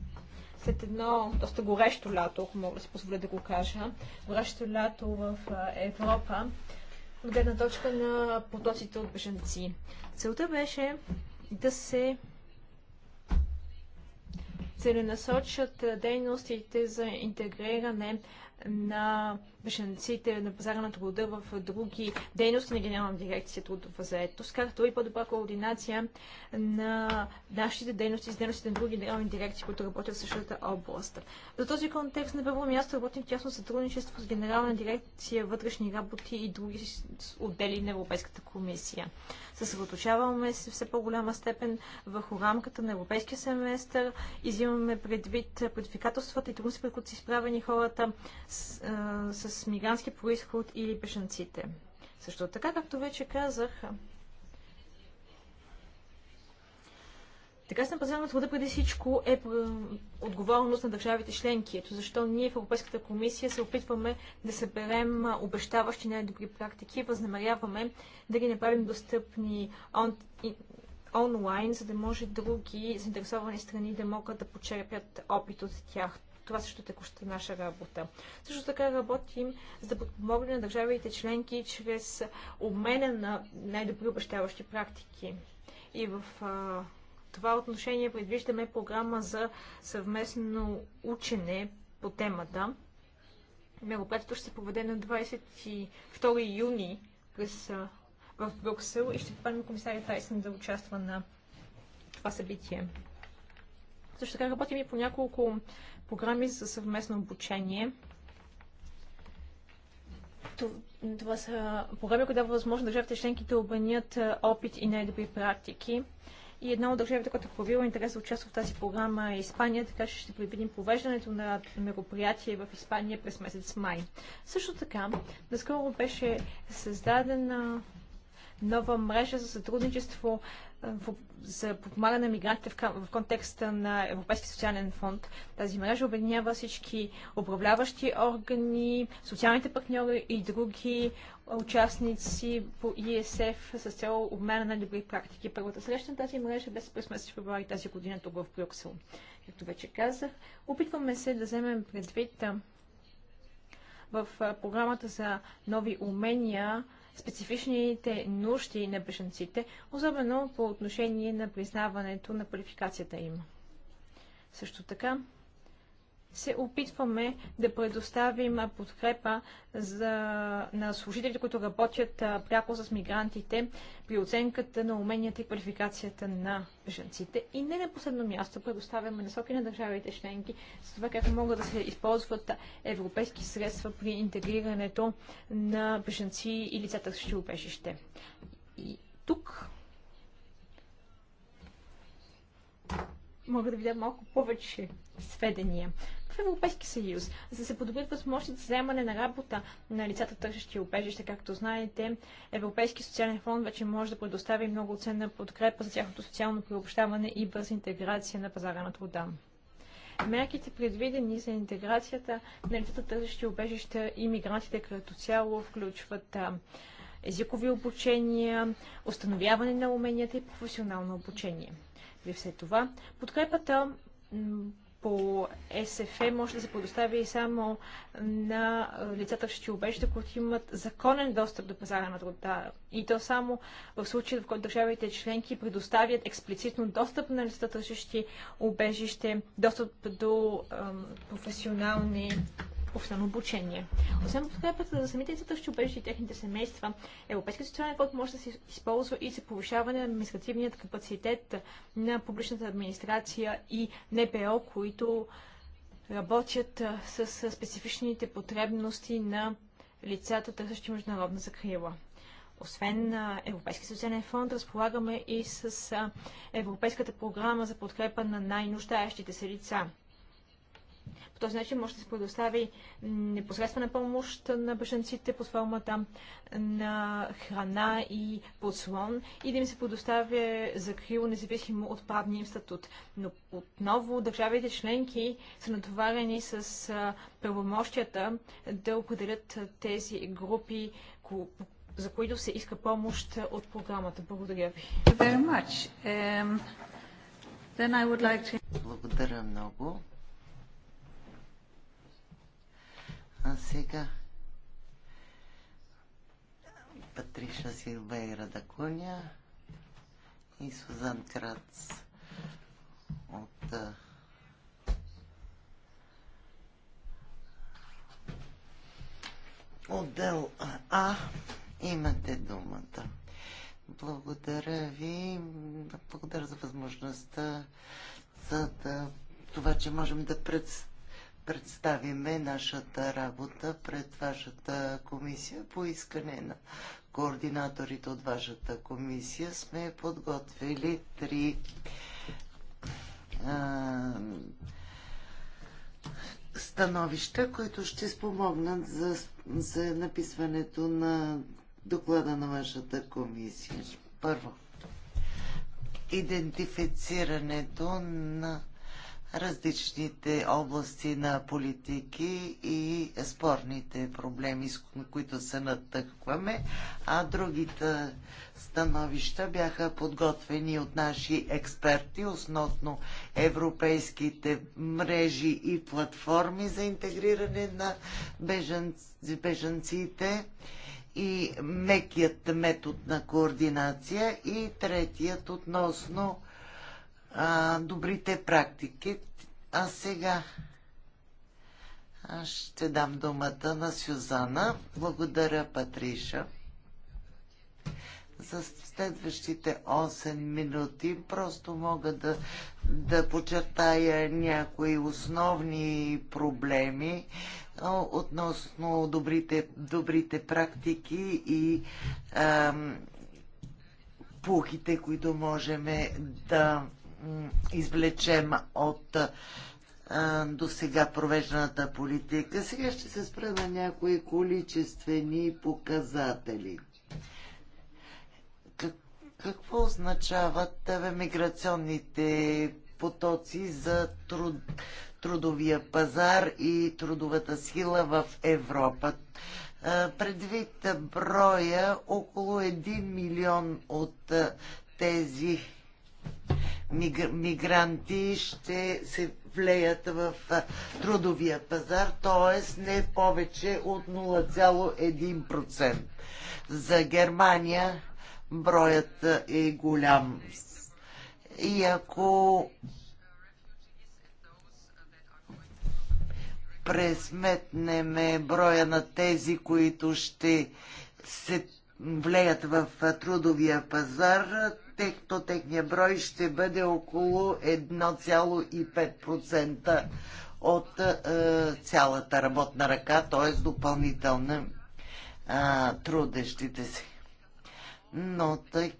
след едно доста горещо лято, ако мога да си позволя да го кажа, горещо лято в Европа, от гледна точка на потоците от бежанци. Целта беше да се целенасочат дейностите за интегриране на бешенците на пазара на труда в други дейности на Генерална дирекция трудова заетост, както и по-добра координация на нашите дейности с дейностите на други генерални дирекции, които работят в същата област. За този контекст на първо място работим в тясно сътрудничество с Генерална дирекция вътрешни работи и други отдели на Европейската комисия. Съсредоточаваме се все по-голяма степен върху рамката на европейския семестър, изимаме предвид предвикателствата и трудности, пред които са изправени хората с, с с мигрантски происход или бежанците. Също така, както вече казах, Така се напазваме на труда преди всичко е отговорност на държавите членки. Ето защо ние в Европейската комисия се опитваме да съберем обещаващи най-добри практики, възнамеряваме да ги направим достъпни он, онлайн, за да може други заинтересовани страни да могат да почерпят опит от тях. Това също е куща наша работа. Също така работим за да подпомогнем на държавите членки чрез обмена на най-добри обещаващи практики. И в а, това отношение предвиждаме програма за съвместно учене по темата. Мероприятието ще се проведе на 22 юни през, а, в Брюксел и ще поканим комисаря Тайсън да участва на това събитие. Също така работим и по няколко програми за съвместно обучение. Това са програми, които дава възможност държавите членки да обменят опит и най-добри практики. И една от държавите, която е проявила интерес да участва в тази програма е Испания, така че ще предвидим провеждането на мероприятие в Испания през месец май. Също така, наскоро беше създадена нова мрежа за сътрудничество за подпомагане на мигрантите в контекста на Европейския социален фонд. Тази мрежа обединява всички управляващи органи, социалните партньори и други участници по ИСФ с цел обмена на добри практики. Първата среща на тази мрежа бе през месец февруари тази година тук в Брюксел. Както вече казах, опитваме се да вземем предвид в програмата за нови умения специфичните нужди на бежанците, особено по отношение на признаването на квалификацията им. Също така, се опитваме да предоставим подкрепа за, на служителите, които работят пряко с мигрантите при оценката на уменията и квалификацията на бежанците. И не на последно място предоставяме насоки на държавите членки за това как могат да се използват европейски средства при интегрирането на бежанци и лицата с убежище. И тук мога да ви дам малко повече сведения. Европейски съюз, за да се подобрят възможности за вземане на работа на лицата, търсещи обежище. Както знаете, Европейски социален фонд вече може да предостави много ценна подкрепа за тяхното социално приобщаване и бърза интеграция на пазара на труда. Мерките, предвидени за интеграцията на лицата, търсещи обежища и мигрантите като цяло, включват езикови обучения, установяване на уменията и професионално обучение. При все това, подкрепата по СФЕ може да се предостави и само на лицата в щитилбежите, които имат законен достъп до пазара на труда. И то само в случай, в който държавите членки предоставят експлицитно достъп на лицата, търсещи убежище, достъп до професионални професионално обучение. Освен подкрепата за самите деца, ще обежда и техните семейства. Европейският социален код може да се използва и за повишаване на административният капацитет на публичната администрация и НПО, които работят с специфичните потребности на лицата, търсещи международна закрила. Освен Европейски социален фонд, разполагаме и с Европейската програма за подкрепа на най-нуждаещите се лица. По този начин може да се предостави непосредствена помощ на бежанците под формата на храна и подслон и да им се предоставя закрил независимо от правния им статут. Но отново държавите членки са натоварени с правомощията да определят тези групи, за които се иска помощ от програмата. Благодаря ви. Благодаря много. А сега Патриша Силвейра Дакуня и Сузан Крац от отдел А. Имате думата. Благодаря ви. Благодаря за възможността за да, това, че можем да представим представиме нашата работа пред вашата комисия по искане на координаторите от вашата комисия. Сме подготвили три а, становища, които ще спомогнат за, за написването на доклада на вашата комисия. Първо, идентифицирането на различните области на политики и спорните проблеми, с които се натъкваме, а другите становища бяха подготвени от наши експерти, основно европейските мрежи и платформи за интегриране на бежанците и мекият метод на координация и третият относно а, добрите практики. А сега аз ще дам думата на Сюзана. Благодаря, Патриша. За следващите 8 минути просто мога да, да почертая някои основни проблеми относно добрите, добрите практики и ам, пухите, които можем да извлечем от до сега провежданата политика. Сега ще се спра на някои количествени показатели. какво означават миграционните потоци за труд, трудовия пазар и трудовата сила в Европа? Предвид броя, около 1 милион от тези мигранти ще се влеят в трудовия пазар, т.е. не повече от 0,1%. За Германия броят е голям. И ако пресметнеме броя на тези, които ще се влеят в трудовия пазар, то техния брой ще бъде около 1,5% от е, цялата работна ръка, т.е. допълнителна е, трудещите си. Но тъй,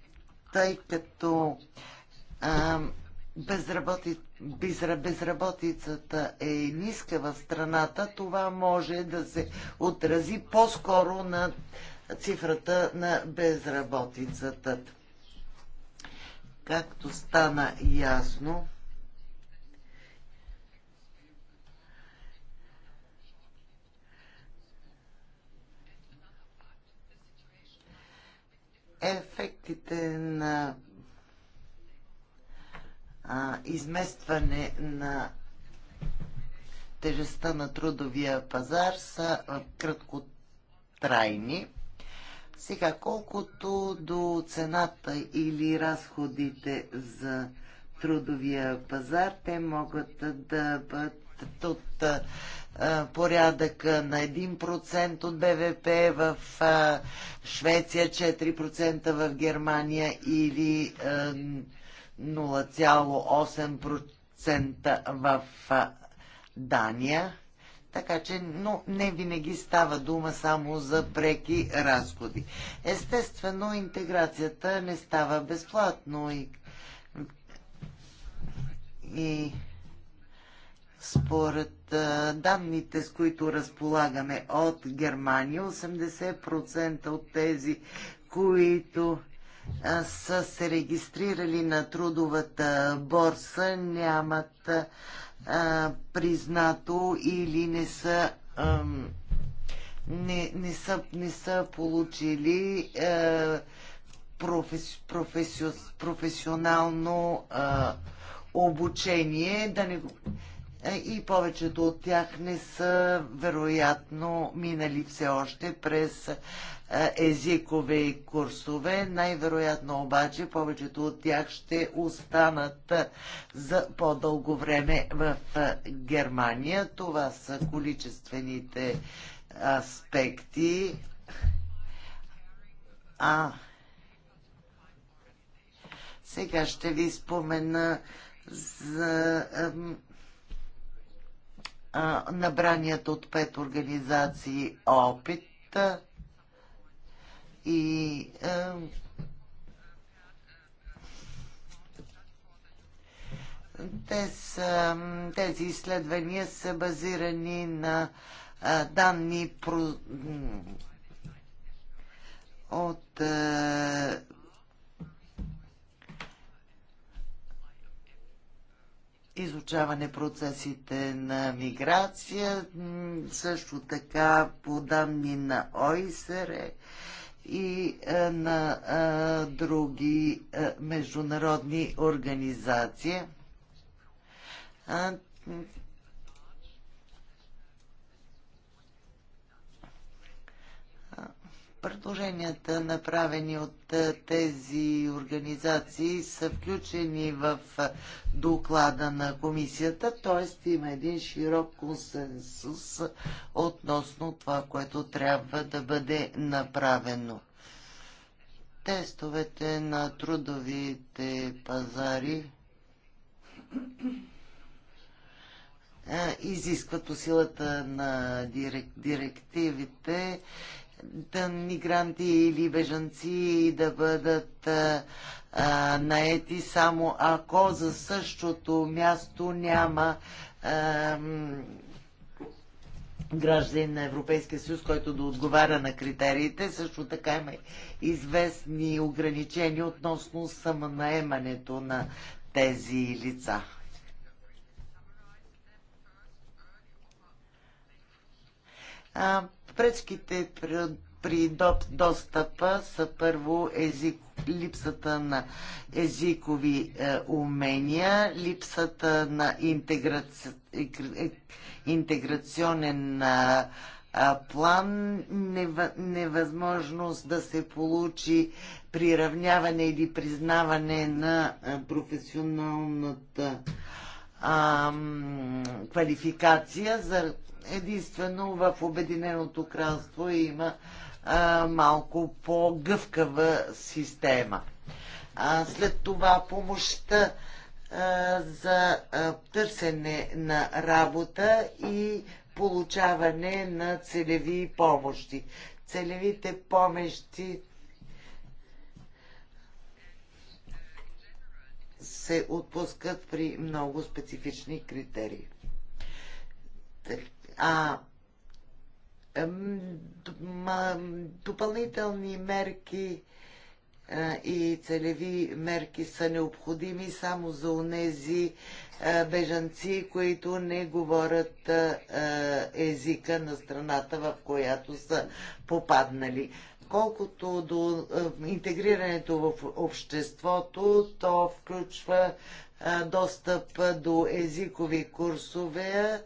тъй като е, безработи, безра, безработицата е ниска в страната, това може да се отрази по-скоро на цифрата на безработицата. Както стана ясно, ефектите на а, изместване на тежестта на трудовия пазар са краткотрайни. Сега, колкото до цената или разходите за трудовия пазар, те могат да бъдат от порядъка на 1% от БВП в Швеция, 4% в Германия или 0,8% в Дания. Така че, но не винаги става дума само за преки разходи. Естествено, интеграцията не става безплатно и, и според данните, с които разполагаме от Германия, 80% от тези, които са се регистрирали на трудовата борса, нямат а, признато или не са а, не, не, са, не са получили а, професи, професи, професионално а, обучение, да не, е, и повечето от тях не са вероятно минали все още през е, езикове и курсове. Най-вероятно обаче повечето от тях ще останат е, за по-дълго време в Германия. Това са количествените аспекти. А сега ще ви спомена за набраният от пет организации опит а, и а, те са, тези изследвания са базирани на а, данни про, от а, изучаване процесите на миграция, също така по данни на ОИСР и е, на е, други е, международни организации Предложенията, направени от е, тези организации, са включени в е, доклада на комисията, т.е. има един широк консенсус относно това, което трябва да бъде направено. Тестовете на трудовите пазари е, изискват усилата на директивите да мигранти или бежанци да бъдат а, а, наети само ако за същото място няма а, гражданин на Европейския съюз, който да отговаря на критериите. Също така има известни ограничения относно самонаемането на тези лица. А, Пречките при, при достъпа са първо език, липсата на езикови е, умения, липсата на интеграци... Е, е, интеграционен е, план, невъзможност да се получи приравняване или признаване на професионалната квалификация за единствено в Обединеното кралство има а, малко по-гъвкава система. А, след това помощта а, за а, търсене на работа и получаване на целеви помощи. Целевите помощи се отпускат при много специфични критерии. А допълнителни мерки е, и целеви мерки са необходими само за онези е, бежанци, които не говорят е, езика на страната, в която са попаднали. Колкото до интегрирането в обществото, то включва достъп до езикови курсове,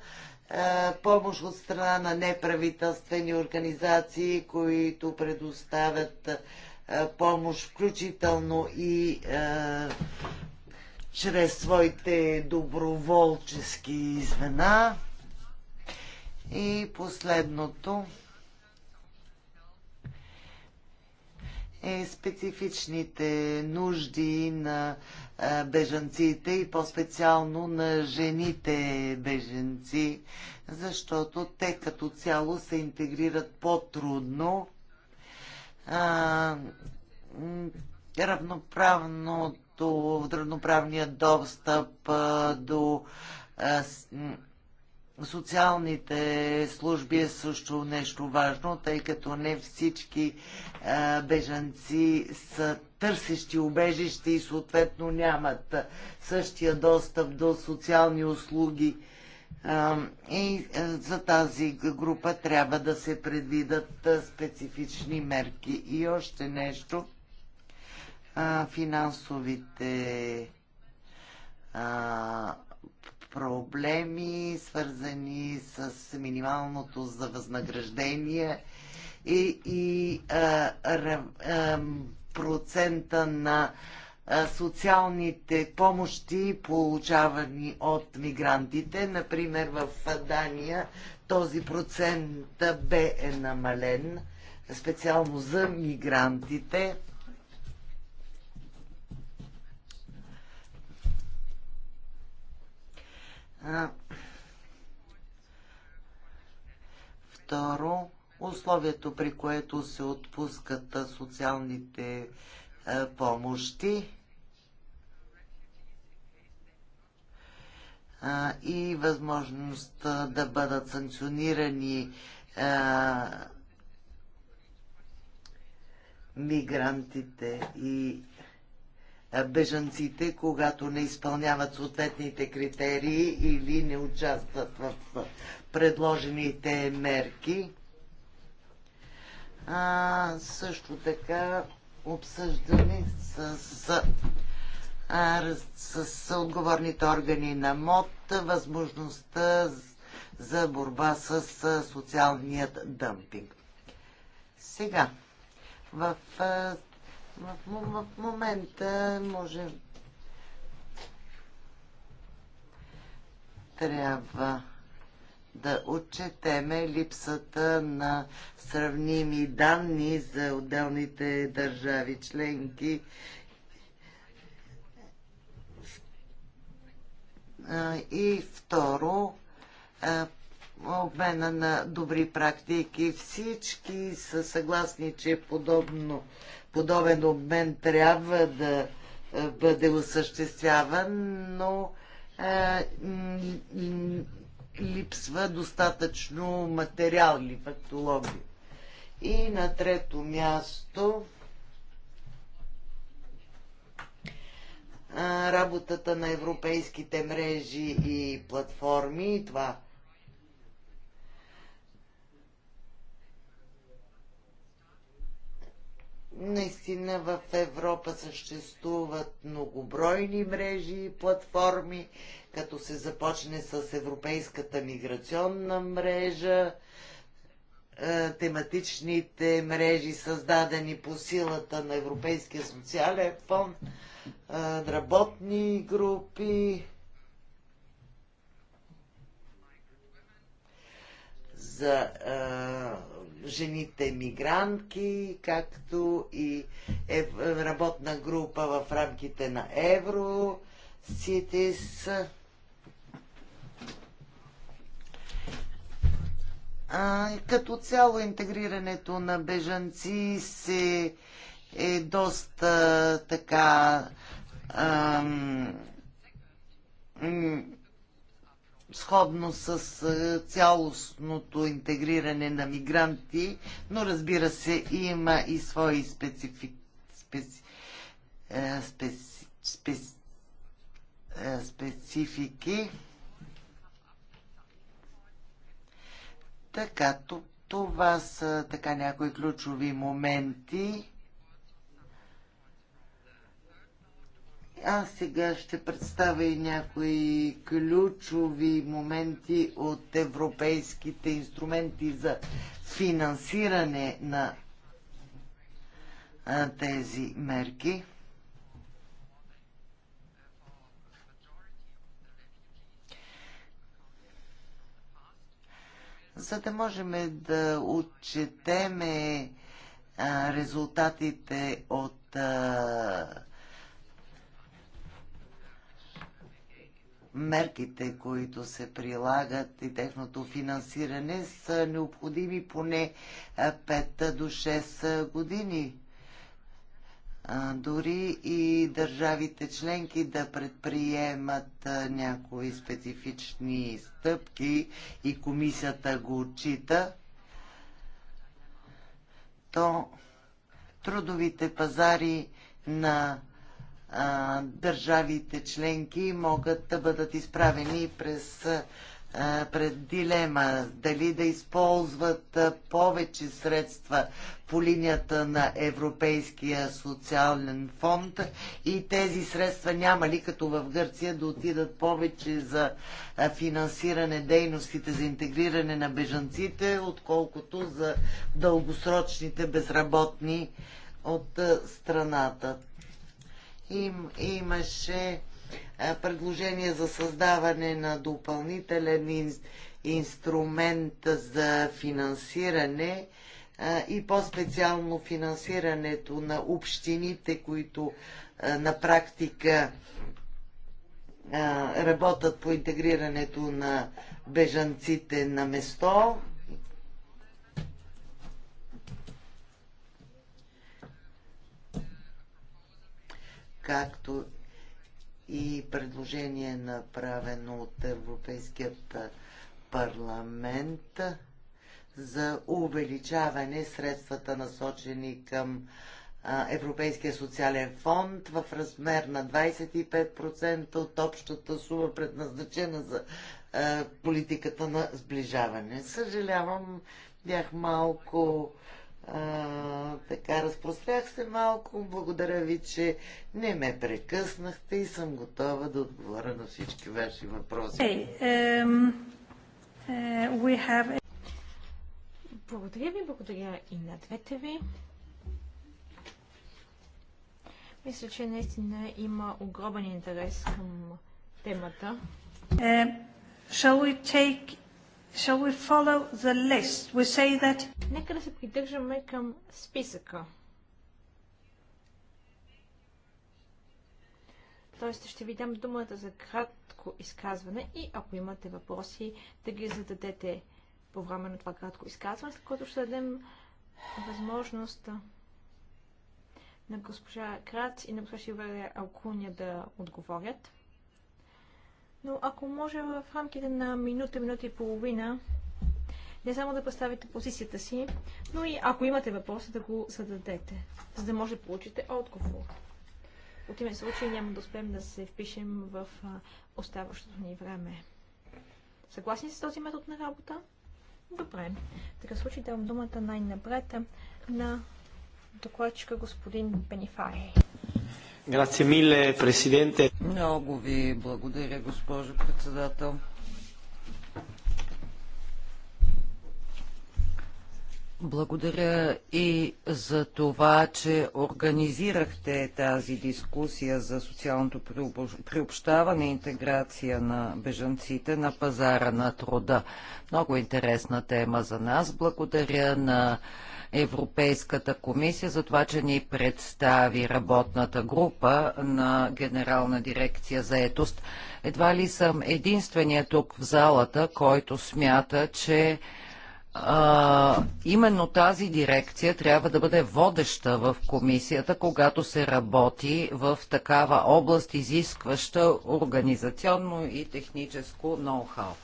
е, помощ от страна на неправителствени организации, които предоставят е, помощ, включително и е, чрез своите доброволчески звена. И последното е специфичните нужди на бежанците и по-специално на жените бежанци, защото те като цяло се интегрират по-трудно. Равноправното, равноправният достъп до Социалните служби е също нещо важно, тъй като не всички а, е, бежанци са търсещи убежище и съответно нямат същия достъп до социални услуги. А, е, и е, за тази група трябва да се предвидат специфични мерки. И още нещо. А, финансовите а, проблеми, свързани с минималното за възнаграждение и, и а, а, процента на социалните помощи, получавани от мигрантите. Например, в Дания този процент бе е намален специално за мигрантите. Второ, условието при което се отпускат социалните помощи и възможност да бъдат санкционирани мигрантите и бежанците, когато не изпълняват съответните критерии или не участват в предложените мерки. А, също така обсъждане с, с, с, с отговорните органи на МОД възможността за борба с социалният дъмпинг. Сега, в в, в, в момента може. Трябва да отчетеме липсата на сравними данни за отделните държави членки и второ обмена на добри практики. Всички са съгласни, че подобно подобен обмен трябва да е, бъде осъществяван, но е, липсва достатъчно материални фактологи. И на трето място е, работата на европейските мрежи и платформи. Това Наистина в Европа съществуват многобройни мрежи и платформи, като се започне с Европейската миграционна мрежа, е, тематичните мрежи, създадени по силата на Европейския социален фонд, е, работни групи за е, жените мигрантки, както и е работна група в рамките на Евро, СИТИС. като цяло интегрирането на бежанци се е доста така ам, сходно с е, цялостното интегриране на мигранти, но разбира се, има и свои специфи... специ... Е, специ... специ... Е, специфики. Така, това са така някои ключови моменти Аз сега ще представя и някои ключови моменти от европейските инструменти за финансиране на тези мерки. За да можем да отчетеме резултатите от мерките, които се прилагат и техното финансиране са необходими поне 5 до 6 години. Дори и държавите членки да предприемат някои специфични стъпки и комисията го отчита, то трудовите пазари на държавите членки могат да бъдат изправени през пред дилема дали да използват повече средства по линията на Европейския социален фонд и тези средства няма ли като в Гърция да отидат повече за финансиране дейностите за интегриране на бежанците, отколкото за дългосрочните безработни от страната им, имаше предложение за създаване на допълнителен инструмент за финансиране и по-специално финансирането на общините, които на практика работят по интегрирането на бежанците на место. както и предложение направено от Европейският парламент за увеличаване средствата насочени към Европейския социален фонд в размер на 25% от общата сума, предназначена за политиката на сближаване. Съжалявам, бях малко така, разпрострях се малко. Благодаря ви, че не ме прекъснахте и съм готова да отговоря на всички ваши въпроси. Hey, um, uh, we have... Благодаря ви, благодаря и на двете ви. Мисля, че наистина има огромен интерес към темата. Uh, shall we take Shall we follow the list? We say that... Нека да се придържаме към списъка. Тоест ще ви дам думата за кратко изказване и ако имате въпроси, да ги зададете по време на това кратко изказване, след което ще дадем възможност на госпожа Крац и на госпожа Шивария Алкуния да отговорят. Но ако може в рамките на минута, минута и половина, не само да представите позицията си, но и ако имате въпроса, да го зададете, за да може да получите отговор. От име случай няма да успеем да се впишем в оставащото ни време. Съгласни с този метод на работа? Добре. В такъв случай давам думата най-напред на докладчика господин Пенифай. Грация миле, президенте. Много ви благодаря, госпожо председател. Благодаря и за това, че организирахте тази дискусия за социалното приобщаване и интеграция на бежанците на пазара на труда. Много интересна тема за нас. Благодаря на Европейската комисия за това, че ни представи работната група на Генерална дирекция за етост. Едва ли съм единствения тук в залата, който смята, че а, именно тази дирекция трябва да бъде водеща в комисията, когато се работи в такава област, изискваща организационно и техническо ноу-хау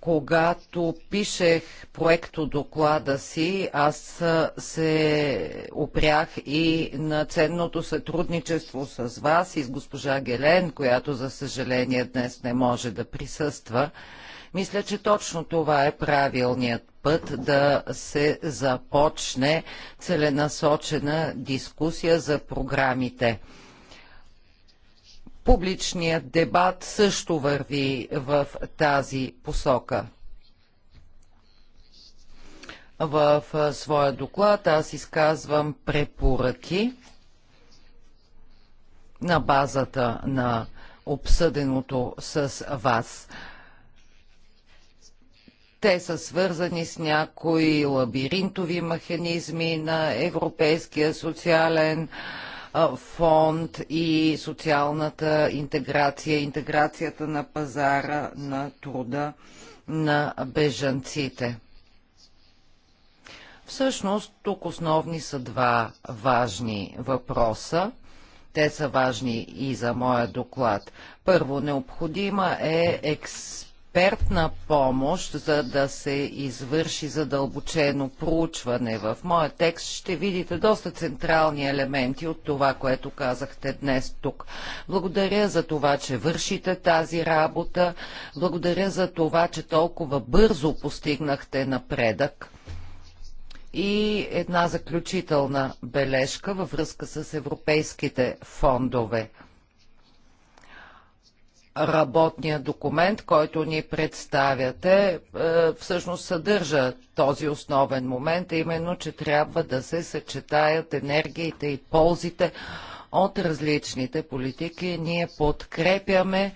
когато пишех проекто доклада си, аз се опрях и на ценното сътрудничество с вас и с госпожа Гелен, която за съжаление днес не може да присъства. Мисля, че точно това е правилният път да се започне целенасочена дискусия за програмите. Публичният дебат също върви в тази посока. В своя доклад аз изказвам препоръки на базата на обсъденото с вас. Те са свързани с някои лабиринтови механизми на Европейския социален фонд и социалната интеграция, интеграцията на пазара на труда на бежанците. Всъщност, тук основни са два важни въпроса. Те са важни и за моя доклад. Първо, необходима е експерт експертна помощ, за да се извърши задълбочено проучване. В моя текст ще видите доста централни елементи от това, което казахте днес тук. Благодаря за това, че вършите тази работа. Благодаря за това, че толкова бързо постигнахте напредък. И една заключителна бележка във връзка с европейските фондове работния документ, който ни представяте, е, всъщност съдържа този основен момент, именно, че трябва да се съчетаят енергиите и ползите от различните политики. Ние подкрепяме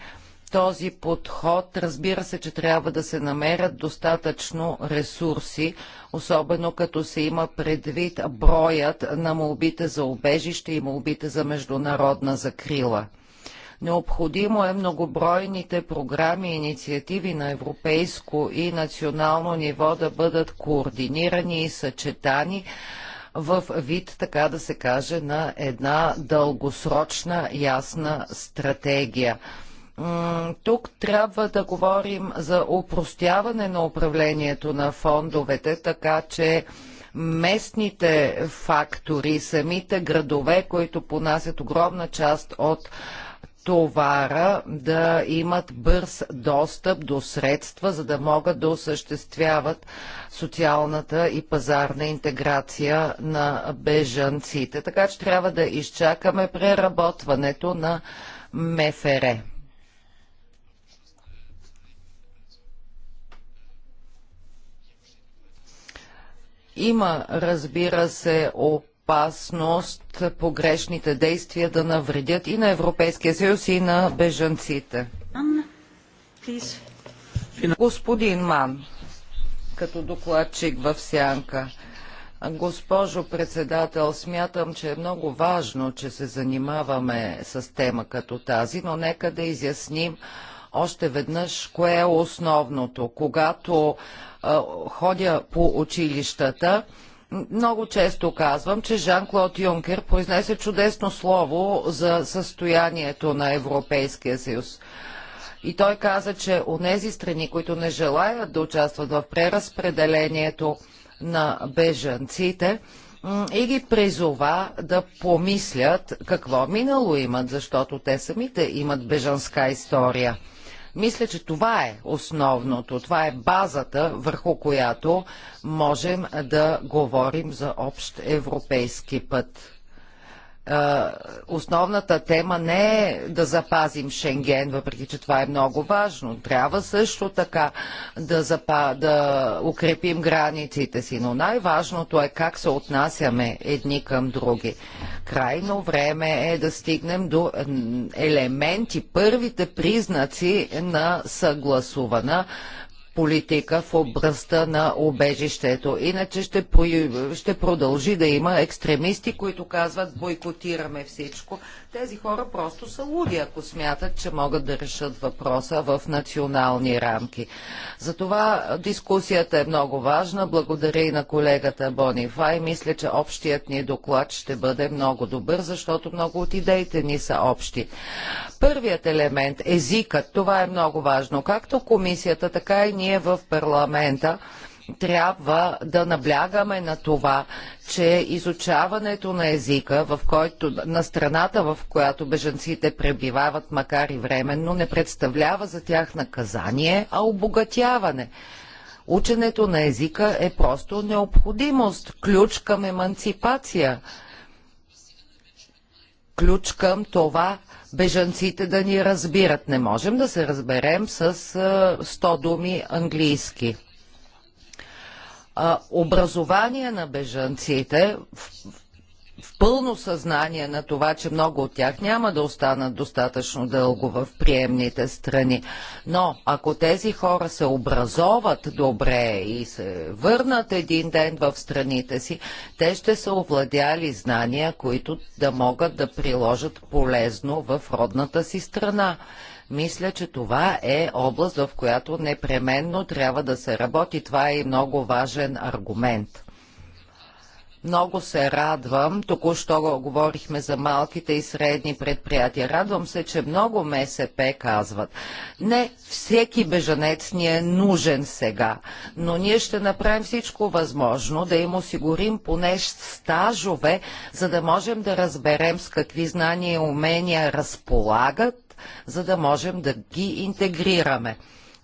този подход. Разбира се, че трябва да се намерят достатъчно ресурси, особено като се има предвид броят на молбите за убежище и молбите за международна закрила. Необходимо е многобройните програми и инициативи на европейско и национално ниво да бъдат координирани и съчетани в вид, така да се каже, на една дългосрочна ясна стратегия. Тук трябва да говорим за упростяване на управлението на фондовете, така че местните фактори, самите градове, които понасят огромна част от товара да имат бърз достъп до средства, за да могат да осъществяват социалната и пазарна интеграция на бежанците. Така че трябва да изчакаме преработването на МФР. Има, разбира се, опасност опасност погрешните действия да навредят и на Европейския съюз, и на бежанците. Господин Ман, като докладчик в Сянка. Госпожо председател, смятам, че е много важно, че се занимаваме с тема като тази, но нека да изясним още веднъж кое е основното. Когато а, ходя по училищата, много често казвам, че Жан-Клод Юнкер произнесе чудесно слово за състоянието на Европейския съюз. И той каза, че нези страни, които не желаят да участват в преразпределението на бежанците, и ги призова да помислят какво минало имат, защото те самите имат бежанска история. Мисля, че това е основното, това е базата, върху която можем да говорим за общ европейски път основната тема не е да запазим Шенген, въпреки че това е много важно. Трябва също така да, запа... да укрепим границите си, но най-важното е как се отнасяме едни към други. Крайно време е да стигнем до елементи, първите признаци на съгласувана политика в областта на убежището, Иначе ще, ще продължи да има екстремисти, които казват бойкотираме всичко, тези хора просто са луди, ако смятат, че могат да решат въпроса в национални рамки. Затова дискусията е много важна. Благодаря и на колегата Бони Фай, Мисля, че общият ни доклад ще бъде много добър, защото много от идеите ни са общи. Първият елемент – езикът. Това е много важно. Както комисията, така и ние в парламента трябва да наблягаме на това, че изучаването на езика, в който, на страната, в която бежанците пребивават, макар и временно, не представлява за тях наказание, а обогатяване. Ученето на езика е просто необходимост, ключ към еманципация, ключ към това бежанците да ни разбират. Не можем да се разберем с 100 думи английски а, образование на бежанците в, в пълно съзнание на това, че много от тях няма да останат достатъчно дълго в приемните страни. Но ако тези хора се образоват добре и се върнат един ден в страните си, те ще са овладяли знания, които да могат да приложат полезно в родната си страна. Мисля, че това е област, в която непременно трябва да се работи. Това е и много важен аргумент. Много се радвам, току-що говорихме за малките и средни предприятия. Радвам се, че много МСП казват, не всеки бежанец ни е нужен сега, но ние ще направим всичко възможно да им осигурим поне стажове, за да можем да разберем с какви знания и умения разполагат за да можем да ги интегрираме.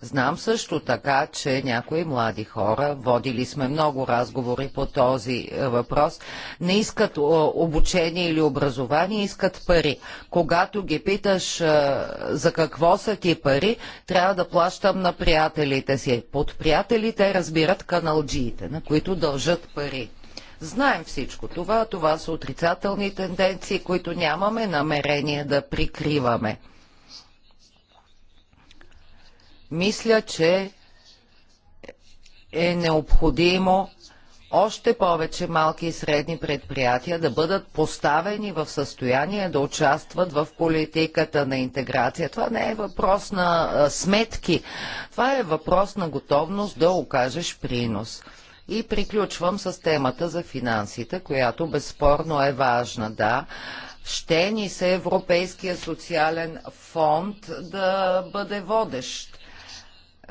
Знам също така, че някои млади хора, водили сме много разговори по този е, въпрос, не искат обучение или образование, искат пари. Когато ги питаш е, за какво са ти пари, трябва да плащам на приятелите си. Под приятелите разбират каналджиите, на които дължат пари. Знаем всичко това. Това са отрицателни тенденции, които нямаме намерение да прикриваме. Мисля, че е необходимо още повече малки и средни предприятия да бъдат поставени в състояние да участват в политиката на интеграция. Това не е въпрос на сметки, това е въпрос на готовност да окажеш принос. И приключвам с темата за финансите, която безспорно е важна. Да, ще ни се Европейския социален фонд да бъде водещ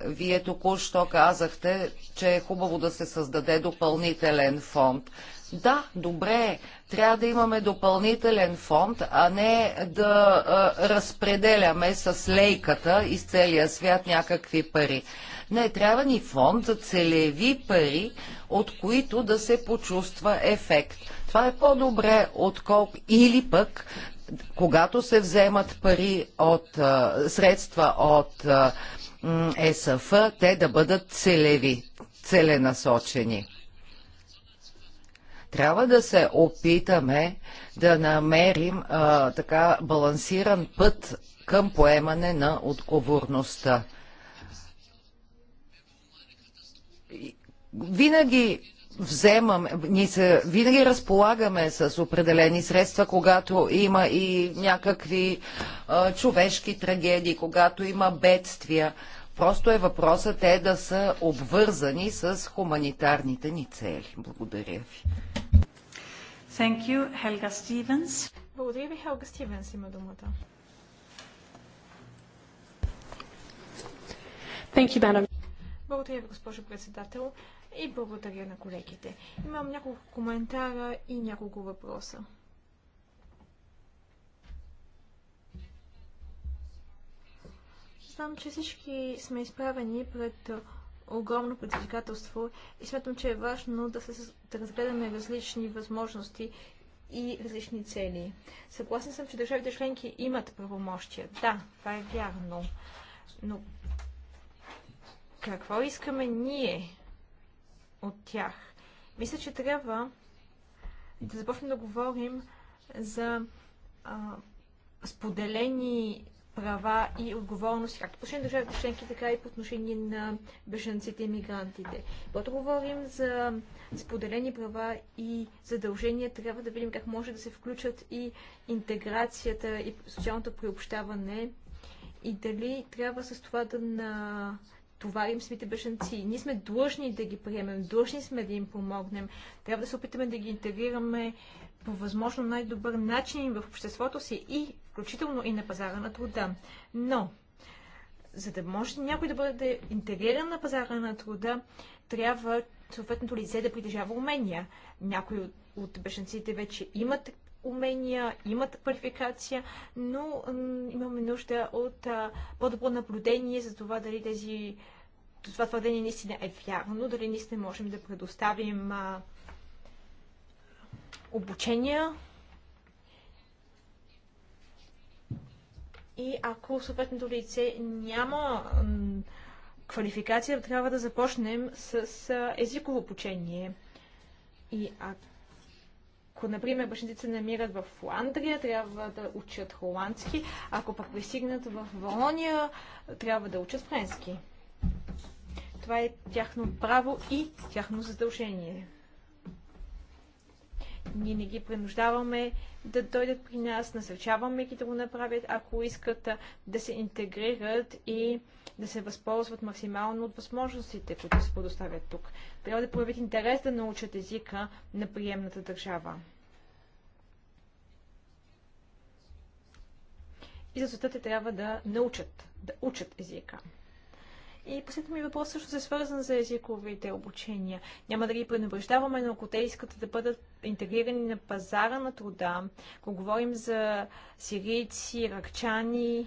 вие току-що казахте, че е хубаво да се създаде допълнителен фонд. Да, добре, трябва да имаме допълнителен фонд, а не да а, разпределяме с лейката из целия свят някакви пари. Не, трябва ни фонд за целеви пари, от които да се почувства ефект. Това е по-добре, отколко или пък когато се вземат пари от а, средства от а, ЕСФ, те да бъдат целеви, целенасочени. Трябва да се опитаме да намерим а, така балансиран път към поемане на отговорността. Винаги вземаме, ние се, винаги разполагаме с определени средства, когато има и някакви а, човешки трагедии, когато има бедствия. Просто е въпросът те да са обвързани с хуманитарните ни цели. Благодаря ви. Thank you, Helga Stevens. Благодаря ви, Хелга Стивенс има думата. Thank you, Благодаря ви, госпожо председател и благодаря на колегите. Имам няколко коментара и няколко въпроса. Знам, че всички сме изправени пред огромно предизвикателство и смятам, че е важно да, се, да разгледаме различни възможности и различни цели. Съгласен съм, че държавите членки имат правомощия. Да, това е вярно. Но какво искаме ние? от тях. Мисля, че трябва да започнем да говорим за а, споделени права и отговорности, както по отношение на държавите членки, така и по отношение на беженците и мигрантите. Когато говорим за споделени права и задължения, трябва да видим как може да се включат и интеграцията и социалното приобщаване и дали трябва с това да на товарим самите бежанци. Ние сме длъжни да ги приемем, длъжни сме да им помогнем. Трябва да се опитаме да ги интегрираме по възможно най-добър начин в обществото си и включително и на пазара на труда. Но, за да може някой да бъде интегриран на пазара на труда, трябва съответното лице да притежава умения. Някои от, от бешенците вече имат умения, имат квалификация, но имаме нужда от по-добро наблюдение за това дали тези това твърдение наистина е вярно, дали наистина можем да предоставим а, обучения и ако съответното лице няма квалификация, трябва да започнем с езиково обучение. И ако ако, например, бащите се намират в Фландрия, трябва да учат холандски. Ако пък пристигнат в Валония, трябва да учат френски. Това е тяхно право и тяхно задължение. Ние не ги принуждаваме да дойдат при нас, насърчаваме ги да го направят, ако искат да се интегрират и да се възползват максимално от възможностите, които се предоставят тук. Трябва да проявят интерес да научат езика на приемната държава. И за те трябва да научат, да учат езика. И последният ми въпрос също е свързан за езиковите обучения. Няма да ги пренебреждаваме, но ако те искат да бъдат интегрирани на пазара на труда, ако говорим за сирийци, иракчани,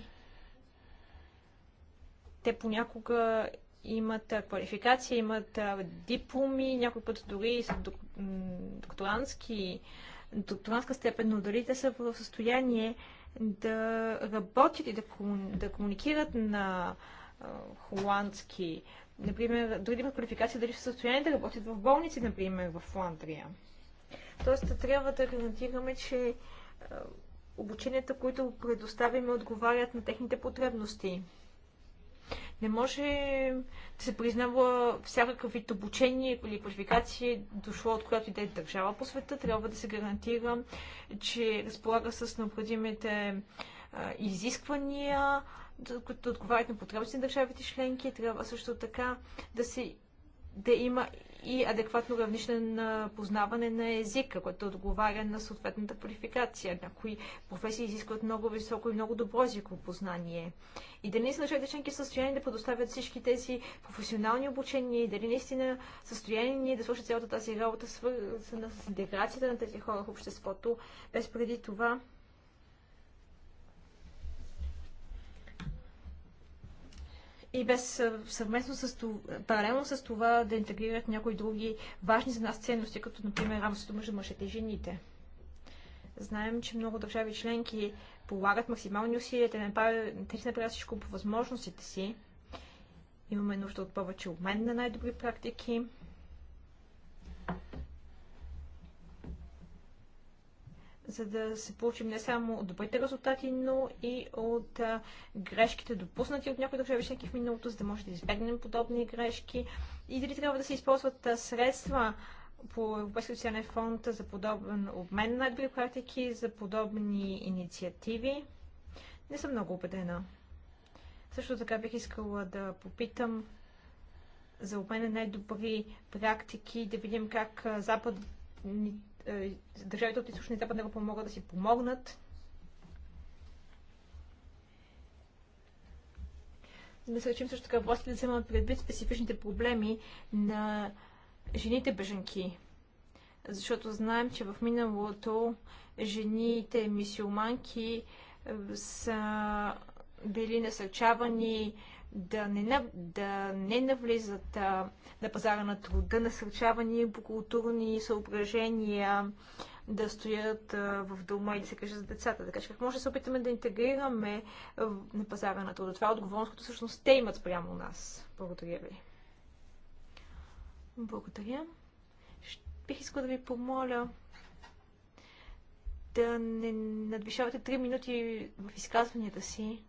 те понякога имат квалификация, имат дипломи, някой път дори и са докторантски, докторантска степен, но дали те са в състояние да работят и да, да комуникират на холандски. Например, дори да имат квалификация, дали са в състояние да работят в болници, например, в Фландрия. Тоест, трябва да гарантираме, че обученията, които предоставяме, отговарят на техните потребности. Не може да се признава всякакъв вид обучение или квалификация, дошло от която и да е държава по света. Трябва да се гарантира, че разполага с необходимите изисквания, които отговарят на потребности на държавите членки. Трябва също така да, си, да има и адекватно равнище на познаване на езика, което отговаря на съответната квалификация. Някои професии изискват много високо и много добро езиково познание. И дали наистина държавите членки са състояние да предоставят всички тези професионални обучения и дали наистина състояние да слушат цялата тази работа, свързана с интеграцията на тези хора в обществото, без преди това и без съвместно с това, паралелно с това да интегрират някои други важни за нас ценности, като например равенството между мъжете и жените. Знаем, че много държави членки полагат максимални усилия, те направят всичко по възможностите си. Имаме нужда от повече обмен на най-добри практики. за да се получим не само от добрите резултати, но и от а, грешките, допуснати от някои държави членки в миналото, за да може да избегнем подобни грешки. И дали трябва да се използват а, средства по Европейския социален фонд за подобен обмен на добри практики, за подобни инициативи. Не съм много убедена. Също така бих искала да попитам за на най-добри практики, да видим как а, Запад е, държавите от източна и западна Европа могат да си помогнат. Насърчим също така властите да вземат предвид специфичните проблеми на жените бежанки. Защото знаем, че в миналото жените мисюлманки е, са били насърчавани да не, да не навлизат а, на пазара на труда, насърчавани по културни съображения, да стоят а, в дома и да се кажат за децата. Така че как може да се опитаме да интегрираме а, на пазара на труда? Това е отговорност, като всъщност те имат спрямо нас. Благодаря ви. Благодаря. Бих искал да ви помоля да не надвишавате 3 минути в изказванията си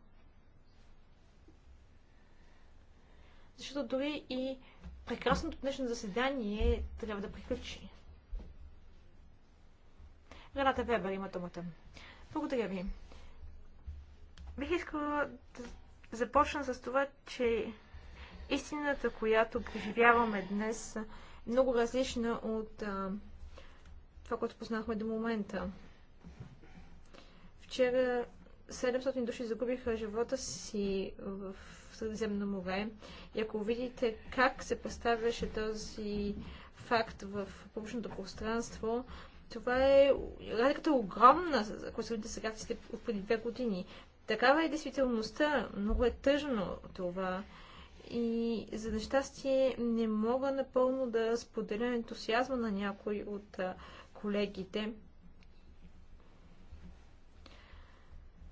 защото дори и прекрасното днешно заседание трябва да приключи. Рената Вебер има думата. Благодаря ви. Бих искала да започна с това, че истината, която преживяваме днес, е много различна от а, това, което познахме до момента. Вчера 700 души загубиха живота си в в Средиземно море. И ако видите как се представяше този факт в публичното пространство, това е... Разликата е огромна, ако сравните сега реакциите от преди две години. Такава е действителността. Много е тъжно това. И за нещастие не мога напълно да споделя ентусиазма на някой от колегите.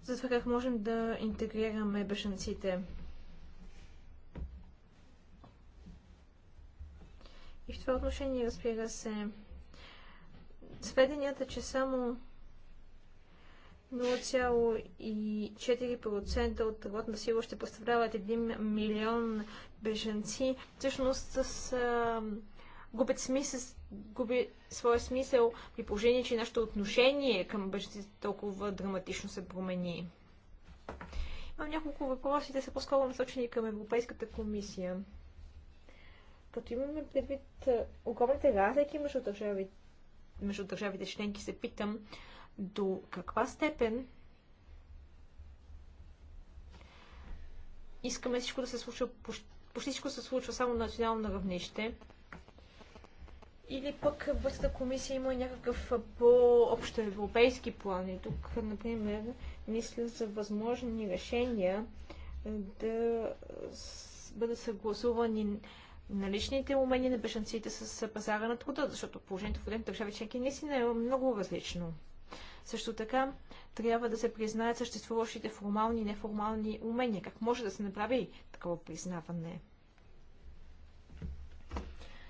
За това как можем да интегрираме бешенците И в това отношение, разбира се, сведенията, че само 0,4% от работна сила ще представляват 1 милион беженци, всъщност с губят, смисъл, губят своя смисъл при положение, че нашето отношение към бежанците толкова драматично се промени. Имам няколко въпроси, те са по-скоро насочени към Европейската комисия. Като имаме предвид огромните разлики между, държавите, между държавите членки, се питам до каква степен искаме всичко да се случва, почти всичко се случва само на национално равнище. Или пък Бъдската комисия има някакъв по-общо европейски план. И тук, например, мисля за възможни решения да бъдат съгласувани наличните умения на бежанците с пазара на труда, защото положението в отделните държави членки наистина е много различно. Също така трябва да се признаят съществуващите формални и неформални умения. Как може да се направи такова признаване?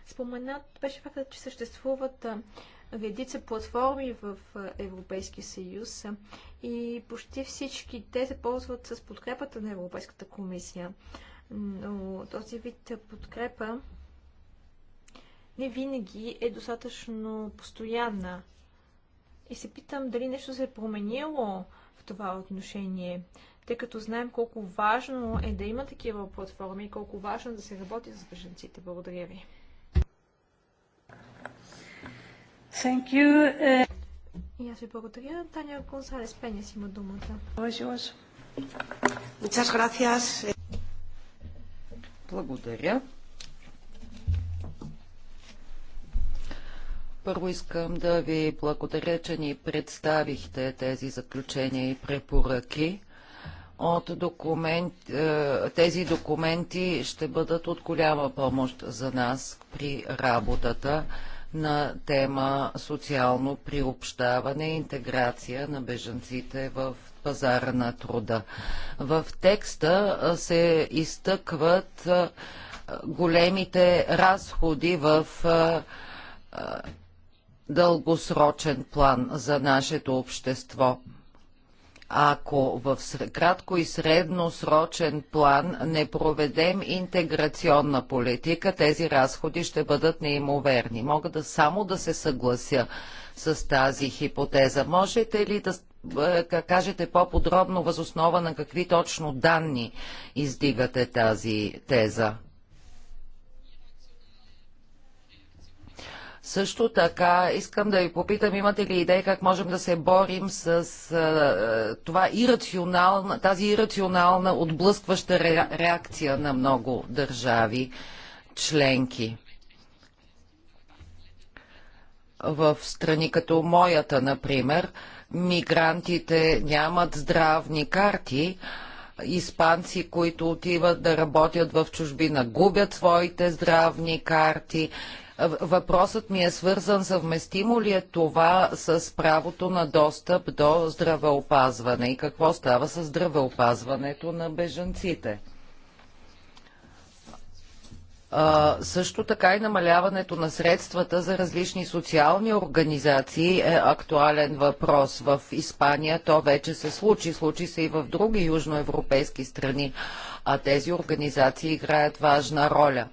Споменат беше фактът, че съществуват редица платформи в Европейския съюз и почти всички те се ползват с подкрепата на Европейската комисия но този вид подкрепа не винаги е достатъчно постоянна. И се питам дали нещо се е променило в това отношение, тъй като знаем колко важно е да има такива платформи и колко важно е да се работи с беженците. Благодаря ви. Thank you. Eh. И аз ви благодаря. Таня Консалес Пенес има думата. Muchas gracias, благодаря. Първо искам да ви благодаря, че ни представихте тези заключения и препоръки. От документ, е, тези документи ще бъдат от голяма помощ за нас при работата на тема социално приобщаване и интеграция на бежанците в пазара на труда. В текста се изтъкват големите разходи в дългосрочен план за нашето общество. Ако в кратко и средносрочен план не проведем интеграционна политика, тези разходи ще бъдат неимоверни. Мога да само да се съглася с тази хипотеза. Можете ли да е, кажете по-подробно възоснова на какви точно данни издигате тази теза. Също така искам да ви попитам, имате ли идеи как можем да се борим с а, е, това ирационална, тази ирационална отблъскваща ре, реакция на много държави членки? В страни като моята, например, мигрантите нямат здравни карти, испанци, които отиват да работят в чужбина, губят своите здравни карти. Въпросът ми е свързан съвместимо ли е това с правото на достъп до здравеопазване и какво става с здравеопазването на бежанците? А, също така и намаляването на средствата за различни социални организации е актуален въпрос. В Испания то вече се случи. Случи се и в други южноевропейски страни, а тези организации играят важна роля.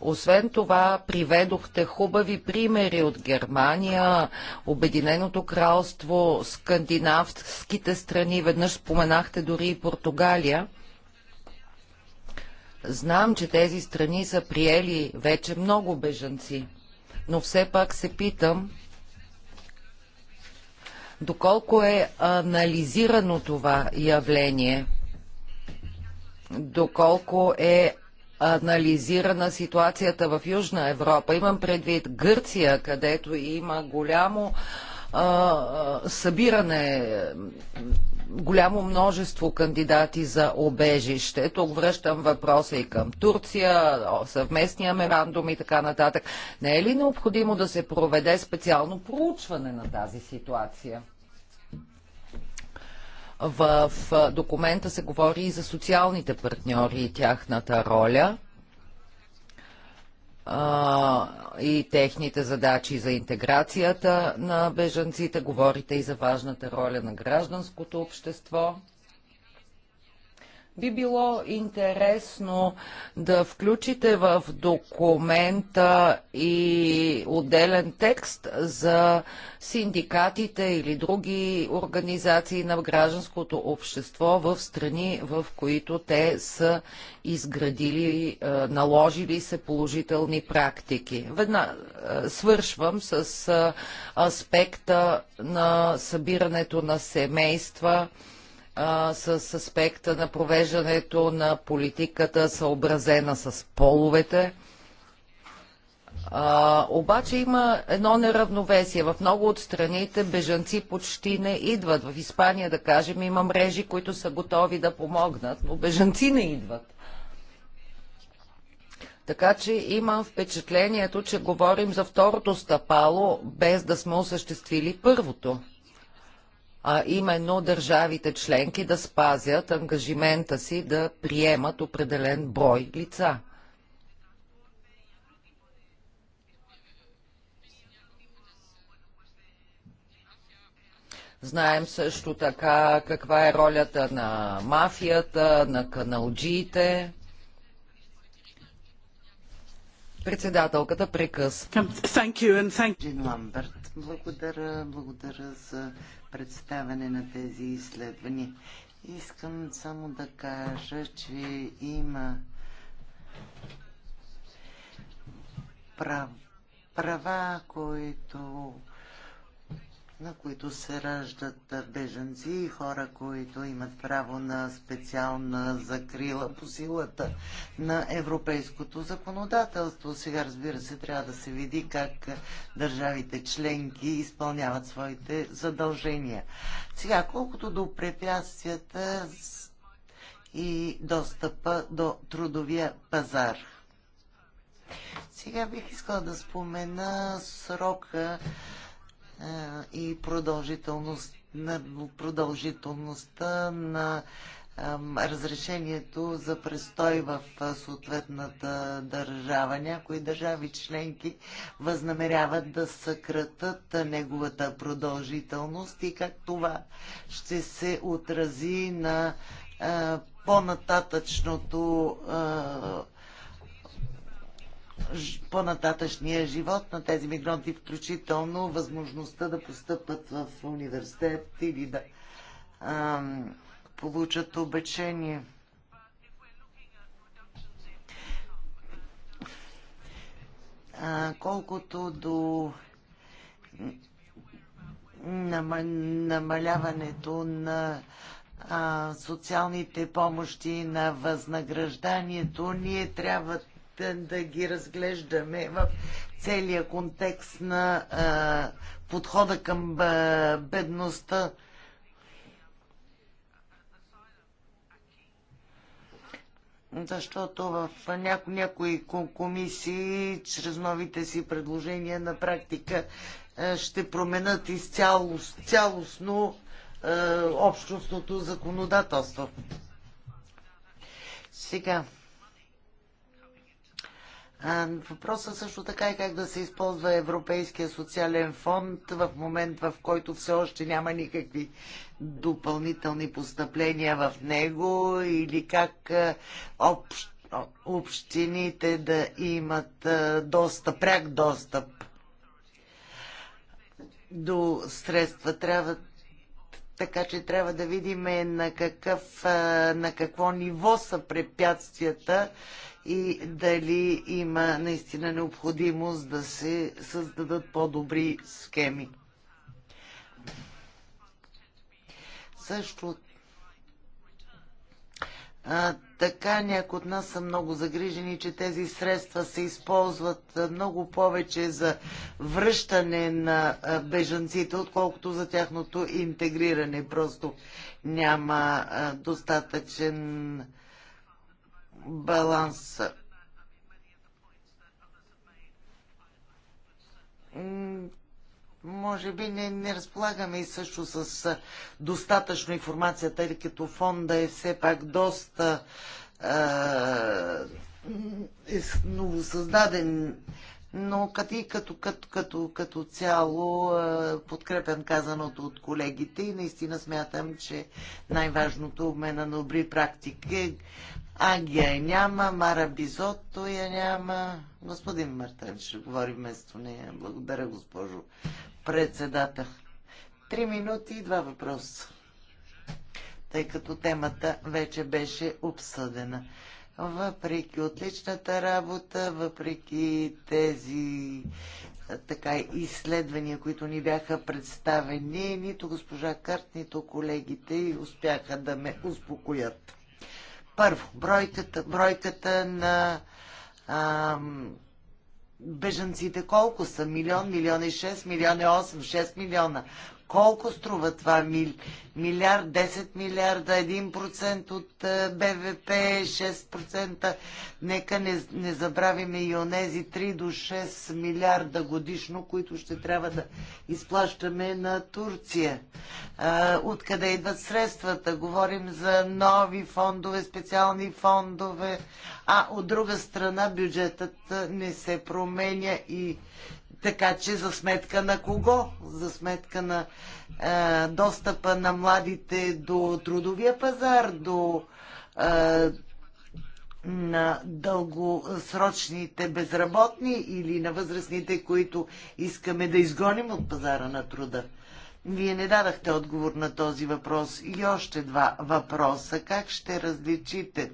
Освен това, приведохте хубави примери от Германия, Обединеното кралство, скандинавските страни, веднъж споменахте дори и Португалия – Знам, че тези страни са приели вече много бежанци, но все пак се питам доколко е анализирано това явление, доколко е анализирана ситуацията в Южна Европа. Имам предвид Гърция, където има голямо а, събиране голямо множество кандидати за обежище. Тук връщам въпроса и към Турция, съвместния меморандум и така нататък. Не е ли необходимо да се проведе специално проучване на тази ситуация? В документа се говори и за социалните партньори и тяхната роля – а, и техните задачи за интеграцията на бежанците. Говорите и за важната роля на гражданското общество. Би било интересно да включите в документа и отделен текст за синдикатите или други организации на гражданското общество в страни, в които те са изградили, е, наложили се положителни практики. Веднага е, свършвам с е, аспекта на събирането на семейства, а, с аспекта на провеждането на политиката, съобразена с половете. А, обаче има едно неравновесие. В много от страните бежанци почти не идват. В Испания, да кажем, има мрежи, които са готови да помогнат, но бежанци не идват. Така че имам впечатлението, че говорим за второто стъпало, без да сме осъществили първото а именно държавите членки да спазят ангажимента си да приемат определен брой лица. Знаем също така каква е ролята на мафията, на каналджиите. Председателката прекъсва. Thank you and thank you. Благодаря, благодаря за представяне на тези изследвания. Искам само да кажа, че има прав, права, които на които се раждат беженци и хора, които имат право на специална закрила по силата на европейското законодателство. Сега, разбира се, трябва да се види как държавите членки изпълняват своите задължения. Сега, колкото до препятствията и достъпа до трудовия пазар. Сега бих искала да спомена срока и продължителност, на продължителността на разрешението за престой в съответната държава. Някои държави членки възнамеряват да съкратат неговата продължителност и как това ще се отрази на по-нататъчното по-нататъчния живот на тези мигранти, включително възможността да постъпат в университет или да а, получат обечение. А, колкото до намаляването на социалните помощи, на възнаграждението, ние трябва да ги разглеждаме в целия контекст на а, подхода към бедността. Защото в няко, някои комисии, чрез новите си предложения на практика, ще променят изцяло, цялостно е, общностното законодателство. Сега, Въпросът също така е как да се използва Европейския социален фонд в момент, в който все още няма никакви допълнителни постъпления в него или как общ, общините да имат достъп, пряк достъп до средства. Трябва така че трябва да видим на, какъв, на какво ниво са препятствията и дали има наистина необходимост да се създадат по-добри схеми. Също а, така някои от нас са много загрижени, че тези средства се използват много повече за връщане на бежанците, отколкото за тяхното интегриране. Просто няма а, достатъчен баланс. Може би не, не разполагаме и също с достатъчно информация, тъй като фонда е все пак доста е новосъздаден, но като, като, като, като, като цяло подкрепен казаното от колегите и наистина смятам, че най-важното обмена на добри практики. Е Агия я няма, Мара Бизотто я няма. Господин Мартен ще говори вместо нея. Благодаря, госпожо председател. Три минути и два въпроса. Тъй като темата вече беше обсъдена. Въпреки отличната работа, въпреки тези така изследвания, които ни бяха представени, нито госпожа Карт, нито колегите успяха да ме успокоят. Първо, бройката, бройката на а, бежанците колко са? Милион, милион и 6, милион и 8, 6 милиона. Колко струва това? Мили, милиард, 10 милиарда, 1% от е, БВП, 6%. Нека не, не забравиме и онези 3 до 6 милиарда годишно, които ще трябва да изплащаме на Турция. Uh, откъде идват средствата? Говорим за нови фондове, специални фондове, а от друга страна бюджетът е, не се променя и така че за сметка на кого? За сметка на е, достъпа на младите до трудовия пазар, до е, на дългосрочните безработни или на възрастните, които искаме да изгоним от пазара на труда. Вие не дадахте отговор на този въпрос и още два въпроса. Как ще различите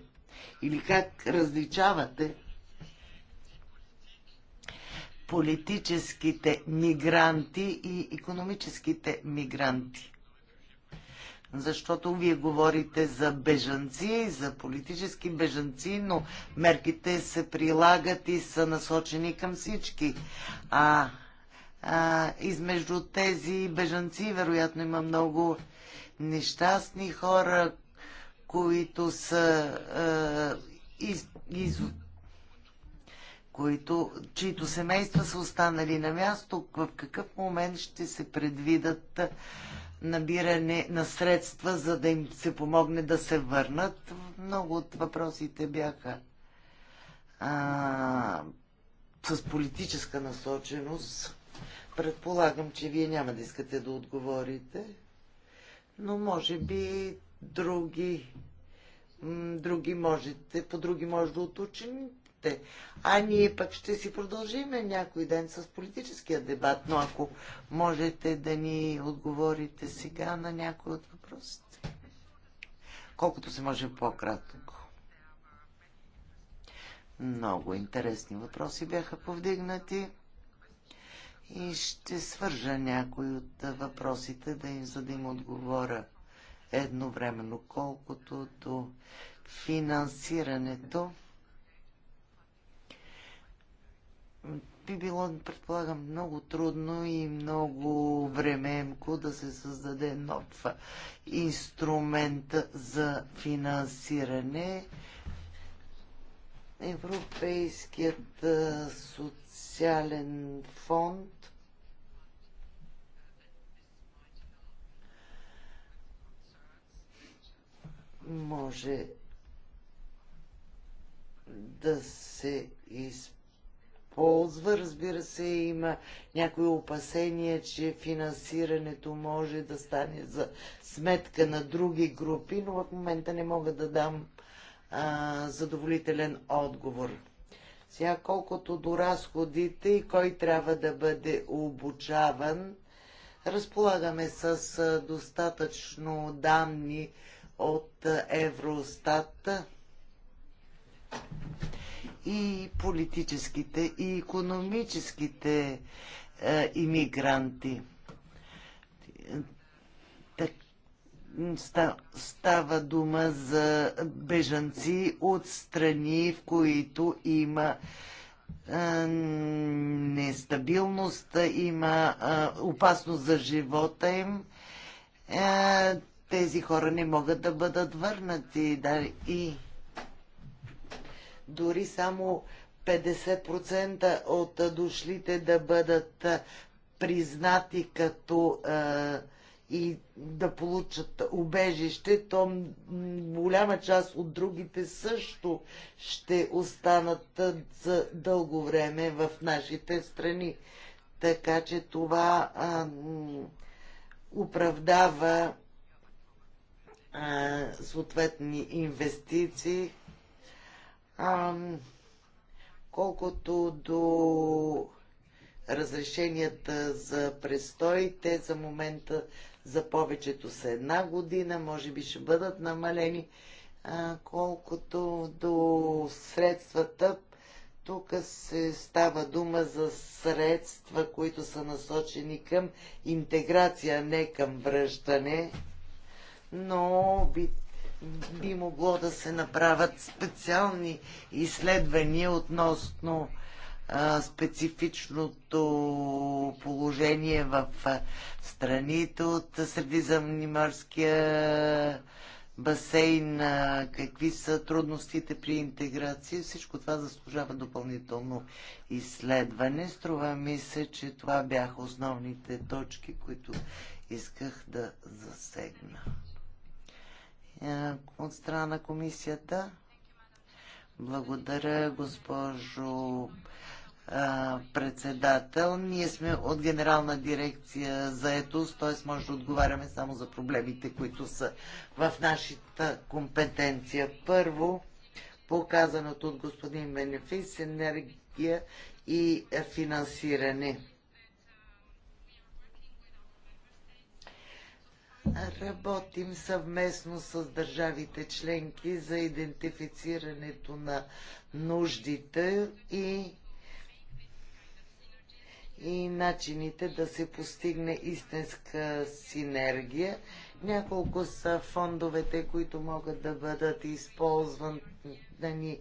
или как различавате политическите мигранти и економическите мигранти. Защото вие говорите за бежанци, за политически бежанци, но мерките се прилагат и са насочени към всички. А, а измежду тези бежанци, вероятно, има много нещастни хора, които са а, из, из, които, чието семейства са останали на място, в какъв момент ще се предвидат набиране на средства, за да им се помогне да се върнат. Много от въпросите бяха а, с политическа насоченост. Предполагам, че вие няма да искате да отговорите, но може би други, други можете, по други може да уточните казахте. А ние пък ще си продължим някой ден с политическия дебат, но ако можете да ни отговорите сега на някои от въпросите. Колкото се може по-кратко. Много интересни въпроси бяха повдигнати и ще свържа някои от въпросите, да им, задим отговора едновременно, колкото до финансирането. би било, предполагам, много трудно и много времеемко да се създаде нов инструмент за финансиране. Европейският социален фонд може да се използва ползва. Разбира се, има някои опасения, че финансирането може да стане за сметка на други групи, но в момента не мога да дам а, задоволителен отговор. Сега колкото до разходите и кой трябва да бъде обучаван, разполагаме с достатъчно данни от Евростат и политическите, и економическите е, иммигранти. Так, става дума за бежанци от страни, в които има е, нестабилност, има е, опасност за живота им. Е, тези хора не могат да бъдат върнати. Да, и дори само 50% от дошлите да бъдат признати като а, и да получат убежище, то голяма част от другите също ще останат за дълго време в нашите страни. Така че това а, оправдава а, съответни инвестиции, а, колкото до разрешенията за престоите, за момента за повечето са една година, може би ще бъдат намалени, а, колкото до средствата. Тук се става дума за средства, които са насочени към интеграция, не към връщане, но би би могло да се направят специални изследвания относно специфичното положение в страните от Средиземноморския басейн, какви са трудностите при интеграция. Всичко това заслужава допълнително изследване. Струва ми се, че това бяха основните точки, които исках да засегна. Е, от страна на комисията. Благодаря, госпожо е, председател. Ние сме от Генерална дирекция за етост, т.е. може да отговаряме само за проблемите, които са в нашата компетенция. Първо, показаното от господин Бенефис, енергия и финансиране. Работим съвместно с държавите членки за идентифицирането на нуждите и, и начините да се постигне истинска синергия. Няколко са фондовете, които могат да бъдат използвани ни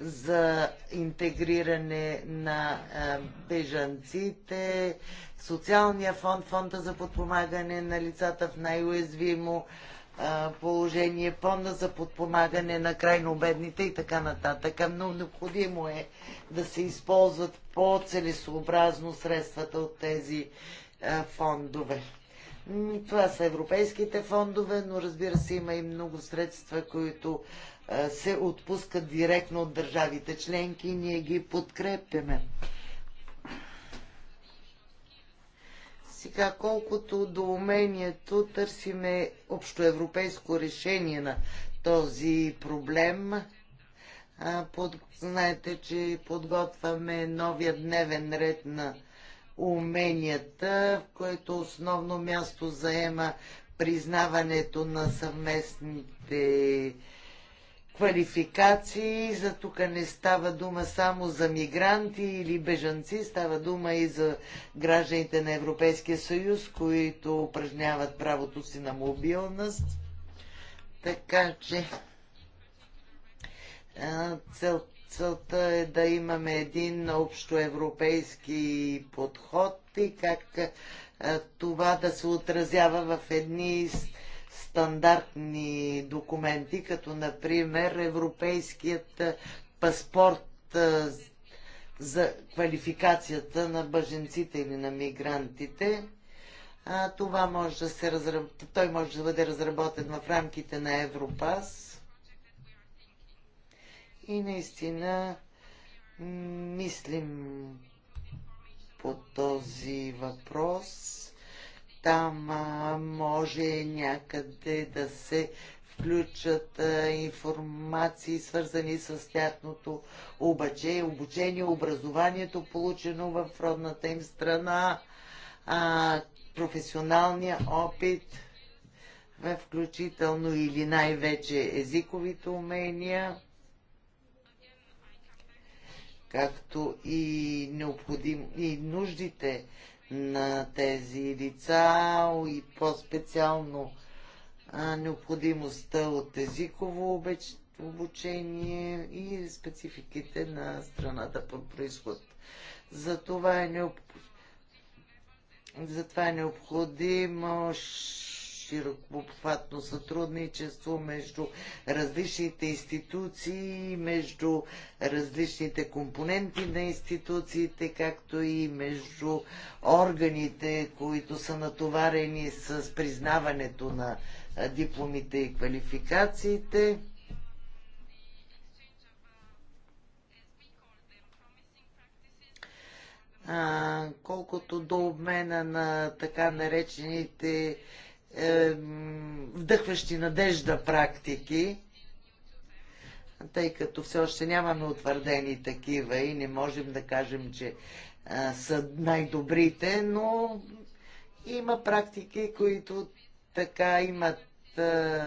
за интегриране на е, бежанците, социалния фонд, фонда за подпомагане на лицата в най-уязвимо е, положение, фонда за подпомагане на крайно бедните и така нататък. Но необходимо е да се използват по-целесообразно средствата от тези е, фондове. Това са европейските фондове, но разбира се има и много средства, които се отпускат директно от държавите членки и ние ги подкрепяме. Сега, колкото до умението, търсиме общоевропейско решение на този проблем. Под, знаете, че подготвяме новия дневен ред на уменията, в което основно място заема признаването на съвместните квалификации. За тук не става дума само за мигранти или бежанци, става дума и за гражданите на Европейския съюз, които упражняват правото си на мобилност. Така че цел, целта е да имаме един общоевропейски подход и как това да се отразява в едни стандартни документи, като например европейският паспорт за квалификацията на бъженците или на мигрантите. А, това може да се разраб... Той може да бъде разработен в рамките на Европас. И наистина мислим по този въпрос там а, може някъде да се включат а, информации, свързани с тяхното обаче, обучение, образованието, получено в родната им страна, а, професионалния опит, включително или най-вече езиковите умения, както и, необходим, и нуждите на тези лица и по-специално необходимостта от езиково обучение и спецификите на страната по происход. Затова е, необ... е необходимо широкообхватно сътрудничество между различните институции, между различните компоненти на институциите, както и между органите, които са натоварени с признаването на дипломите и квалификациите. колкото до обмена на така наречените е, вдъхващи надежда практики, тъй като все още нямаме утвърдени такива и не можем да кажем, че е, са най-добрите, но има практики, които така имат. Е,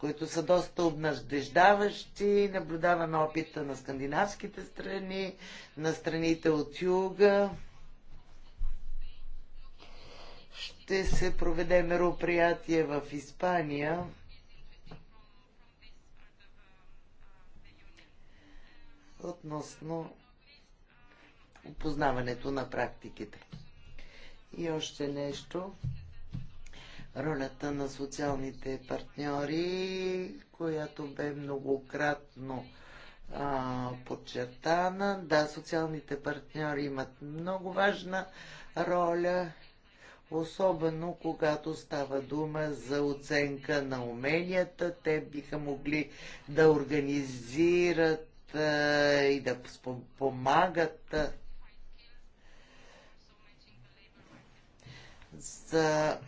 които са доста обнадеждаващи. Наблюдаваме опита на скандинавските страни, на страните от юга ще се проведе мероприятие в Испания. относно опознаването на практиките. И още нещо. Ролята на социалните партньори, която бе многократно а, подчертана. Да, социалните партньори имат много важна роля особено когато става дума за оценка на уменията. Те биха могли да организират и да помагат за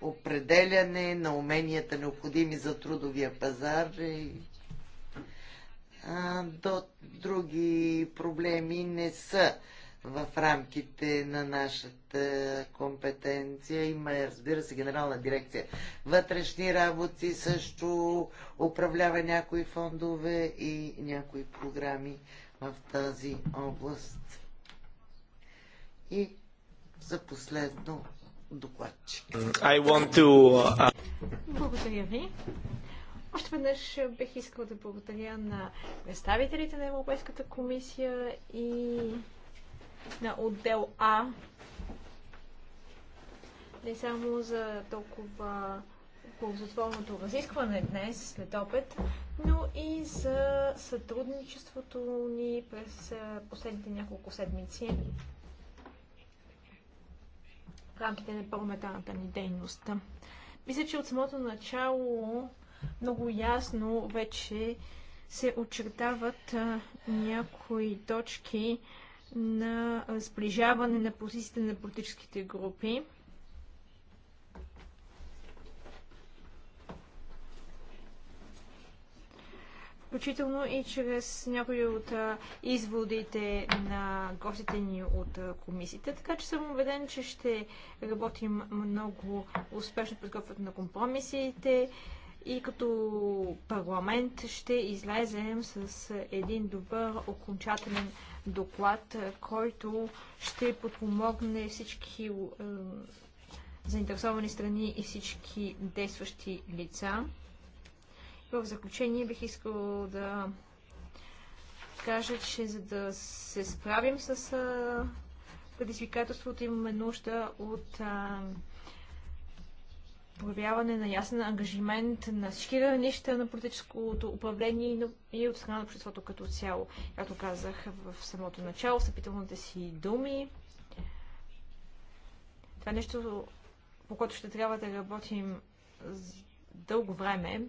определяне на уменията необходими за трудовия пазар и до други проблеми не са в рамките на нашата компетенция. Има, разбира се, генерална дирекция вътрешни работи, също управлява някои фондове и някои програми в тази област. И за последно докладчик. I want to... Uh, благодаря ви. Още веднъж бих искал да благодаря на представителите на Европейската комисия и на отдел А. Не само за толкова ползотворното разискване днес, след опет, но и за сътрудничеството ни през последните няколко седмици в рамките на парламентарната ни дейност. Мисля, че от самото начало много ясно вече се очертават някои точки, на сближаване на позициите на политическите групи. включително и чрез някои от изводите на гостите ни от комисията. Така че съм убеден, че ще работим много успешно при изготвянето на компромисите и като парламент ще излезем с един добър окончателен доклад, е, който ще подпомогне всички е, заинтересовани страни и всички действащи лица. В заключение бих искал да кажа, че за да се справим с е, предизвикателството имаме нужда от а, е, проявяване на ясен ангажимент на всички равнища на политическото управление и от страна на обществото като цяло. Както казах в самото начало, съпителните си думи. Това е нещо, по което ще трябва да работим дълго време,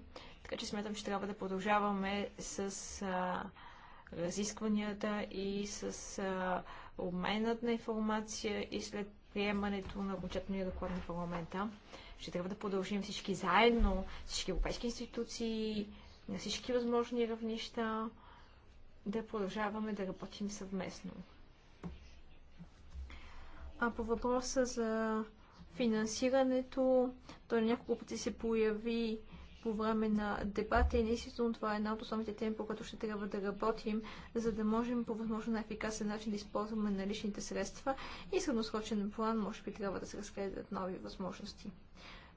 така че смятам, че трябва да продължаваме с а, разискванията и с а, обменът на информация и след приемането на бюджетния доклад на парламента. Ще трябва да продължим всички заедно, всички европейски институции, на всички възможни равнища, да продължаваме да работим съвместно. А по въпроса за финансирането, той няколко пъти се появи по време на дебата и наистина това е една от основните теми, по които ще трябва да работим, за да можем по възможно най-ефикасен начин да използваме наличните средства и средносрочен план може би трябва да се разгледат нови възможности.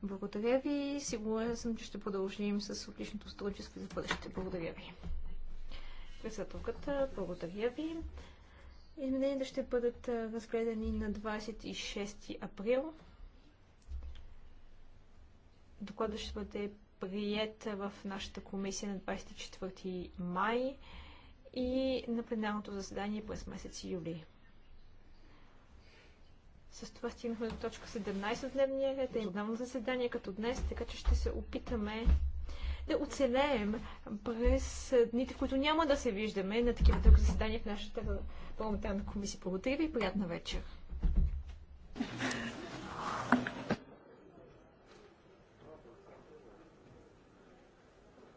Благодаря ви. Сигурен съм, че ще продължим с отличното сътрудничество за бъдеще. Благодаря ви. Председателката, благодаря ви. Измененията ще бъдат разгледани на 26 април. Докладът ще бъде прият в нашата комисия на 24 май и на пленарното заседание през месец юли. С това стигнахме до точка 17 от дневния ред. Е едно заседание като днес, така че ще се опитаме да оцелеем през дните, в които няма да се виждаме на такива друг заседания в нашата парламентарна комисия. Благодаря ви и приятна вечер!